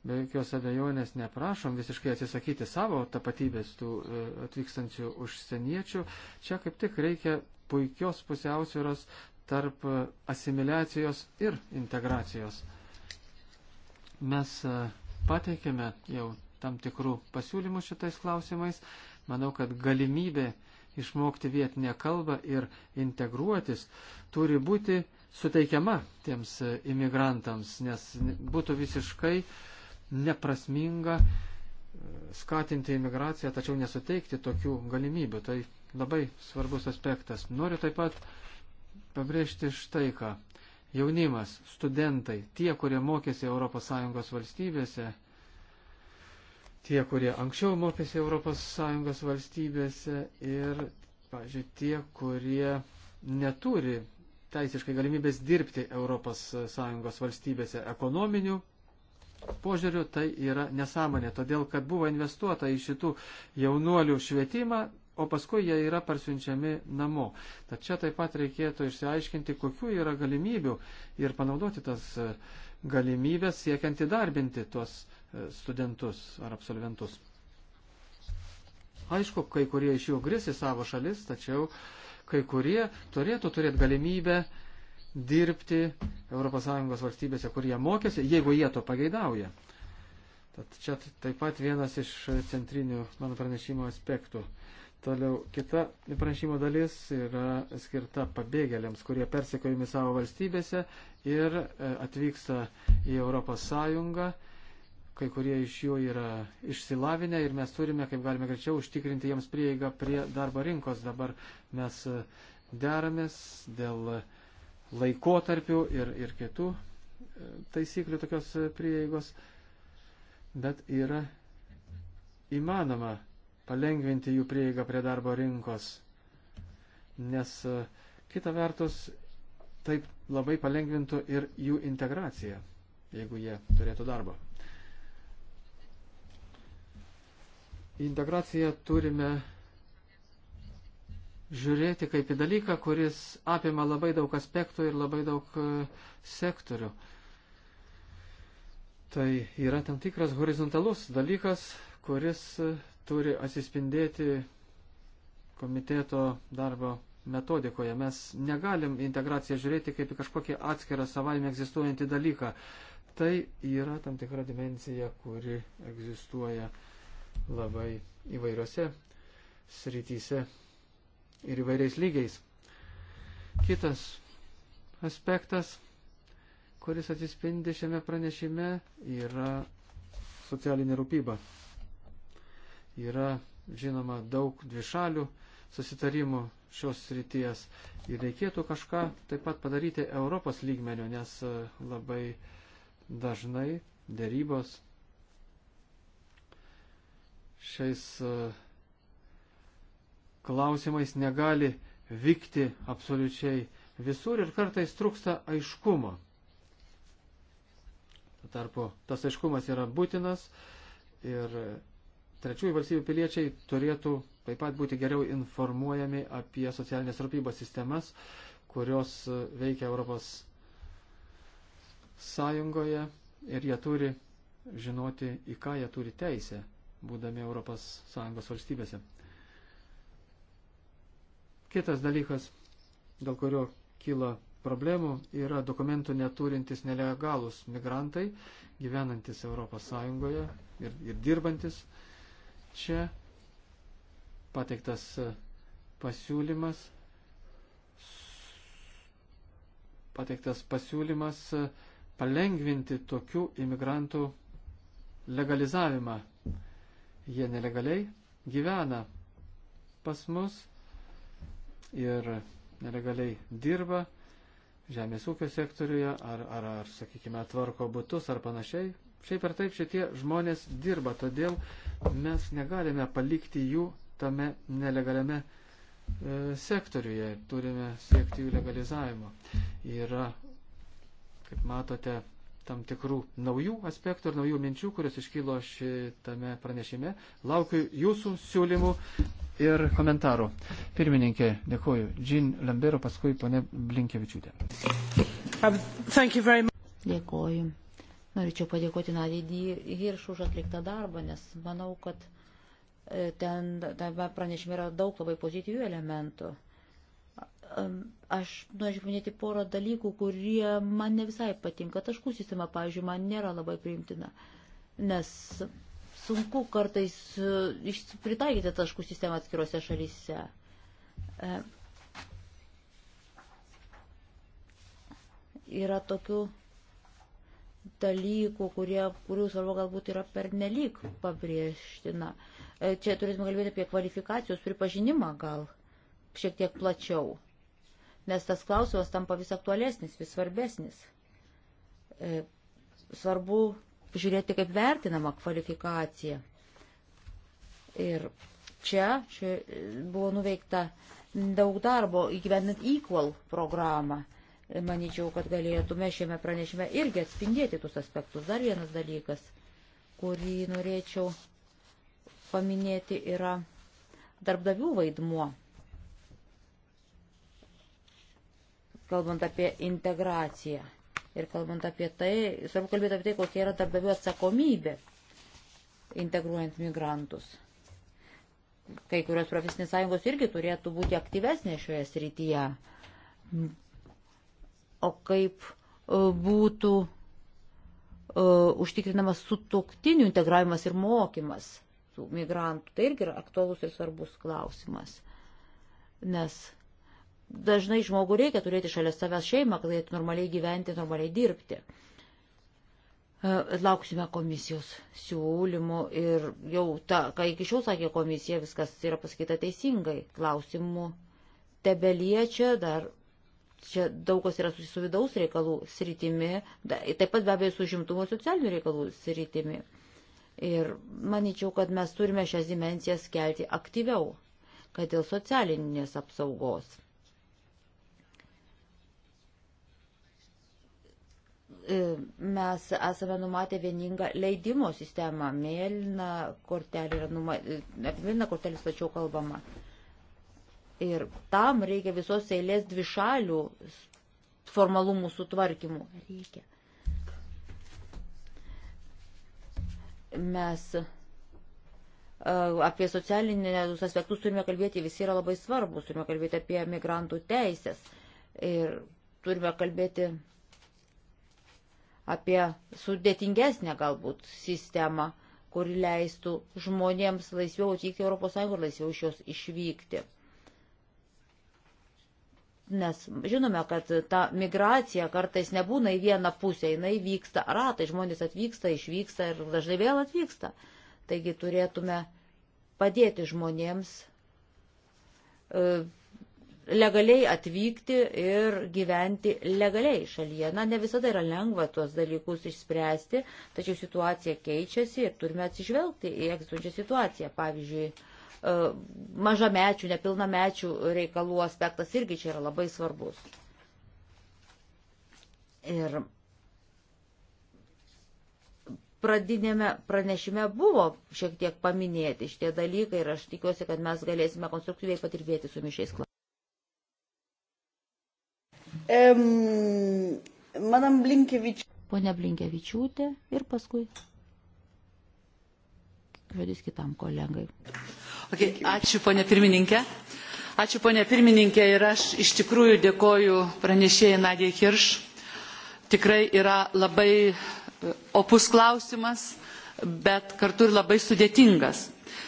Speaker 4: be jokios abejonės neprašom visiškai atsisakyti savo tapatybės tų e, atvykstančių užsieniečių. Čia kaip tik reikia puikios pusiausvėros tarp e, asimiliacijos ir integracijos. Mes pateikėme jau tam tikrų pasiūlymų šitais klausimais. Manau, kad galimybė išmokti vietinę kalbą ir integruotis turi būti suteikiama tiems imigrantams, nes būtų visiškai neprasminga e, skatinti imigraciją, tačiau nesuteikti tokių galimybių. Tai labai svarbus aspektas. Noriu taip pat pabrėžti štai ką. Jaunimas, studentai, tie, kurie mokėsi ES valstybėse, tie, kurie anksčiau mokėsi ES valstybėse ir, pažiūrėjau, tie, kurie neturi teisiškai galimybės dirbti ES valstybėse ekonominių požiūrių, tai yra nesąmonė, todėl kad buvo investuota į šitų jaunuolių švietimą, o paskui jie yra parsiunčiami namo. Tad čia taip pat reikėtų išsiaiškinti, kokiu yra galimybių ir panaudoti tas galimybės siekiant įdarbinti tuos e, studentus ar absolventus. Aišku, kai kurie iš jų grisi savo šalis, tačiau uh, kai kurie turėtų turėti galimybę dirbti ES valstybėse, kur jie mokėsi, jeigu jie to pageidauja. Tad čia taip pat vienas iš centrinių mano pranešimo aspektų. Toliau kita pranešimo dalis yra skirta pabėgėliams, kurie persekiojami savo valstybėse ir e, atvyksta į ES kai kurie iš jų yra išsilavinę ir mes turime, kaip galime greičiau, užtikrinti jiems prieigą prie darbo rinkos. Dabar mes e, deramės dėl laikotarpių ir, ir kitų e, taisyklių tokios e, prieigos, bet yra įmanoma palengvinti jų prieigą prie darbo rinkos, nes kita vertus taip labai palengvintų ir jų integraciją, jeigu jie turėtų darbą. integraciją turime žiūrėti kaip į dalyką, kuris apima labai daug aspektų ir labai daug e, sektorių. Tai yra tam tikras horizontalus dalykas, kuris e, turi atsispindėti komiteto darbo metodikoje. Mes negalim integraciją žiūrėti kaip į kažkokį atskirą savaime egzistuojantį dalyką. Tai yra tam tikra dimensija, kuri egzistuoja uh, labai įvairiose srityse ir įvairiais lygiais. Kitas aspektas, kuris atsispindi šiame pranešime, yra socialinė rūpyba. Yra, žinoma, daug dvišalių susitarimų šios srities ir reikėtų kažką taip pat padaryti Europos lygmenio, nes e, labai dažnai dėrybos šiais e, klausimais negali vykti absoliučiai visur ir kartais trūksta aiškumo. Tarpu tas aiškumas yra būtinas ir trečiųjų valstybių piliečiai turėtų taip pat būti geriau informuojami apie socialinės rūpybos sistemas, kurios veikia Europos Sąjungoje ir jie turi žinoti, į ką jie turi teisę būdami ES valstybėse. Kitas dalykas, dėl kurio kyla problemų, yra dokumentų neturintys nelegalūs migrantai, gyvenantis ES ir, ir dirbantis. Čia pateiktas e, pasiūlymas, pateiktas pasiūlymas e, palengvinti tokių imigrantų legalizavimą jie nelegaliai gyvena pas mus ir nelegaliai dirba žemės ūkio sektoriuje ar, ar, ar sakykime, tvarko būtus ar panašiai. Šiaip ar taip šitie žmonės dirba, todėl mes negalime palikti jų tame nelegaliame e, sektoriuje, turime siekti jų legalizavimo. Yra, kaip matote, tam tikrų naujų aspektų ir naujų minčių, kurios iškylo šitame pranešime. Laukiu jūsų siūlymų ir komentarų. Pirmininkė, dėkoju. Džin Lambero, paskui pane Blinkevičiūtė. Um,
Speaker 3: dėkoju. Norėčiau padėkoti Nadidį Hirš už atliktą darbą, nes manau, kad e, ten tame pranešime yra daug labai pozityvių elementų. Aš noriu paminėti porą dalykų, kurie man ne visai patinka. Taškų sistema, pavyzdžiui, man nėra labai priimtina, nes sunku kartais e, pritaikyti taškų sistemą atskiruose šalyse. E, yra tokių dalykų, kurie, kurių svarbu galbūt yra pernelyg pabrėžtina. E, čia turėtume kalbėti apie kvalifikacijos pripažinimą gal šiek tiek plačiau nes tas klausimas tampa vis aktualesnis, vis svarbesnis. E, svarbu žiūrėti, kaip vertinama kvalifikacija. Ir čia, čia buvo nuveikta daug darbo įgyvendant Equal programą. E, manyčiau, kad galėtume šiame pranešime irgi atspindėti tuos aspektus. Dar vienas dalykas, kurį norėčiau paminėti, yra darbdavių vaidmuo kalbant apie integraciją. Ir kalbant apie tai, svarbu kalbėti apie tai, kokia yra darbdavių atsakomybė integruojant migrantus. Kai kurios profesinės sąjungos irgi turėtų būti aktyvesnė šioje srityje. O kaip e, būtų uh, užtikrinamas sutoktinių integravimas ir mokymas tų migrantų. Tai irgi yra aktualus ir svarbus klausimas. Nes dažnai žmogų reikia turėti šalia savęs šeimą, kad galėtų normaliai gyventi, normaliai dirbti. E, lauksime komisijos siūlymų ir jau ta, kai iki šiol sakė komisija, viskas yra pasakyta teisingai. Klausimų tebeliečia, dar čia daug kas yra su vidaus reikalų sritimi, taip pat be abejo su žimtumo socialinių reikalų sritimi. Ir manyčiau, kad mes turime šias dimencijas kelti aktyviau, kad dėl socialinės apsaugos E, mes esame numatę vieningą leidimo sistemą. Mėlyna kortelė yra numatyta, e, apie mėlyną kortelį stačiau kalbama. Ir tam reikia visos eilės dvišalių formalumų sutvarkymų. Reikia. Mes e, apie socialinius aspektus turime kalbėti, visi yra labai svarbus, turime kalbėti apie migrantų teisės ir turime kalbėti apie sudėtingesnę galbūt sistemą, kuri leistų žmonėms laisviau atvykti Europos Sąjungą ir laisviau iš jos išvykti. Nes žinome, kad ta migracija kartais nebūna į vieną pusę, jinai vyksta ratai, žmonės atvyksta, išvyksta ir dažnai vėl atvyksta. Taigi turėtume padėti žmonėms e, legaliai atvykti ir gyventi legaliai šalyje. Na, ne visada yra lengva tuos dalykus išspręsti, tačiau situacija keičiasi ir turime atsižvelgti į egzistuojančią situaciją. Pavyzdžiui, e, mažamečių, nepilnamečių reikalų aspektas irgi čia yra labai svarbus. Ir pradinėme pranešime buvo šiek tiek paminėti šitie dalykai ir aš tikiuosi, kad mes galėsime konstruktyviai patirbėti su mišiais klausimais. Um, Madam Blinkevičiūtė. Pone Blinkevičiūtė ir paskui žodis kitam kolegai. Okay,
Speaker 1: ačiū, ponė pirmininkė. Ačiū, ponė pirmininkė, ir aš iš tikrųjų dėkoju pranešėjai Nadijai Hirš. Tikrai yra labai e, opus klausimas, bet kartu ir labai sudėtingas.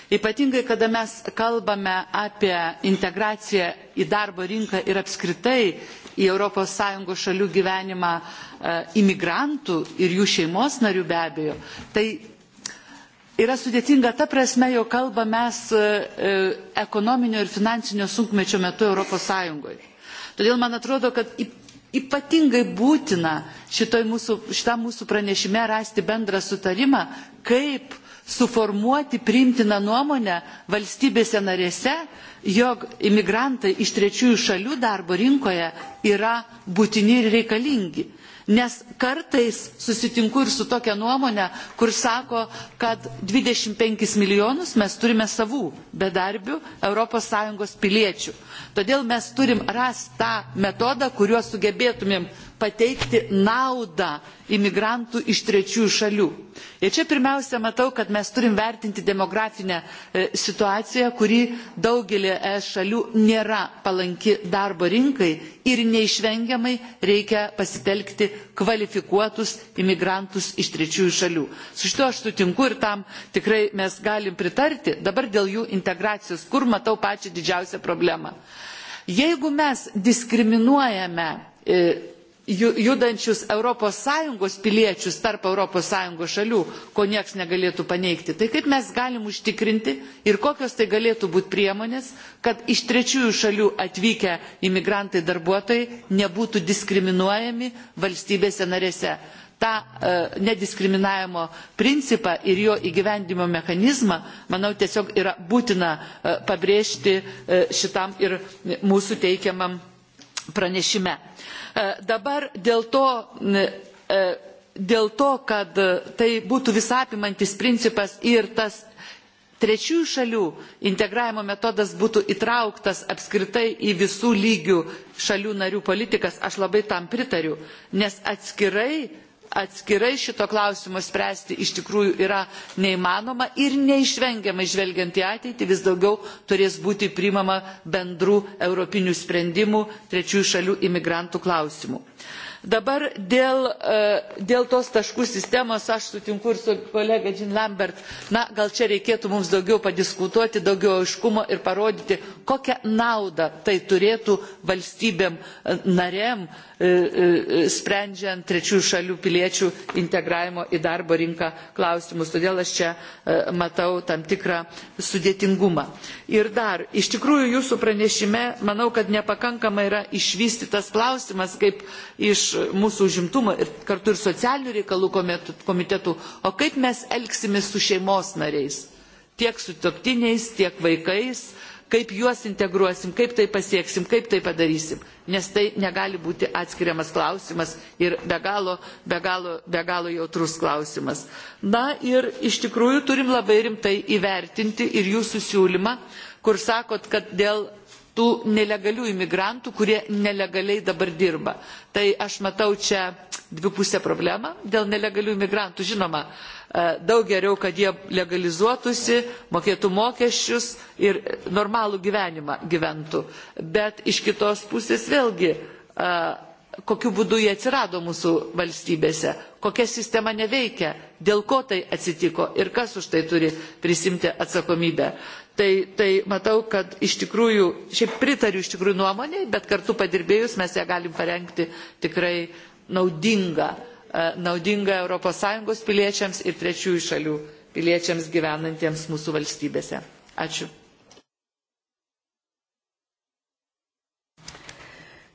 Speaker 1: Ypatingai, kada mes kalbame apie integraciją į darbo rinką ir apskritai į ES šalių gyvenimą e, imigrantų ir jų šeimos narių be abejo, tai yra sudėtinga ta prasme, jog kalbame mes ekonominio ir finansinio sunkmečio metu ES. Todėl man atrodo, kad ypatingai būtina mūsų, šitam mūsų pranešime rasti bendrą sutarimą, kaip suformuoti priimtiną nuomonę valstybėse narėse, jog imigrantai iš trečiųjų šalių darbo rinkoje yra būtini ir reikalingi. Nes kartais susitinku ir su tokia nuomonė, kur sako, kad 25 milijonus mes turime savų bedarbių ES piliečių. Todėl mes turim rasti tą metodą, kuriuo sugebėtumėm pateikti naudą imigrantų iš trečiųjų šalių. Ir čia pirmiausia matau, kad mes turim vertinti demografinę e, situaciją, kuri daugelį ES šalių nėra palanki darbo rinkai ir neišvengiamai reikia pasitelkti kvalifikuotus imigrantus iš trečiųjų šalių. Su šituo aš sutinku ir tam tikrai mes galim pritarti. Dabar dėl jų integracijos, kur matau pačią didžiausią problemą. Jeigu mes diskriminuojame e, judančius Europos Sąjungos piliečius tarp Europos Sąjungos šalių, ko nieks negalėtų paneigti. Tai kaip mes galim užtikrinti ir kokios tai galėtų būti priemonės, kad iš trečiųjų šalių atvykę imigrantai darbuotojai nebūtų diskriminuojami valstybėse narėse tą e, nediskriminavimo principą ir jo įgyvendimo mechanizmą, manau, tiesiog yra būtina e, pabrėžti e, šitam ir mūsų teikiamam pranešime. E, E, dabar dėl to, e, dėl to kad tai būtų visapimantis principas ir tas trečiųjų šalių integravimo metodas būtų įtrauktas apskritai į visų lygių šalių narių politikas, aš labai tam pritariu, nes atskirai atskirai šito klausimo spręsti iš tikrųjų yra neįmanoma ir neišvengiamai žvelgiant į ateitį vis daugiau turės būti priimama bendrų europinių sprendimų trečiųjų šalių imigrantų klausimu. Dabar dėl, e, dėl tos taškų sistemos aš sutinku ir su kolega Jean Lambert, na gal čia reikėtų mums daugiau padiskutuoti, daugiau aiškumo ir parodyti, kokią naudą tai turėtų valstybėm e, narėm, E, e, e, sprendžiant trečiųjų šalių piliečių integravimo į darbo rinką klausimus. Todėl aš čia matau tam tikrą sudėtingumą. Ir dar, iš tikrųjų jūsų pranešime, manau, kad nepakankamai yra išvystytas klausimas, kaip iš mūsų užimtumo ir kartu ir socialinių reikalų komitetų, o kaip mes elgsime su šeimos nariais, tiek su toktiniais, tiek vaikais, kaip juos integruosim, kaip tai pasieksim, kaip tai padarysim, nes tai negali būti atskiriamas klausimas ir be galo, be galo, be galo jautrus klausimas. Na ir iš tikrųjų turim labai rimtai įvertinti ir jūsų siūlymą, kur sakot, kad dėl tų nelegalių imigrantų, kurie nelegaliai dabar dirba. Tai aš matau čia dvipusę problemą dėl nelegalių imigrantų. Žinoma, e, daug geriau, kad jie legalizuotųsi, mokėtų mokesčius ir normalų gyvenimą gyventų. Bet iš kitos pusės vėlgi, e, kokiu būdu jie atsirado mūsų valstybėse, kokia sistema neveikia, dėl ko tai atsitiko ir kas už tai turi prisimti atsakomybę tai, tai matau, kad iš tikrųjų, šiaip pritariu iš tikrųjų nuomonėj, bet kartu padirbėjus mes ją galim parengti tikrai naudingą, e, naudingą ES piliečiams ir trečiųjų šalių piliečiams gyvenantiems mūsų valstybėse. Ačiū.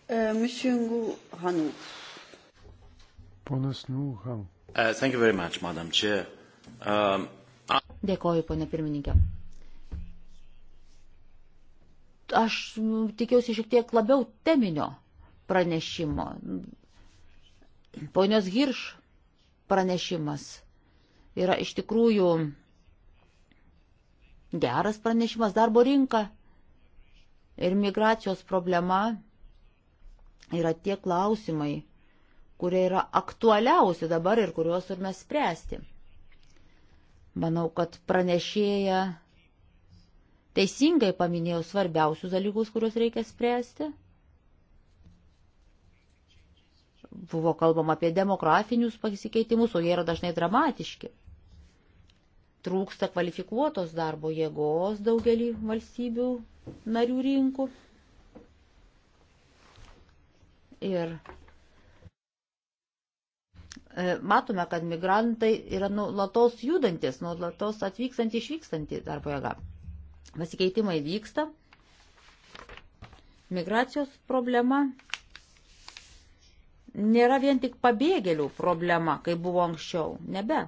Speaker 3: E, monsieur Hanu.
Speaker 2: Ponas Nuhan.
Speaker 3: Uh, um, Dėkoju, ponė pirmininkė aš tikiausi šiek tiek labiau teminio pranešimo. Ponios Hirš pranešimas yra iš tikrųjų geras pranešimas darbo rinka ir migracijos problema yra tie klausimai, kurie yra aktualiausi dabar ir kuriuos turime spręsti. Manau, kad pranešėja teisingai paminėjau svarbiausius dalykus, kuriuos reikia spręsti. Buvo kalbama apie demografinius pasikeitimus, o jie yra dažnai dramatiški. Trūksta kvalifikuotos darbo jėgos daugelį valstybių narių rinkų. Ir e, matome, kad migrantai yra nulatos judantis, nulatos atvykstanti, išvykstanti darbo jėga. Pasikeitimai vyksta. Migracijos problema nėra vien tik pabėgėlių problema, kaip buvo anksčiau. Nebe.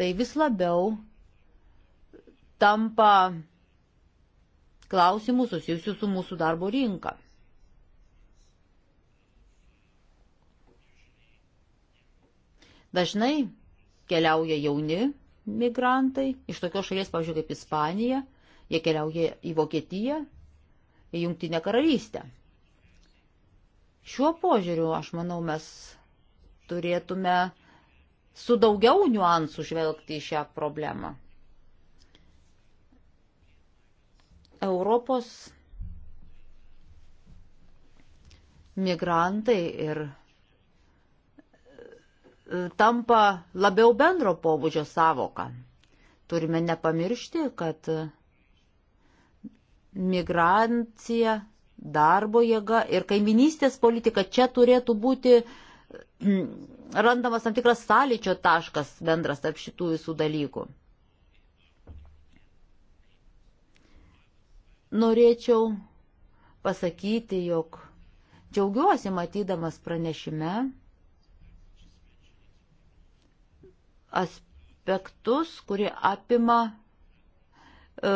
Speaker 3: Tai vis labiau tampa klausimų susijusių su mūsų darbo rinka. Dažnai keliauja jauni migrantai iš tokios šalies, pavyzdžiui, kaip Ispanija, Jie keliauja į Vokietiją, į Jungtinę karalystę. Šiuo požiūriu, aš manau, mes turėtume su daugiau niuansų žvelgti į šią problemą. Europos migrantai ir e, tampa labiau bendro pobūdžio savoka. Turime nepamiršti, kad migracija, darbo jėga ir kaiminystės politika čia turėtų būti mm, randamas tam tikras sąlyčio taškas bendras tarp šitų visų dalykų. Norėčiau pasakyti, jog džiaugiuosi matydamas pranešime aspektus, kurie apima E,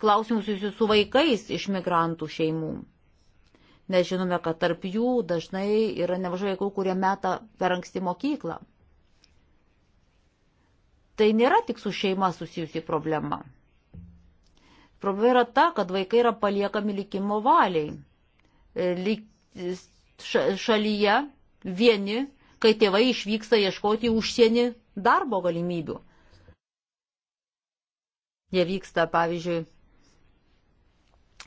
Speaker 3: klausimus susijusius su vaikais iš migrantų šeimų. Nes žinome, kad tarp jų dažnai yra nemažai vaikų, kurie meta per anksti mokyklą. Tai nėra tik su šeima susijusi problema. Problema yra ta, kad vaikai yra paliekami likimo valiai. E, lik, šalyje vieni, kai tėvai išvyksta ieškoti užsienį darbo galimybių. Jie vyksta, pavyzdžiui,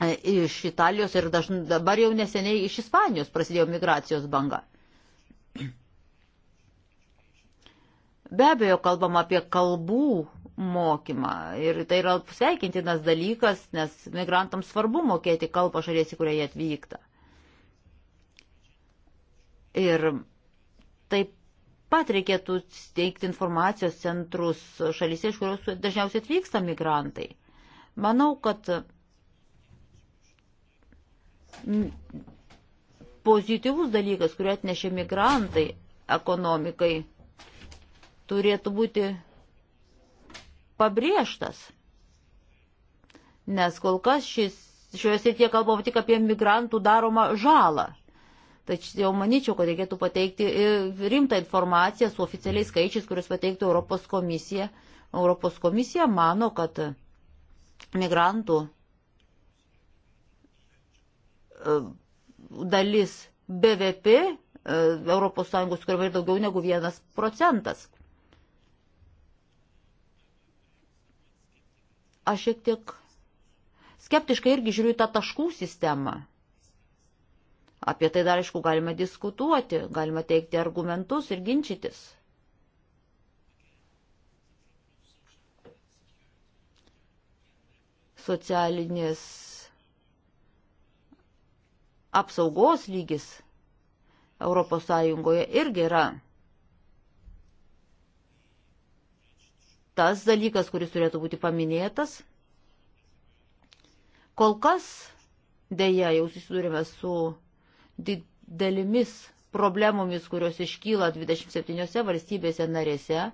Speaker 3: e, iš Italijos ir dažn, dabar jau neseniai iš Ispanijos prasidėjo migracijos banga. Be abejo, kalbam apie kalbų mokymą ir tai yra sveikintinas dalykas, nes migrantams svarbu mokėti kalbą šalies, į kurią jie atvyksta. Ir taip pat reikėtų steigti informacijos centrus šalyse, iš kurios dažniausiai atvyksta migrantai. Manau, kad pozityvus dalykas, kurį atnešė migrantai ekonomikai, turėtų būti pabrėžtas. Nes kol kas šis, šioje srityje kalbama tik apie migrantų daromą žalą. Tačiau manyčiau, kad reikėtų pateikti rimtą informaciją su oficialiais skaičiais, kuris pateiktų Europos komisija. Europos komisija mano, kad migrantų e, dalis BVP e, Europos Sąjungos skirba ir daugiau negu vienas procentas. Aš šiek tiek skeptiškai irgi žiūriu į tą taškų sistemą. Apie tai dar, aišku, galima diskutuoti, galima teikti argumentus ir ginčytis. Socialinės apsaugos lygis Europos Sąjungoje irgi yra tas dalykas, kuris turėtų būti paminėtas. Kol kas dėja jau susidūrėme su didelimis problemomis, kurios iškyla 27 valstybėse narėse.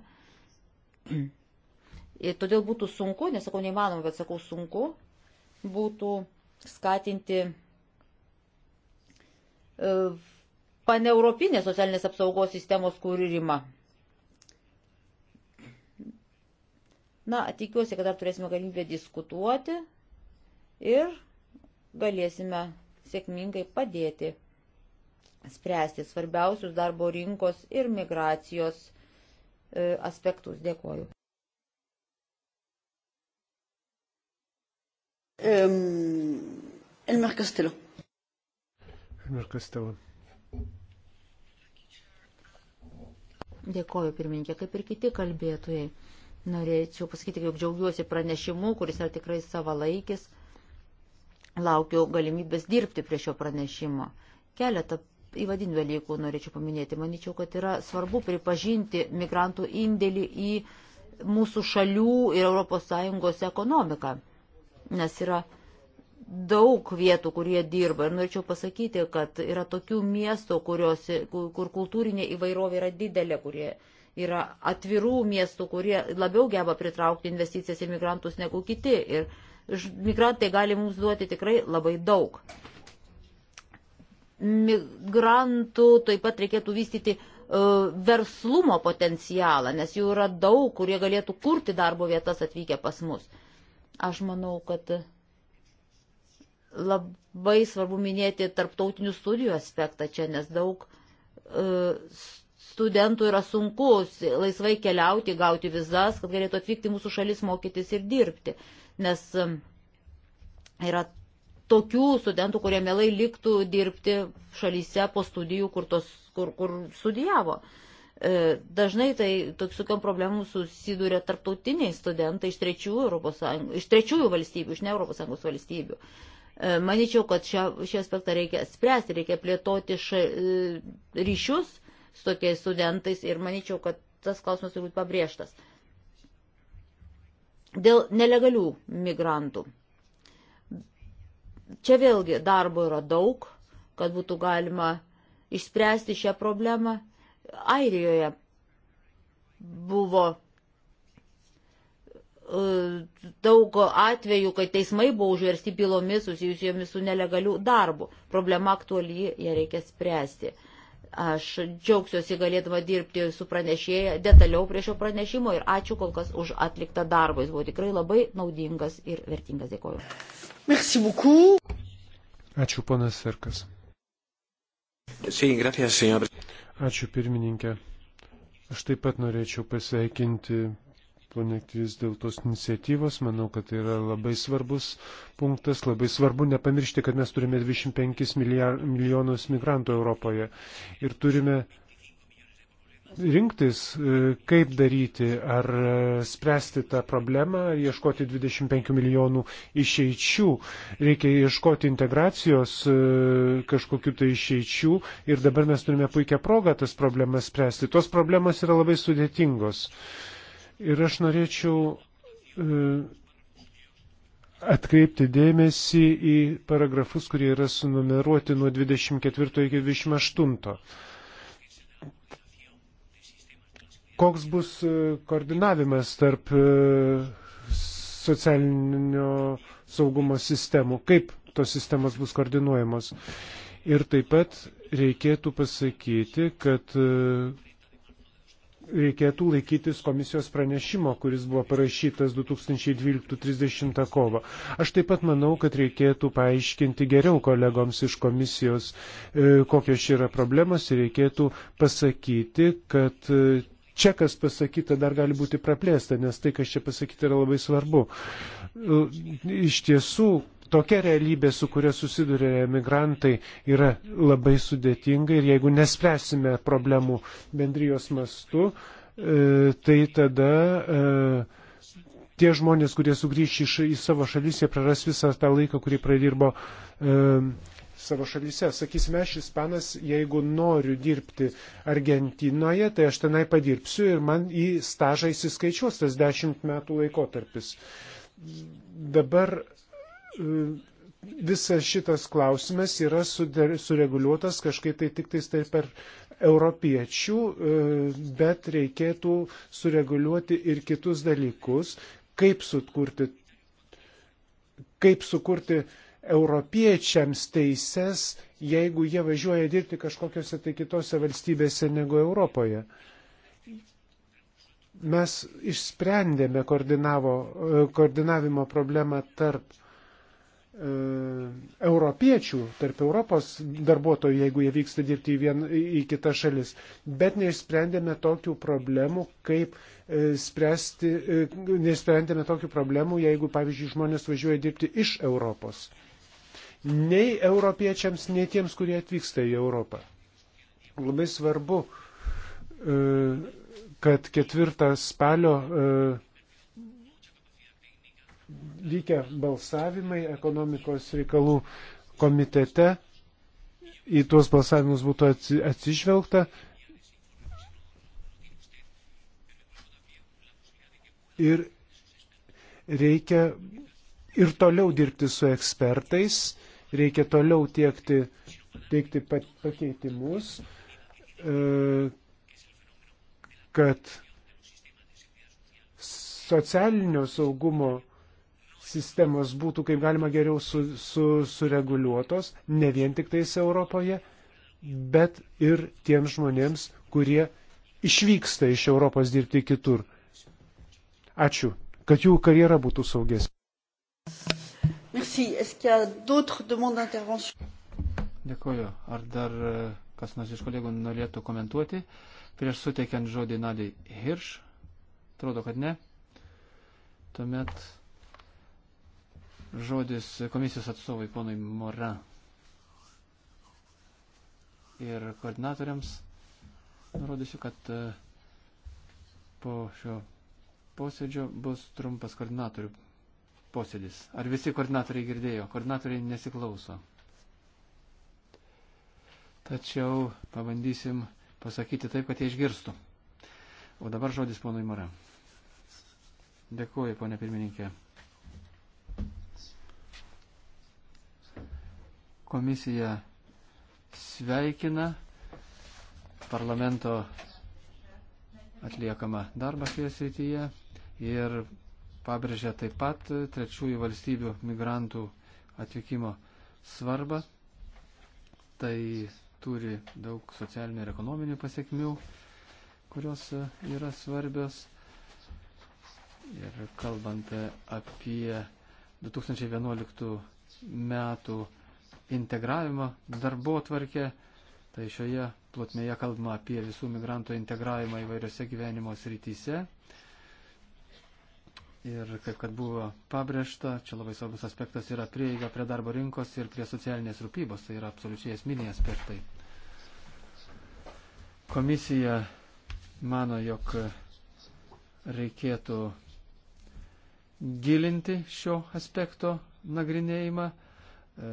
Speaker 3: Ir todėl būtų sunku, nesakau neįmanoma, bet sakau sunku, būtų skatinti e, paneuropinės socialinės apsaugos sistemos kūrimą. Na, tikiuosi, kad dar turėsime galimybę diskutuoti ir galėsime sėkmingai padėti spręsti svarbiausius darbo rinkos ir migracijos e, aspektus. Dėkoju. Elmer Castello.
Speaker 2: Elmer Castello.
Speaker 3: Dėkoju, pirmininkė, kaip ir kiti kalbėtojai. Norėčiau pasakyti, jog džiaugiuosi pranešimu, kuris yra tikrai savalaikis. Laukiu galimybės dirbti prie šio pranešimo. Keletą įvadinių dalykų norėčiau paminėti. Manyčiau, kad yra svarbu pripažinti migrantų indėlį į mūsų šalių ir ES ekonomiką, nes yra daug vietų, kur jie dirba. Ir norėčiau pasakyti, kad yra tokių miestų, kurios, kur kultūrinė įvairovė yra didelė, kurie yra atvirų miestų, kurie labiau geba pritraukti investicijas į migrantus negu kiti. Ir migrantai gali mums duoti tikrai labai daug migrantų, taip pat reikėtų vystyti e, verslumo potencialą, nes jų yra daug, kurie galėtų kurti darbo vietas atvykę pas mus. Aš manau, kad labai svarbu minėti tarptautinių studijų aspektą čia, nes daug e, studentų yra sunku laisvai keliauti, gauti vizas, kad galėtų atvykti mūsų šalis mokytis ir dirbti, nes e, yra tokių studentų, kurie mielai liktų dirbti šalyse po studijų, kur, tos, kur, kur studijavo. E, dažnai tai tokiom problemų susiduria tarptautiniai studentai iš trečiųjų, iš trečiųjų valstybių, iš ne ES valstybių. E, Maničiau, kad šią, šį aspektą reikia spręsti, reikia plėtoti ša, e, ryšius su tokiais studentais ir manyčiau, kad tas klausimas turi būti pabrėžtas. Dėl nelegalių migrantų Čia vėlgi darbo yra daug, kad būtų galima išspręsti šią problemą. Airijoje buvo e, daug atvejų, kai teismai buvo užversti bylomis susijusijomis su nelegaliu darbu. Problema aktuali, ją reikia spręsti. Aš džiaugsiuosi galėdama dirbti su pranešėja detaliau prie šio pranešimo ir ačiū kol kas už atliktą darbą. Jis buvo tikrai labai naudingas ir vertingas. Dėkoju.
Speaker 2: Merci beaucoup. Ačiū, panas Serkas.
Speaker 4: Sí, gracias, señor.
Speaker 2: Ačiū, pirmininkė. Aš taip pat norėčiau pasveikinti ponektis dėl tos iniciatyvos. Manau, kad tai yra labai svarbus punktas. Labai svarbu nepamiršti, kad mes turime 25 milijar, milijonus migrantų Europoje ir turime rinktis, e, kaip daryti, ar e, spręsti tą problemą, ar ieškoti 25 milijonų išeičių. Reikia ieškoti integracijos e, kažkokiu tai išeičių ir dabar mes turime puikią progą tas problemas spręsti. Tos problemas yra labai sudėtingos. Ir aš norėčiau atkreipti dėmesį į paragrafus, kurie yra sunumeruoti nuo 24 iki 28. Koks bus e, koordinavimas tarp e, socialinio saugumo sistemų, kaip tos sistemos bus koordinuojamos. Ir taip pat reikėtų pasakyti, kad e, reikėtų laikytis komisijos pranešimo, kuris buvo parašytas 2012-30 kovo. Aš taip pat manau, kad reikėtų paaiškinti geriau kolegoms iš komisijos, kokios yra problemos ir reikėtų pasakyti, kad čia, kas pasakyta, dar gali būti praplėsta, nes tai, kas čia pasakyta, yra labai svarbu. Iš tiesų, tokia realybė, su kuria susiduria emigrantai, yra labai sudėtinga ir jeigu nespręsime problemų bendrijos mastu, e, tai tada e, tie žmonės, kurie sugrįš į savo šalis, jie praras visą tą laiką, kurį pradirbo e, savo šalyse. Sakysime, aš ispanas, jeigu noriu dirbti Argentinoje, tai aš tenai padirbsiu ir man į stažą įsiskaičiuos tas dešimt metų laikotarpis. Dabar e, visas šitas klausimas yra sureguliuotas kažkaip tai tik tais taip per europiečių, e, bet reikėtų sureguliuoti ir kitus dalykus, kaip sukurti, kaip sukurti uh, europiečiams teises, jeigu jie važiuoja dirbti kažkokiose tai kitose valstybėse negu Europoje. Mes išsprendėme koordinavimo problemą tarp e, europiečių, tarp Europos darbuotojų, jeigu jie vyksta dirbti į, vien, į kitą šalis, bet neišsprendėme tokių problemų, kaip e, spręsti, e, neišsprendėme tokių problemų, jeigu, pavyzdžiui, žmonės važiuoja dirbti iš Europos nei europiečiams, nei tiems, kurie atvyksta į Europą. Labai svarbu, e, kad ketvirtą spalio lygia e, balsavimai ekonomikos reikalų komitete į tuos balsavimus būtų atsižvelgta. Ir reikia ir toliau dirbti su ekspertais, reikia toliau tiekti, teikti pakeitimus, e, kad socialinio saugumo sistemos būtų kaip galima geriau su, su, sureguliuotos, ne vien tik tais Europoje, bet ir tiems žmonėms, kurie išvyksta iš Europos dirbti kitur. Ačiū, kad jų karjera būtų saugesnė.
Speaker 1: Merci. Est-ce qu'il y a d'autres demandes d'intervention?
Speaker 4: Dėkuoju. Ar dar e, kas nors iš kolegų norėtų komentuoti? Prieš suteikiant žodį Nadiai Hirš. Atrodo, kad ne. Tuomet žodis komisijos atstovai ponui Mora ir koordinatoriams. Nurodysiu, kad e, po šio posėdžio bus trumpas koordinatorių posėdis. Ar visi koordinatoriai girdėjo? Koordinatoriai nesiklauso. Tačiau pabandysim pasakyti taip, kad jie išgirstų. O dabar žodis ponui Mara. Dėkuoju, ponė pirmininkė. Komisija sveikina parlamento atliekamą darbą šioje srityje ir pabrėžia taip pat trečiųjų valstybių migrantų atvykimo svarbą. Tai turi daug socialinių ir ekonominių pasiekmių, kurios yra svarbios. Ir kalbant apie 2011 metų integravimą darbo tvarkę, tai šioje plotmėje kalbama apie visų migrantų integravimą įvairiose gyvenimo srityse, Ir kaip kad buvo pabrėžta, čia labai svarbus aspektas yra prieiga prie darbo rinkos ir prie socialinės rūpybos. Tai yra absoliučiai esminiai aspektai. Komisija mano, jog reikėtų gilinti šio aspekto nagrinėjimą e,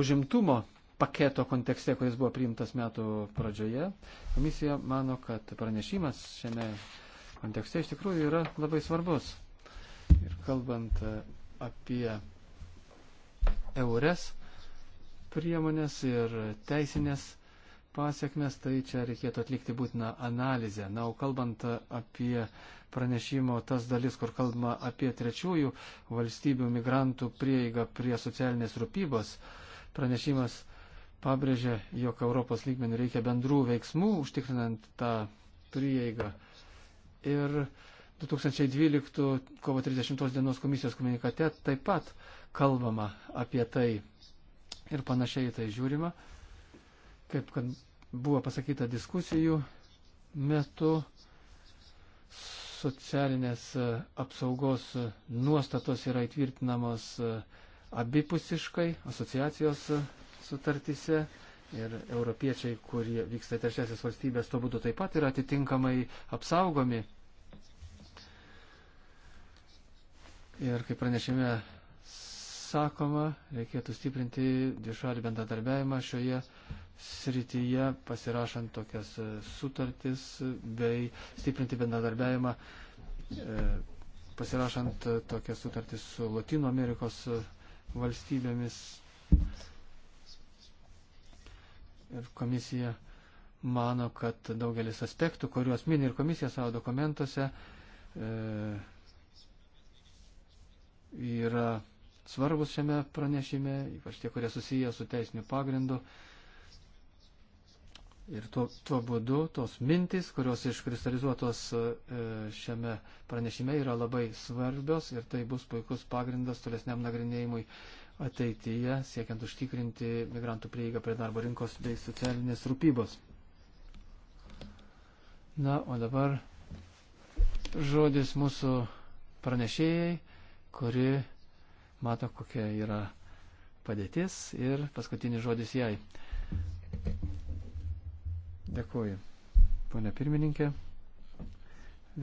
Speaker 4: užimtumo paketo kontekste, kuris buvo priimtas metų pradžioje. Komisija mano, kad pranešimas šiame kontekste iš tikrųjų yra labai svarbus. Ir kalbant e, apie eures priemonės ir teisinės pasiekmes, tai čia reikėtų atlikti būtiną analizę. Na, o kalbant e, apie pranešimo tas dalis, kur kalbama apie trečiųjų valstybių migrantų prieigą prie socialinės rūpybos, pranešimas pabrėžė, jog Europos lygmenių reikia bendrų veiksmų užtikrinant tą prieigą ir 2012 kovo 30 dienos komisijos komunikate taip pat kalbama apie tai ir panašiai tai žiūrima, kaip kad buvo pasakyta diskusijų metu socialinės apsaugos nuostatos yra įtvirtinamos abipusiškai asociacijos sutartyse ir europiečiai, kurie vyksta trečiasis valstybės, to būdu taip pat yra atitinkamai apsaugomi Ir kaip pranešime sakoma, reikėtų stiprinti dvišalį bendradarbiavimą šioje srityje, pasirašant tokias e, sutartis bei stiprinti bendradarbiavimą, e, pasirašant e, tokias sutartis su Latino Amerikos valstybėmis. Ir komisija mano, kad daugelis aspektų, kuriuos mini ir komisija savo dokumentuose, e, yra svarbus šiame pranešime, ypač tie, kurie susiję su teisiniu pagrindu. Ir tuo, tuo būdu tos mintis, kurios iškristalizuotos e, šiame pranešime, yra labai svarbios ir tai bus puikus pagrindas tolesniam nagrinėjimui ateityje, siekiant užtikrinti migrantų prieigą prie darbo rinkos bei socialinės rūpybos. Na, o dabar žodis mūsų pranešėjai kuri mato, kokia yra padėtis ir paskutinis žodis jai. Dėkuoju, ponė pirmininkė.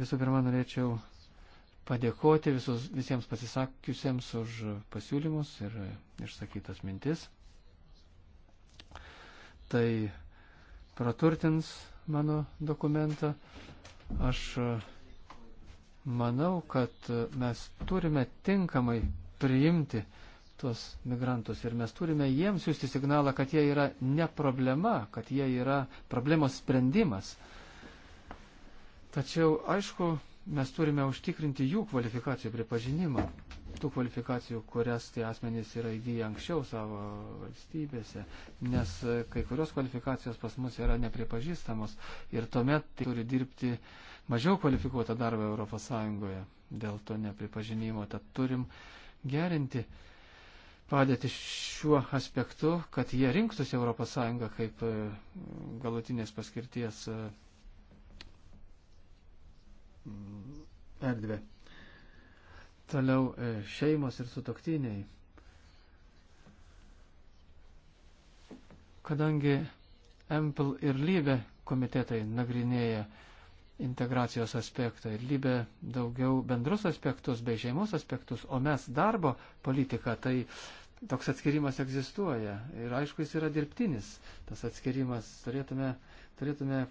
Speaker 4: Visų pirma, norėčiau padėkoti visus, visiems pasisakiusiems už pasiūlymus ir išsakytas mintis. Tai praturtins mano dokumentą. Aš Manau, kad mes turime tinkamai priimti tuos migrantus ir mes turime jiems siūsti signalą, kad jie yra ne problema, kad jie yra problemos sprendimas. Tačiau, aišku, mes turime užtikrinti jų kvalifikacijų pripažinimą, tų kvalifikacijų, kurias tie asmenys yra įgyję anksčiau savo valstybėse, nes kai kurios kvalifikacijos pas mus yra nepripažįstamos ir tuomet tai turi dirbti uh, mažiau kvalifikuotą darbą ES dėl to nepripažinimo. Tad turim gerinti padėti šiuo aspektu, kad jie rinktųsi ES kaip e, galutinės paskirties e, erdvė. Toliau e, šeimos ir sutoktiniai. Kadangi Empel ir Lybė komitetai nagrinėja integracijos aspektą ir lybė daugiau bendrus aspektus bei šeimos aspektus, o mes darbo politiką, tai toks atskirimas egzistuoja ir aišku jis yra dirbtinis, tas atskirimas turėtume, turėtume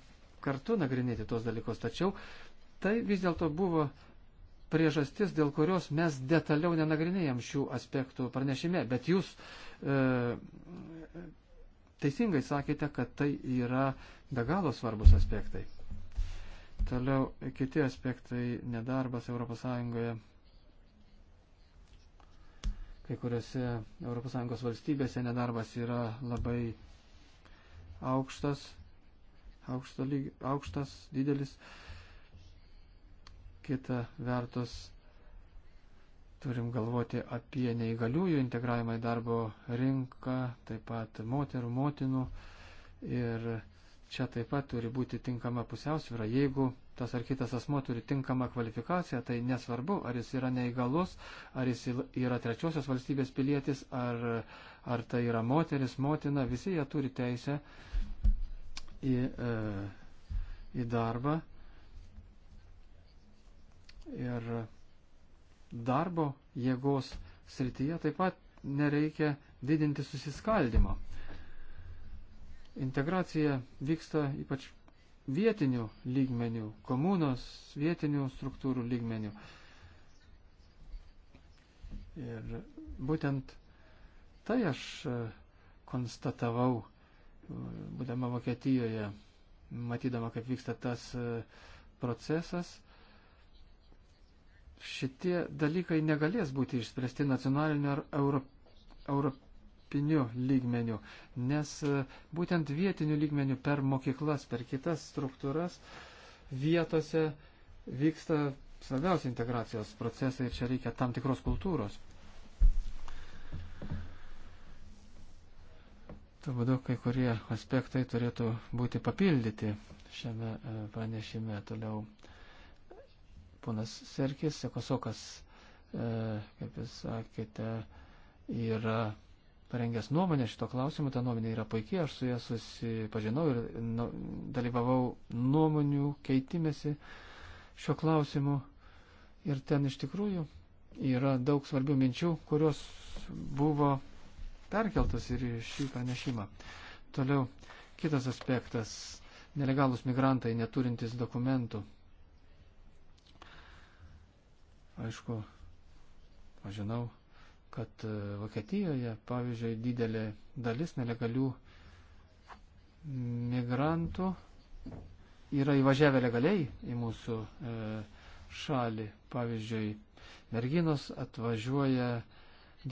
Speaker 4: kartu nagrinėti tuos dalykus, tačiau tai vis dėlto buvo priežastis, dėl kurios mes detaliau nenagrinėjom šių aspektų pranešime, bet jūs e, teisingai sakėte, kad tai yra be galo svarbus aspektai. Toliau kiti aspektai - nedarbas ES. Kai kuriuose ES valstybėse nedarbas yra labai aukštas, aukšta lyg, aukštas, didelis. Kita vertus, turim galvoti apie neįgaliųjų integravimą į darbo rinką, taip pat moterų, motinų ir Čia taip pat turi būti tinkama pusiausvyra. Jeigu tas ar kitas asmo turi tinkamą kvalifikaciją, tai nesvarbu, ar jis yra neįgalus, ar jis yra trečiosios valstybės pilietis, ar, ar tai yra moteris, motina, visi jie turi teisę į, e, į darbą. Ir darbo jėgos srityje taip pat nereikia didinti susiskaldimo integracija vyksta ypač vietinių lygmenių, komunos vietinių struktūrų lygmenių. Ir būtent tai aš e, konstatavau, e, būdama Vokietijoje, matydama, kaip vyksta tas e, procesas. Šitie dalykai negalės būti išspręsti nacionaliniu ar europiniu europiniu lygmeniu, nes e, būtent vietiniu lygmeniu per mokyklas, per kitas struktūras vietose vyksta svarbiausi integracijos procesai ir čia reikia tam tikros kultūros. Tuo būdu kai kurie aspektai turėtų būti papildyti šiame e, pranešime. Toliau ponas Serkis, Ekosokas, e, kaip jūs sakėte, yra parengęs nuomonę šito klausimu, ta nuomonė yra puikiai, aš su ja susipažinau ir nu, dalyvavau nuomonių keitimėsi šio klausimu. Ir ten iš tikrųjų yra daug svarbių minčių, kurios buvo perkeltos ir į šį pranešimą. Toliau kitas aspektas - nelegalus migrantai neturintys dokumentų. Aišku, aš žinau, kad e, Vokietijoje, pavyzdžiui, didelė dalis nelegalių migrantų yra įvažiavę legaliai į mūsų e, šalį. Pavyzdžiui, merginos atvažiuoja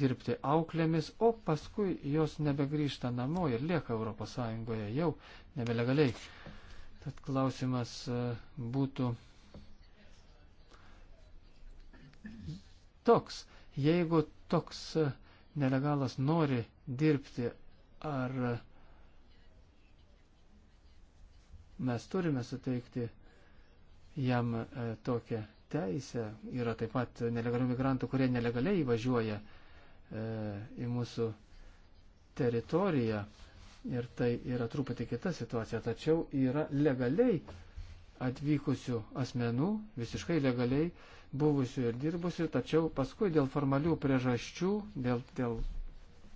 Speaker 4: dirbti auklėmis, o paskui jos nebegrįžta namo ir lieka ES jau nebelegaliai. Tad klausimas e, būtų toks, jeigu toks e, nelegalas nori dirbti, ar mes turime suteikti jam e, tokią teisę. Yra taip pat nelegalių migrantų, kurie nelegaliai įvažiuoja e, į mūsų teritoriją. Ir tai yra truputį kita situacija, tačiau yra legaliai atvykusių asmenų, visiškai legaliai buvusių ir dirbusių, tačiau paskui dėl formalių priežasčių, dėl, dėl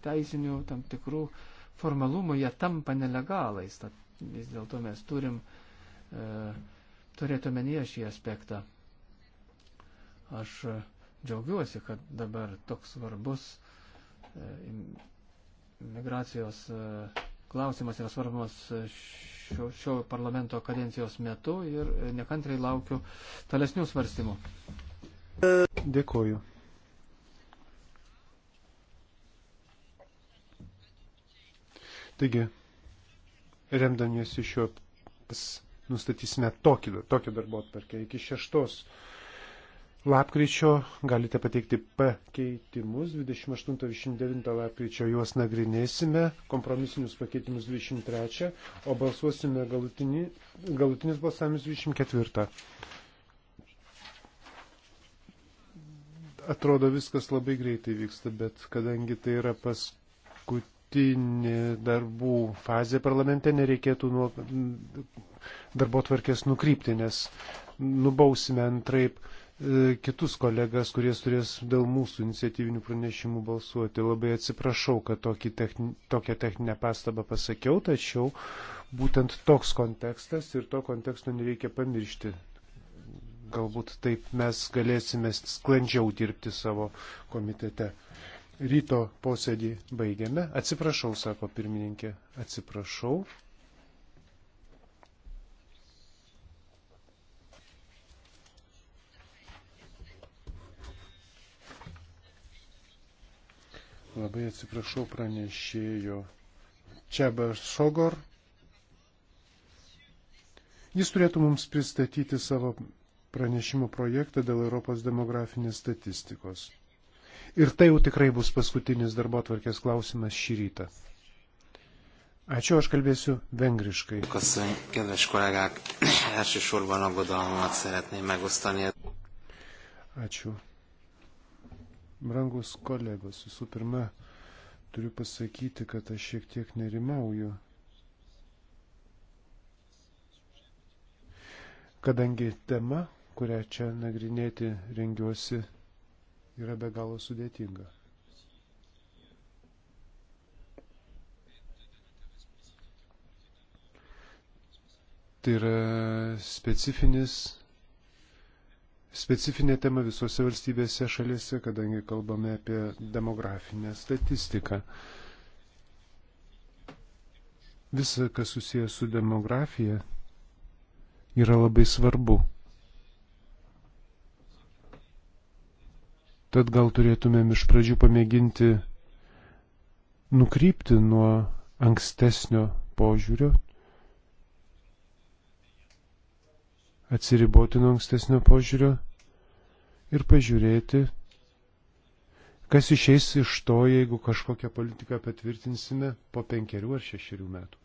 Speaker 4: teisinių tam tikrų formalumų jie tampa nelegalais. Tad vis dėlto mes turim e, turėti omenyje šį aspektą. Aš e, džiaugiuosi, kad dabar toks svarbus e, migracijos e, klausimas yra svarbimas šio, šio parlamento kadencijos metu ir nekantrai laukiu tolesnių svarstymų. Dėkoju. Taigi,
Speaker 2: remdamiesi šio nustatysime tokį, tokį darbo atvarkę iki šeštos lapkričio galite pateikti pakeitimus. 28-29 lapkričio juos nagrinėsime, kompromisinius pakeitimus 23, o balsuosime galutinį, galutinis balsavimas 24. Atrodo viskas labai greitai vyksta, bet kadangi tai yra paskutinė darbų fazė parlamente, nereikėtų nuo darbo tvarkės nukrypti, nes nubausime antraip E, kitus kolegas, kurie turės dėl mūsų iniciatyvinių pranešimų balsuoti. Labai atsiprašau, kad techni, tokią techninę pastabą pasakiau, tačiau būtent toks kontekstas ir to konteksto nereikia pamiršti. Galbūt taip mes galėsime sklandžiau dirbti savo komitete. Ryto posėdį baigiame. Atsiprašau, sako pirmininkė. Atsiprašau. Labai atsiprašau pranešėjo Čebas Šogor. Jis turėtų mums pristatyti savo pranešimo projektą dėl Europos demografinės statistikos. Ir tai jau tikrai bus paskutinis darbo atvarkės klausimas šį rytą. Ačiū, aš kalbėsiu vengriškai.
Speaker 4: Köszönj, kedves kollégák, *clears throat* elsősorban aggodalmat szeretném megosztani.
Speaker 2: Ačiū. Brangus kolegos, visų pirma, turiu pasakyti, kad aš šiek tiek nerimauju. Kadangi tema, kurią čia nagrinėti rengiuosi, yra be galo sudėtinga. Tai yra specifinis specifinė tema visose valstybėse šalise, kadangi kalbame apie demografinę statistiką. Visa, kas susijęs su demografija, yra labai svarbu. Tad gal turėtumėm iš pradžių pamėginti nukrypti nuo ankstesnio požiūrio, atsiriboti nuo ankstesnio požiūrio ir pažiūrėti, kas išeis iš to, jeigu kažkokią politiką patvirtinsime po penkerių ar šešerių metų.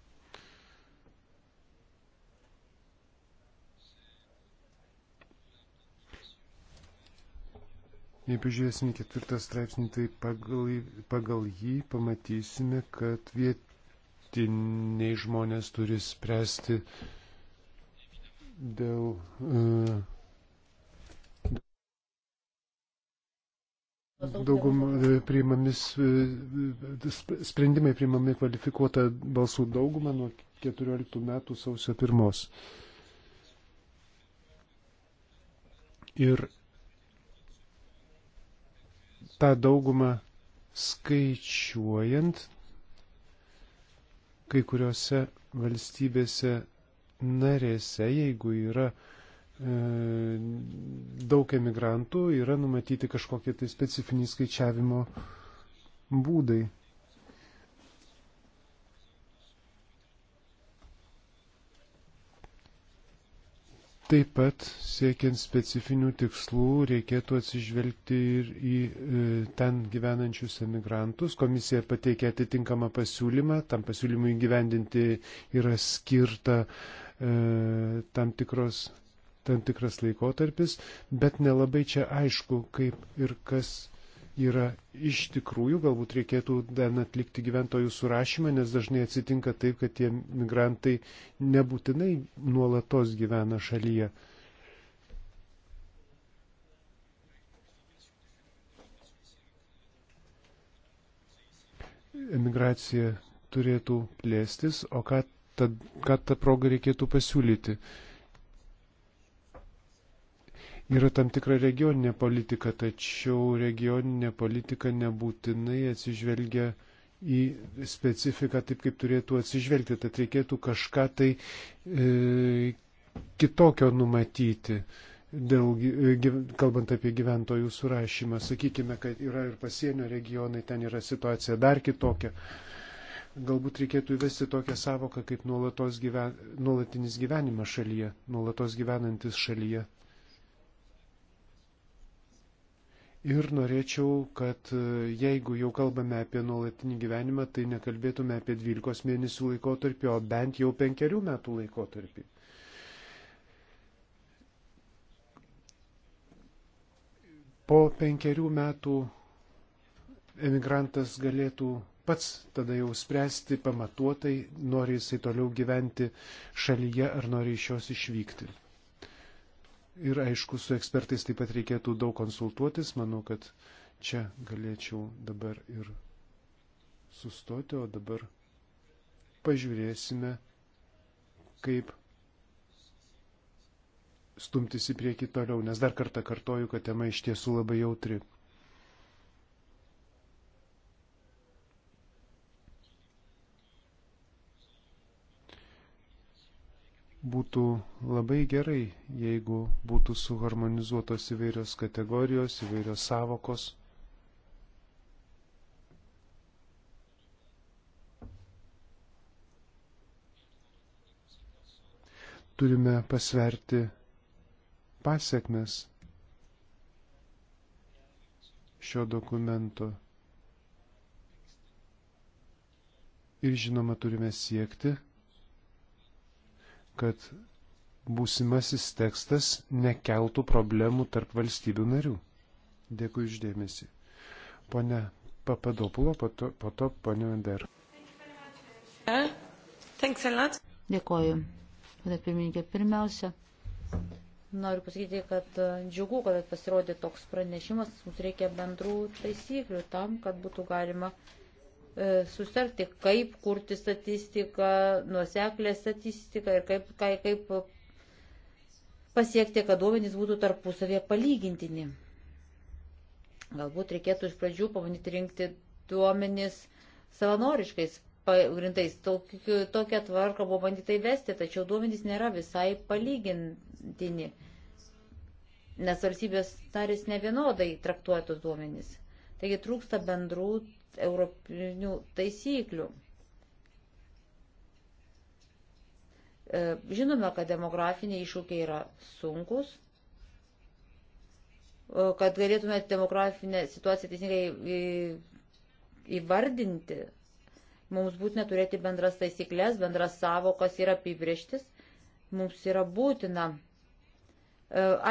Speaker 2: Jei pažiūrėsime ketvirtą straipsnį, tai pagal, pagal jį pamatysime, kad vietiniai žmonės turi spręsti uh, dėl. E, Daugum e, priimamis, e, sprendimai priimami kvalifikuota balsų dauguma nuo 14 metų sausio 1. Ir tą daugumą skaičiuojant, kai kuriuose valstybėse narėse, jeigu yra e, daug emigrantų, yra numatyti kažkokie tai specifiniai skaičiavimo būdai. Taip pat siekiant specifinių tikslų reikėtų atsižvelgti ir į e, ten gyvenančius emigrantus. Komisija pateikė atitinkamą pasiūlymą, tam pasiūlymui gyvendinti yra skirta e, E, tam, tikros, tam tikras laikotarpis, bet nelabai čia aišku, kaip ir kas yra iš tikrųjų, galbūt reikėtų ten atlikti gyventojų surašymą, nes dažnai atsitinka taip, kad tie migrantai nebūtinai nuolatos gyvena šalyje. Emigracija turėtų plėstis, o ką tad ką tą progą reikėtų pasiūlyti. Yra tam tikra regioninė politika, tačiau regioninė politika nebūtinai atsižvelgia į specifiką taip, kaip turėtų atsižvelgti, tad reikėtų kažką tai e, kitokio numatyti, dėl, e, kalbant apie gyventojų surašymą. Sakykime, kad yra ir pasienio regionai, ten yra situacija dar kitokia. E, Galbūt reikėtų įvesti tokią savoką kaip gyven, nuolatinis gyvenimas šalyje, nuolatos gyvenantis šalyje. Ir norėčiau, kad e, jeigu jau kalbame apie nuolatinį gyvenimą, tai nekalbėtume apie 12 mėnesių laikotarpį, o bent jau 5 metų laikotarpį. Po penkerių metų emigrantas galėtų pats tada jau spręsti pamatuotai, nori jisai toliau gyventi šalyje ar nori iš jos išvykti. Ir aišku, su ekspertais taip pat reikėtų daug konsultuotis, manau, kad čia galėčiau dabar ir sustoti, o dabar pažiūrėsime, kaip stumtis į priekį toliau, nes dar kartą kartoju, kad tema iš tiesų labai jautri. Būtų labai gerai, jeigu būtų suharmonizuotos įvairios kategorijos, įvairios savokos. Turime pasverti pasiekmes šio dokumento. Ir žinoma, turime siekti, kad būsimasis tekstas nekeltų problemų tarp valstybių narių. Dėkui išdėmesi. Pone Papadopulo, po to, po to pone Ender.
Speaker 3: Dėkoju. Pane pirmininkė, pirmiausia, noriu pasakyti, kad e, džiugu, kad pasirodė toks pranešimas, mums reikia bendrų taisyklių tam, kad būtų galima uh, E, susitarti, kaip kurti statistiką, nuoseklę statistiką ir kaip, kaip, kaip pasiekti, kad duomenys būtų tarpusavėje palygintini. Galbūt reikėtų iš pradžių pamanyti rinkti duomenys savanoriškais pagrindais. Tokią tvarką buvo bandyta įvesti, tačiau duomenys nėra visai palygintini, nes valstybės narės nevienodai traktuoja tos duomenys. Taigi trūksta bendrų europinių taisyklių. E, žinome, kad demografiniai iššūkiai yra sunkus, e, kad galėtume demografinę situaciją teisingai įvardinti. Mums būtina turėti bendras taisyklės, bendras savokas ir apibrieštis. Mums yra būtina e,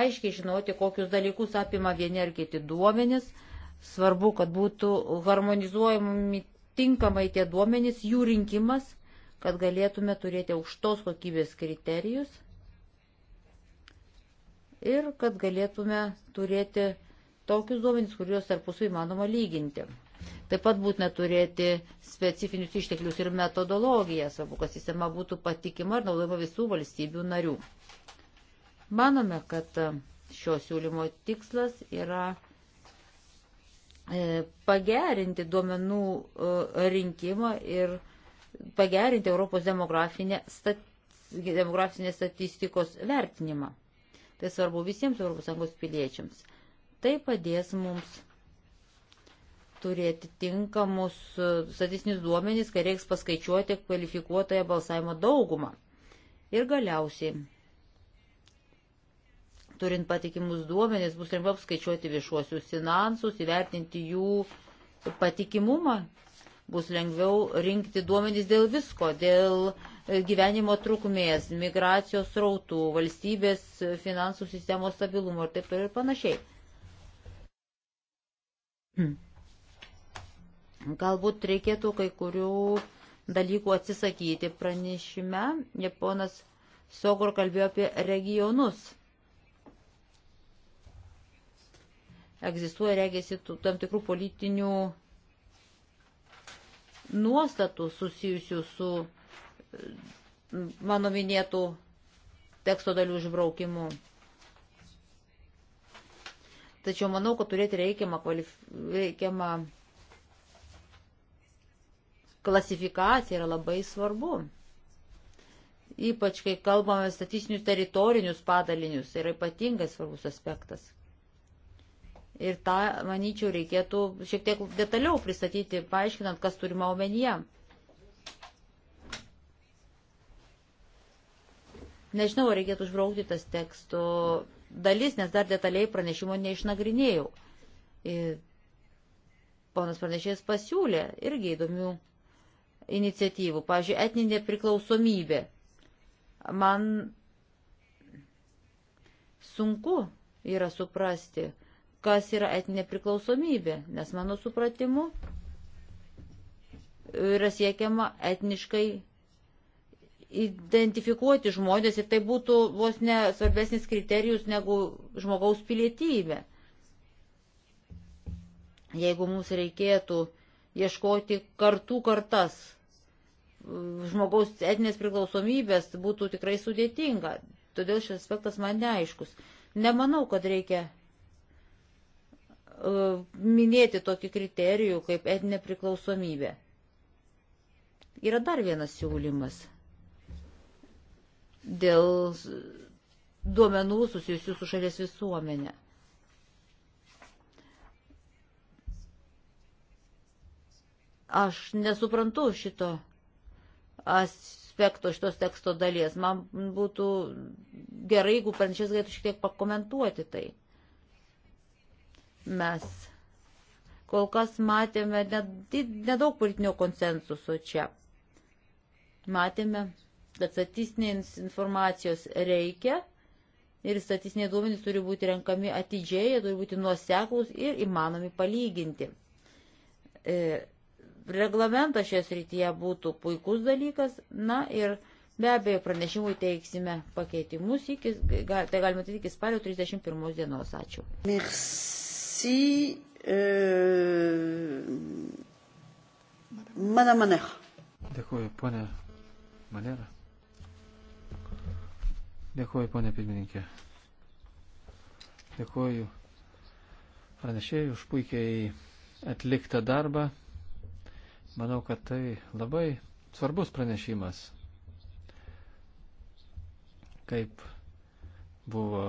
Speaker 3: aiškiai žinoti, kokius dalykus apima vieni ar kiti duomenys, Svarbu, kad būtų harmonizuojami tinkamai tie duomenys, jų rinkimas, kad galėtume turėti aukštos kokybės kriterijus ir kad galėtume turėti tokius duomenys, kuriuos tarpusų įmanoma lyginti. Taip pat būtina turėti specifinius išteklius ir metodologiją, svarbu, kad sistema būtų patikima ir naudojama visų valstybių narių. Manome, kad šio siūlymo tikslas yra E, pagerinti duomenų e, rinkimą ir pagerinti Europos demografinę, stat, demografinę statistikos vertinimą. Tai svarbu visiems ES piliečiams. Tai padės mums turėti tinkamus e, statistinius duomenys, kai reiks paskaičiuoti kvalifikuotąją balsavimo daugumą. Ir galiausiai Turint patikimus duomenys, bus lengviau apskaičiuoti viešuosius finansus, įvertinti jų patikimumą, bus lengviau rinkti duomenys dėl visko, dėl e, gyvenimo trukmės, migracijos rautų, valstybės finansų sistemos stabilumo ir taip ir panašiai. Hmm. Galbūt reikėtų kai kurių dalykų atsisakyti pranešime. Japonas Sogor kalbėjo apie regionus. egzistuoja, regėsi, tam tikrų politinių nuostatų susijusių su e, mano minėtų teksto dalių išbraukimu. Tačiau manau, kad turėti reikiamą, kvalif... reikiamą klasifikaciją yra labai svarbu. Ypač, kai kalbame statistinius teritorinius padalinius, tai yra ypatingai svarbus aspektas. Ir tą, manyčiau, reikėtų šiek tiek detaliau pristatyti, paaiškinant, kas turima omenyje. Nežinau, reikėtų užbraukti tas teksto dalis, nes dar detaliai pranešimo neišnagrinėjau. Ir ponas pranešėjas pasiūlė irgi įdomių iniciatyvų. Pavyzdžiui, etninė priklausomybė. Man sunku yra suprasti, kas yra etinė priklausomybė, nes mano supratimu yra siekiama etniškai identifikuoti žmonės ir tai būtų vos ne svarbesnis kriterijus negu žmogaus pilietybė. Jeigu mums reikėtų ieškoti kartų kartas žmogaus etinės priklausomybės, būtų tikrai sudėtinga. Todėl šis aspektas man neaiškus. Nemanau, kad reikia E, minėti tokį kriterijų kaip etinė priklausomybė. Yra dar vienas siūlymas dėl duomenų susijusių su šalies visuomenė. Aš nesuprantu šito aspekto, šitos teksto dalies. Man būtų gerai, jeigu pranešės galėtų šiek tiek pakomentuoti tai. Mes kol kas matėme nedaug politinio konsensuso čia. Matėme, kad statistinės informacijos reikia ir statistiniai duomenys turi būti renkami atidžiai, jie turi būti nuoseklus ir įmanomi palyginti. E, reglamentas šios rytyje būtų puikus dalykas, na ir be abejo pranešimui teiksime pakeitimus, iki, tai galima tik iki spalio 31 dienos. Ačiū.
Speaker 1: Merci. Merci. Euh,
Speaker 3: Madame Maner.
Speaker 4: Dėkuoju, ponė Maner. Dėkuoju, ponė pirmininkė. Dėkuoju pranešėjai už puikiai atliktą darbą. Manau, kad tai labai svarbus pranešimas. Kaip buvo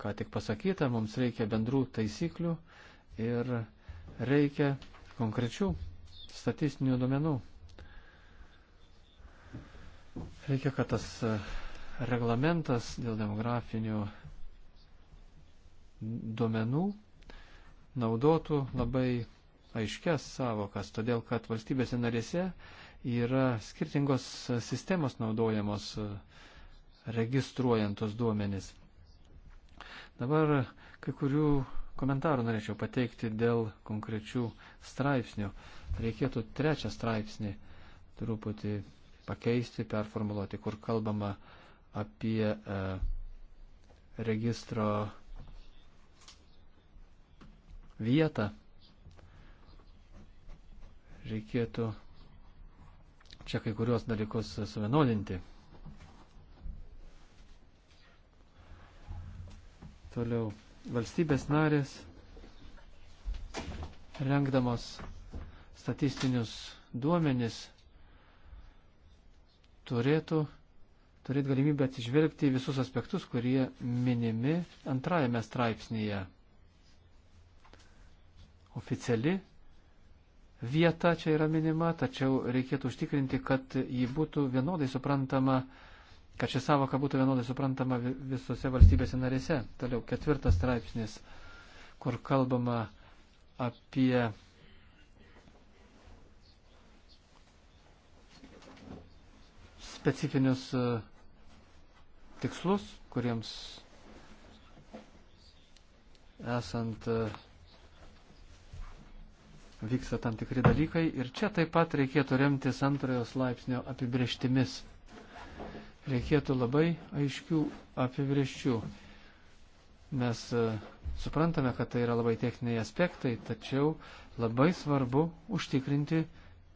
Speaker 4: ką tik pasakyta, mums reikia bendrų taisyklių ir reikia konkrečių statistinių duomenų. Reikia, kad tas e, reglamentas dėl demografinių duomenų naudotų labai aiškias savokas, todėl kad valstybėse narėse yra skirtingos sistemos naudojamos e, registruojant tos duomenys. Dabar kai kurių komentarų norėčiau pateikti dėl konkrečių straipsnių. Reikėtų trečią straipsnį truputį pakeisti, performuluoti, kur kalbama apie e, registro vietą. Reikėtų čia kai kurios dalykus suvienodinti. Toliau valstybės narės, rengdamos statistinius duomenis, turėtų turėti galimybę atsižvelgti į visus aspektus, kurie minimi antrajame straipsnėje. Oficiali vieta čia yra minima, tačiau reikėtų užtikrinti, kad ji būtų vienodai suprantama kad ši savoka būtų vienodai suprantama visose valstybėse narėse. Toliau ketvirtas straipsnis, kur kalbama apie specifinius e, tikslus, kuriems esant e, vyksta tam tikri dalykai. Ir čia taip pat reikėtų remtis antrojo laipsnio apibrieštimis reikėtų labai aiškių apibrieščių. Mes e, suprantame, kad tai yra labai techniniai aspektai, tačiau labai svarbu užtikrinti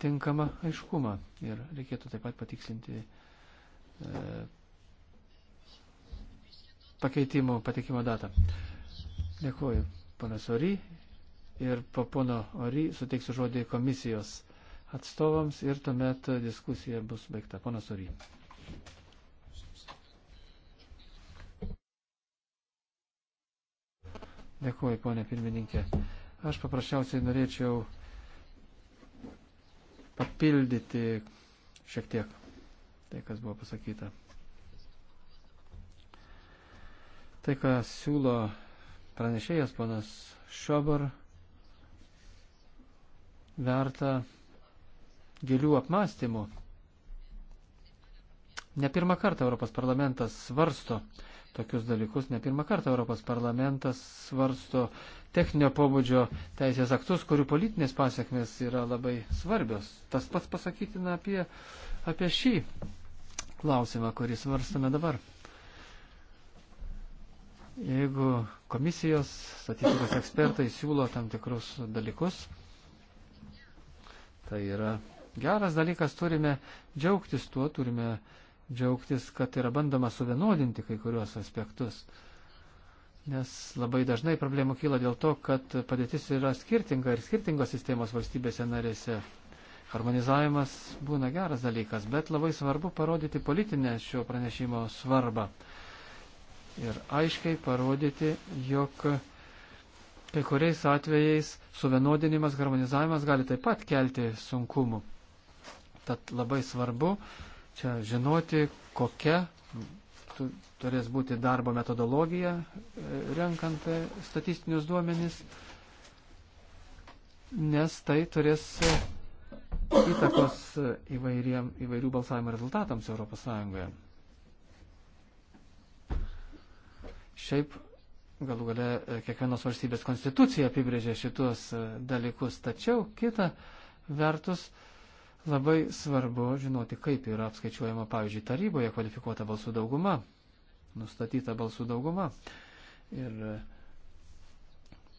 Speaker 4: tinkamą aiškumą. Ir reikėtų taip pat patikslinti e, pakeitimo patikimo datą. Dėkuoju, ponas Ory. Ir po pono Ory suteiksiu žodį komisijos atstovams ir tuomet diskusija bus baigta. Ponas Ory. Dėkuoju, ponė pirmininkė. Aš paprasčiausiai norėčiau papildyti šiek tiek tai, kas buvo pasakyta. Tai, ką siūlo pranešėjas ponas Šobar, verta gilių apmąstymų. Ne pirmą kartą Europos parlamentas svarsto tokius dalykus. Ne pirmą kartą Europos parlamentas svarsto techninio pobūdžio teisės aktus, kurių politinės pasiekmes yra labai svarbios. Tas pats pasakytina apie, apie šį klausimą, kurį svarstame dabar. Jeigu komisijos statistikos ekspertai siūlo tam tikrus dalykus, tai yra geras dalykas, turime džiaugtis tuo, turime uh, džiaugtis, kad yra bandoma suvienodinti kai kuriuos aspektus. Nes labai dažnai problemų kyla dėl to, kad padėtis yra skirtinga ir skirtingos sistemos valstybėse narėse. Harmonizavimas būna geras dalykas, bet labai svarbu parodyti politinę šio pranešimo svarbą. Ir aiškiai parodyti, jog kai kuriais atvejais suvienodinimas, harmonizavimas gali taip pat kelti sunkumų. Tad labai svarbu, uh, čia žinoti, kokia turės būti darbo metodologija, e, renkant e, statistinius duomenys, nes tai turės e, įtakos įvairiem, įvairių balsavimo rezultatams ES. Šiaip galų gale kiekvienos valstybės konstitucija apibrėžė šitos dalykus, tačiau kita vertus, Labai svarbu žinoti, kaip yra apskaičiuojama, pavyzdžiui, taryboje kvalifikuota balsų dauguma, nustatyta balsų dauguma. Ir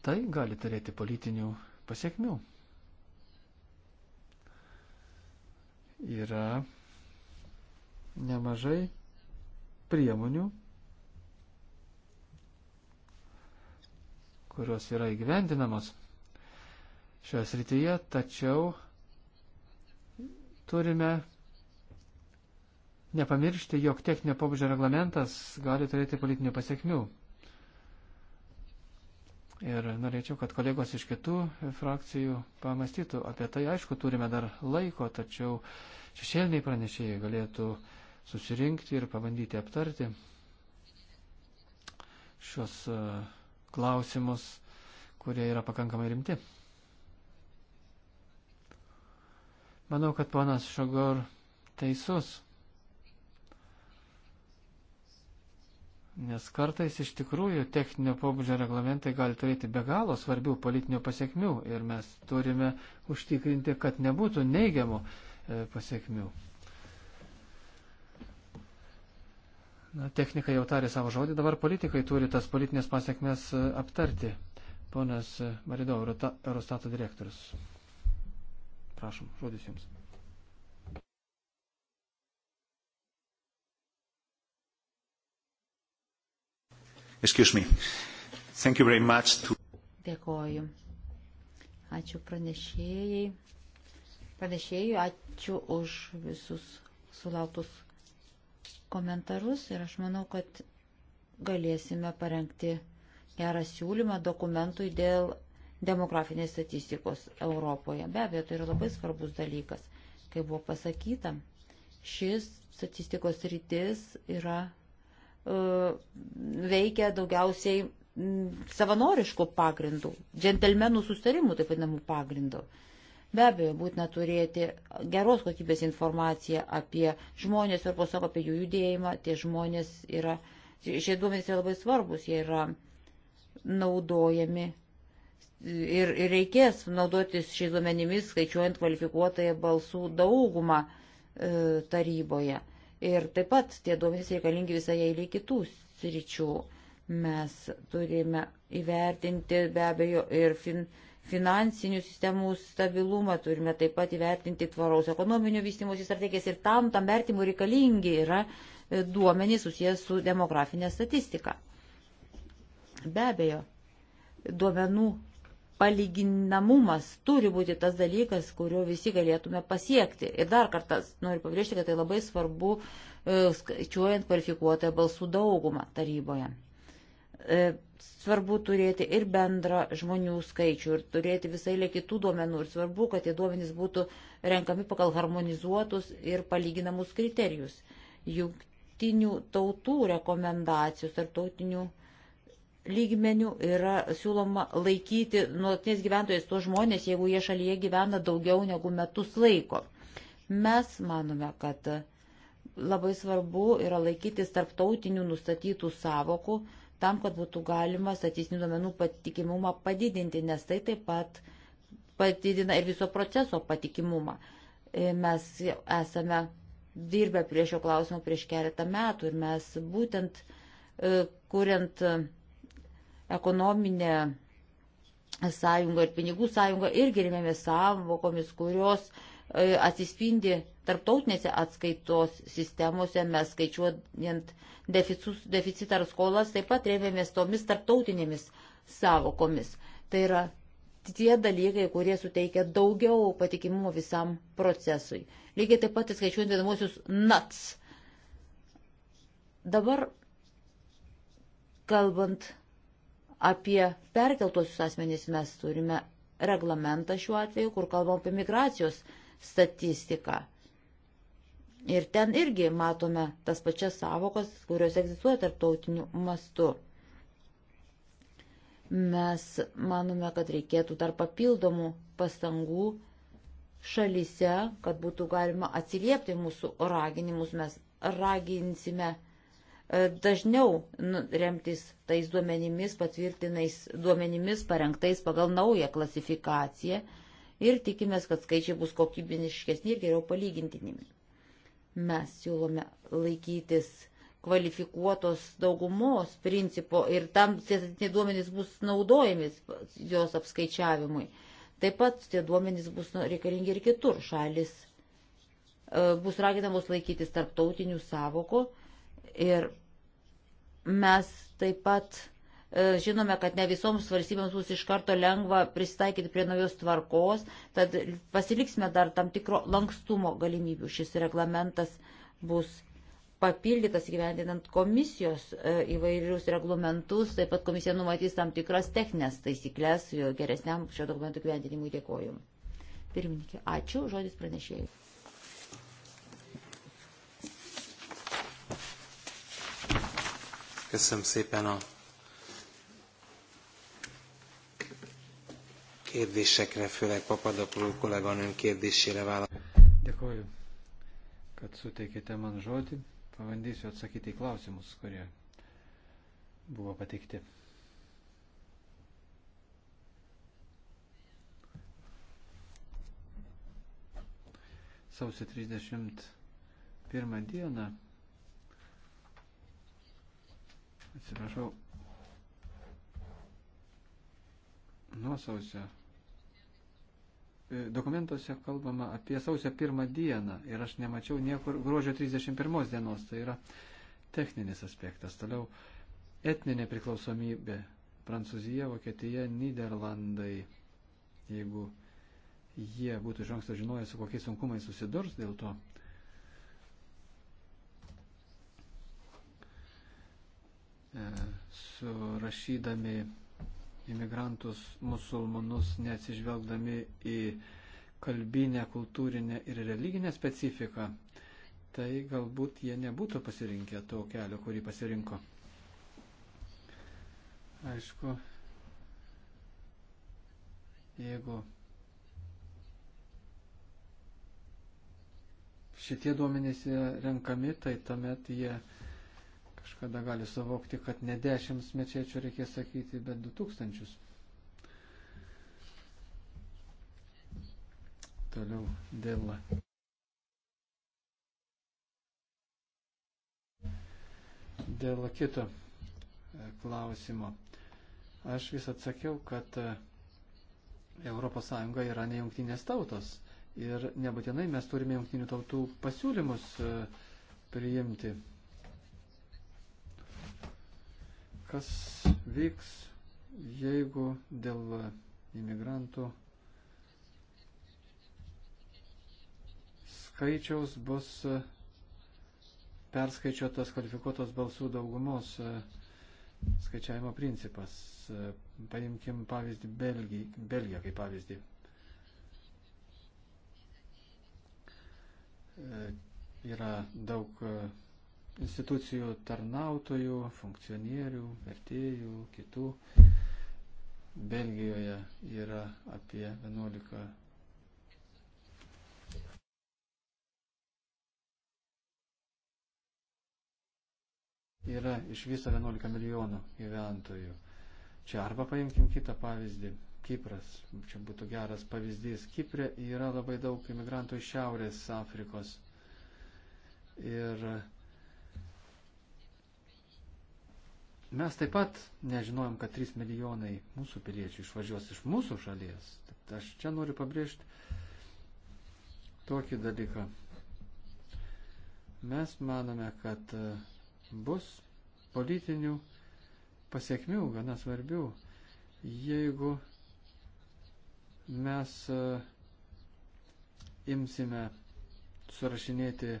Speaker 4: tai gali turėti politinių pasiekmių. Yra nemažai priemonių, kurios yra įgyvendinamos šioje srityje, tačiau turime nepamiršti, jog techninio pobūdžio reglamentas gali turėti politinių pasiekmių. Ir norėčiau, kad kolegos iš kitų frakcijų pamastytų apie tai. Aišku, turime dar laiko, tačiau šešėliniai pranešėjai galėtų susirinkti ir pabandyti aptarti šios e, klausimus, kurie yra pakankamai rimti. Manau, kad ponas Šogor teisus. Nes kartais iš tikrųjų techninio pobūdžio reglamentai gali turėti be galo svarbių politinių pasiekmių ir mes turime užtikrinti, kad nebūtų neigiamų e, pasiekmių. Na, technika jau tarė savo žodį, dabar politikai turi tas politinės pasiekmes e, aptarti. Ponas e, Maridov, Eurostato direktorius. Prašom, žodis jums.
Speaker 2: Excuse me. Thank you very much. To...
Speaker 3: Dėkoju. Ačiū pranešėjai. Pranešėjai, ačiū už visus sulautus komentarus ir aš manau, kad galėsime parengti gerą siūlymą dokumentui dėl demografinės statistikos Europoje. Be abejo, tai yra labai svarbus dalykas. Kaip buvo pasakyta, šis statistikos rytis yra uh, veikia daugiausiai mm, savanoriškų pagrindų, džentelmenų sustarimų, taip vadinamų pagrindų. Be abejo, būtina turėti geros kokybės informaciją apie žmonės ir pasako apie jų judėjimą. Tie žmonės yra, šie duomenys yra labai svarbus, jie yra naudojami ir, ir reikės naudotis šiais duomenimis, skaičiuojant kvalifikuotąją balsų daugumą e, taryboje. Ir taip pat tie duomenys reikalingi visai eilė kitų sričių. Mes turime įvertinti be abejo ir fin, finansinių sistemų stabilumą, turime taip pat įvertinti tvaraus ekonominio vystimosi strategijas ir tam tam vertimui reikalingi yra e, duomenys susijęs su demografinė statistika. Be abejo, duomenų palyginamumas turi būti tas dalykas, kurio visi galėtume pasiekti. Ir dar kartas noriu pabrėžti, kad tai labai svarbu e, skaičiuojant kvalifikuotą balsų daugumą taryboje. E, svarbu turėti ir bendrą žmonių skaičių, ir turėti visai lė kitų duomenų, ir svarbu, kad tie duomenys būtų renkami pagal harmonizuotus ir palyginamus kriterijus. Jungtinių tautų rekomendacijų, tarptautinių tautų lygmenių yra siūloma laikyti nuolatiniais gyventojais tuos žmonės, jeigu jie šalyje gyvena daugiau negu metus laiko. Mes manome, kad labai svarbu yra laikytis tarptautinių nustatytų savokų tam, kad būtų galima statistinių duomenų patikimumą padidinti, nes tai taip pat padidina ir viso proceso patikimumą. E, mes esame dirbę prie šio klausimo prieš keletą metų ir mes būtent e, kuriant ekonominę sąjungą ir pinigų sąjungą irgi remiamės savokomis, kurios e, atsispindi tarptautinėse atskaitos sistemose, mes skaičiuojant deficitą ar skolas, taip pat remiamės tomis tarptautinėmis savokomis. Tai yra tie dalykai, kurie suteikia daugiau patikimumo visam procesui. Lygiai taip pat skaičiuojant vienamosius NATS. Dabar, kalbant Apie perkeltuosius asmenys mes turime reglamentą šiuo atveju, kur kalbam apie migracijos statistiką. Ir ten irgi matome tas pačias savokas, kurios egzistuoja tarptautiniu mastu. Mes manome, kad reikėtų dar papildomų pastangų šalyse, kad būtų galima atsiliepti mūsų raginimus. Mes raginsime E, dažniau nu, remtis tais duomenimis, patvirtinais duomenimis parengtais pagal naują klasifikaciją ir tikimės, kad skaičiai bus kokybiniškesni ir geriau palygintinimi. Mes siūlome laikytis kvalifikuotos daugumos principo ir tam tie duomenys bus naudojami jos apskaičiavimui. Taip pat tie duomenys bus nu, reikalingi ir kitur šalis e, bus raginamos laikytis tarptautinių savokų Ir mes taip pat e, žinome, kad ne visoms valstybėms bus iš karto lengva pristaikyti prie naujos tvarkos, tad pasiliksime dar tam tikro lankstumo galimybių. Šis reglamentas bus papildytas gyvendinant komisijos e, įvairius reglamentus, taip pat komisija numatys tam tikras techninės taisyklės geresniam šio dokumento gyvendinimui dėkoju. Pirmininkė, ačiū, žodis pranešėjai.
Speaker 4: Köszönöm szépen a kérdésekre, főleg Papadapuló kolléganőm kérdésére válaszol. Dėkoju, kad suteikėte man žodį. Pabandysiu atsakyti į klausimus, kurie buvo pateikti. Sausio 31 dieną Atsiprašau. Nuo sausio. E, dokumentuose kalbama apie sausio pirmą dieną ir aš nemačiau niekur gruodžio 31 dienos. Tai yra techninis aspektas. Toliau etninė priklausomybė. Prancūzija, Vokietija, Niderlandai. Jeigu jie būtų iš anksto žinoję, su kokiais sunkumais susidurs dėl to, E, surašydami imigrantus musulmonus, neatsižvelgdami į kalbinę, kultūrinę ir religinę specifiką, tai galbūt jie nebūtų pasirinkę to kelio, kurį pasirinko. Aišku, jeigu šitie duomenys renkami, tai tuomet jie kažkada gali savokti, kad ne dešimt mečečių reikės sakyti, bet du tūkstančius. Toliau dėl. Dėl kito e, klausimo. Aš vis atsakiau, kad ES yra ne jungtinės tautos ir nebūtinai mes turime jungtinių tautų pasiūlymus e, priimti Kas vyks, jeigu dėl imigrantų skaičiaus bus perskaičiuotas kvalifikuotos balsų daugumos e, skaičiavimo principas. E, paimkim pavyzdį Belgiją, Belgiją kaip pavyzdį. E, yra daug institucijų tarnautojų, funkcionierių, vertėjų, kitų. Belgijoje yra apie 11 yra iš viso 11 milijonų gyventojų. Čia arba paimkim kitą pavyzdį. Kipras, čia būtų geras pavyzdys. Kiprė yra labai daug imigrantų iš Šiaurės Afrikos. Ir Mes taip pat nežinojom, kad 3 milijonai mūsų piliečių išvažiuos iš mūsų šalies. Tad aš čia noriu pabrėžti tokį dalyką. Mes manome, kad e, bus politinių pasiekmių gana svarbių, jeigu mes e, imsime surašinėti e,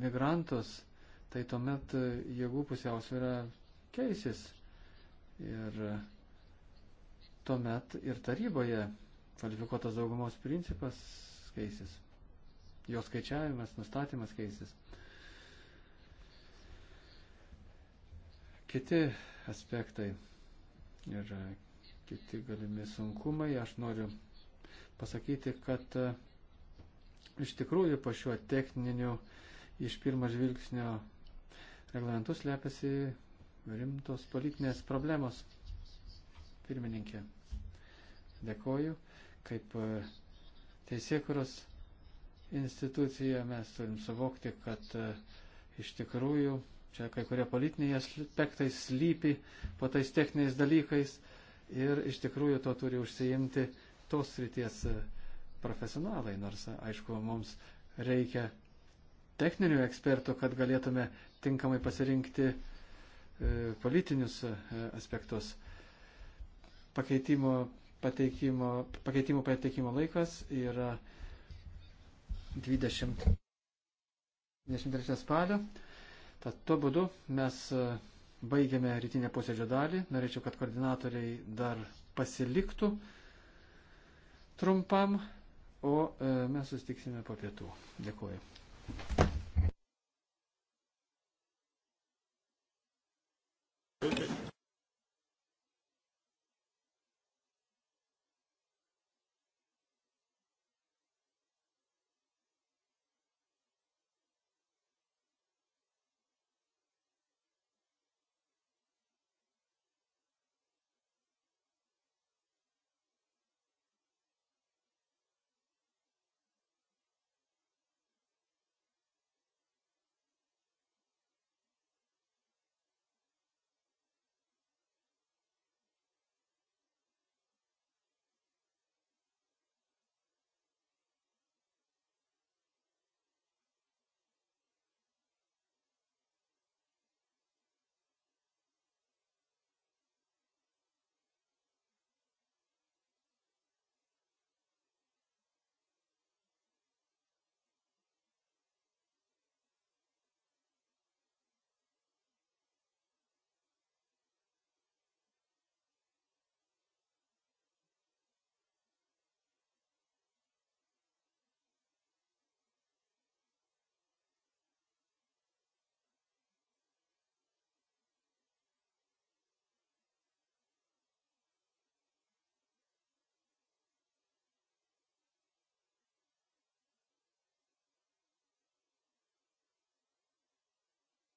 Speaker 4: migrantus tai tuomet e, jėgų pusiausvėra keisis. Ir e, tuomet ir taryboje kvalifikuotos daugumos principas keisis. Jo skaičiavimas, nustatymas keisis. Kiti aspektai ir e, kiti galimi sunkumai. Aš noriu pasakyti, kad iš tikrųjų po šiuo techniniu iš pirmo žvilgsnio reglamentus lepiasi rimtos politinės problemos. Pirmininkė, dėkoju. Kaip e, teisėkuros institucija mes turim suvokti, kad e, iš tikrųjų čia kai kurie politiniai aspektai slypi po tais techniniais dalykais ir iš tikrųjų to turi užsiimti tos ryties e, profesionalai, nors aišku, mums reikia techninių ekspertų, kad galėtume tinkamai pasirinkti e, politinius e, aspektus. Pakeitimo pateikimo, pakeitimo pateikimo laikas yra 20, 23 spalio. Tad tuo būdu mes e, baigiame rytinę posėdžio dalį. Norėčiau, kad koordinatoriai dar pasiliktų trumpam, o mes sustiksime po pietų. Dėkuoju.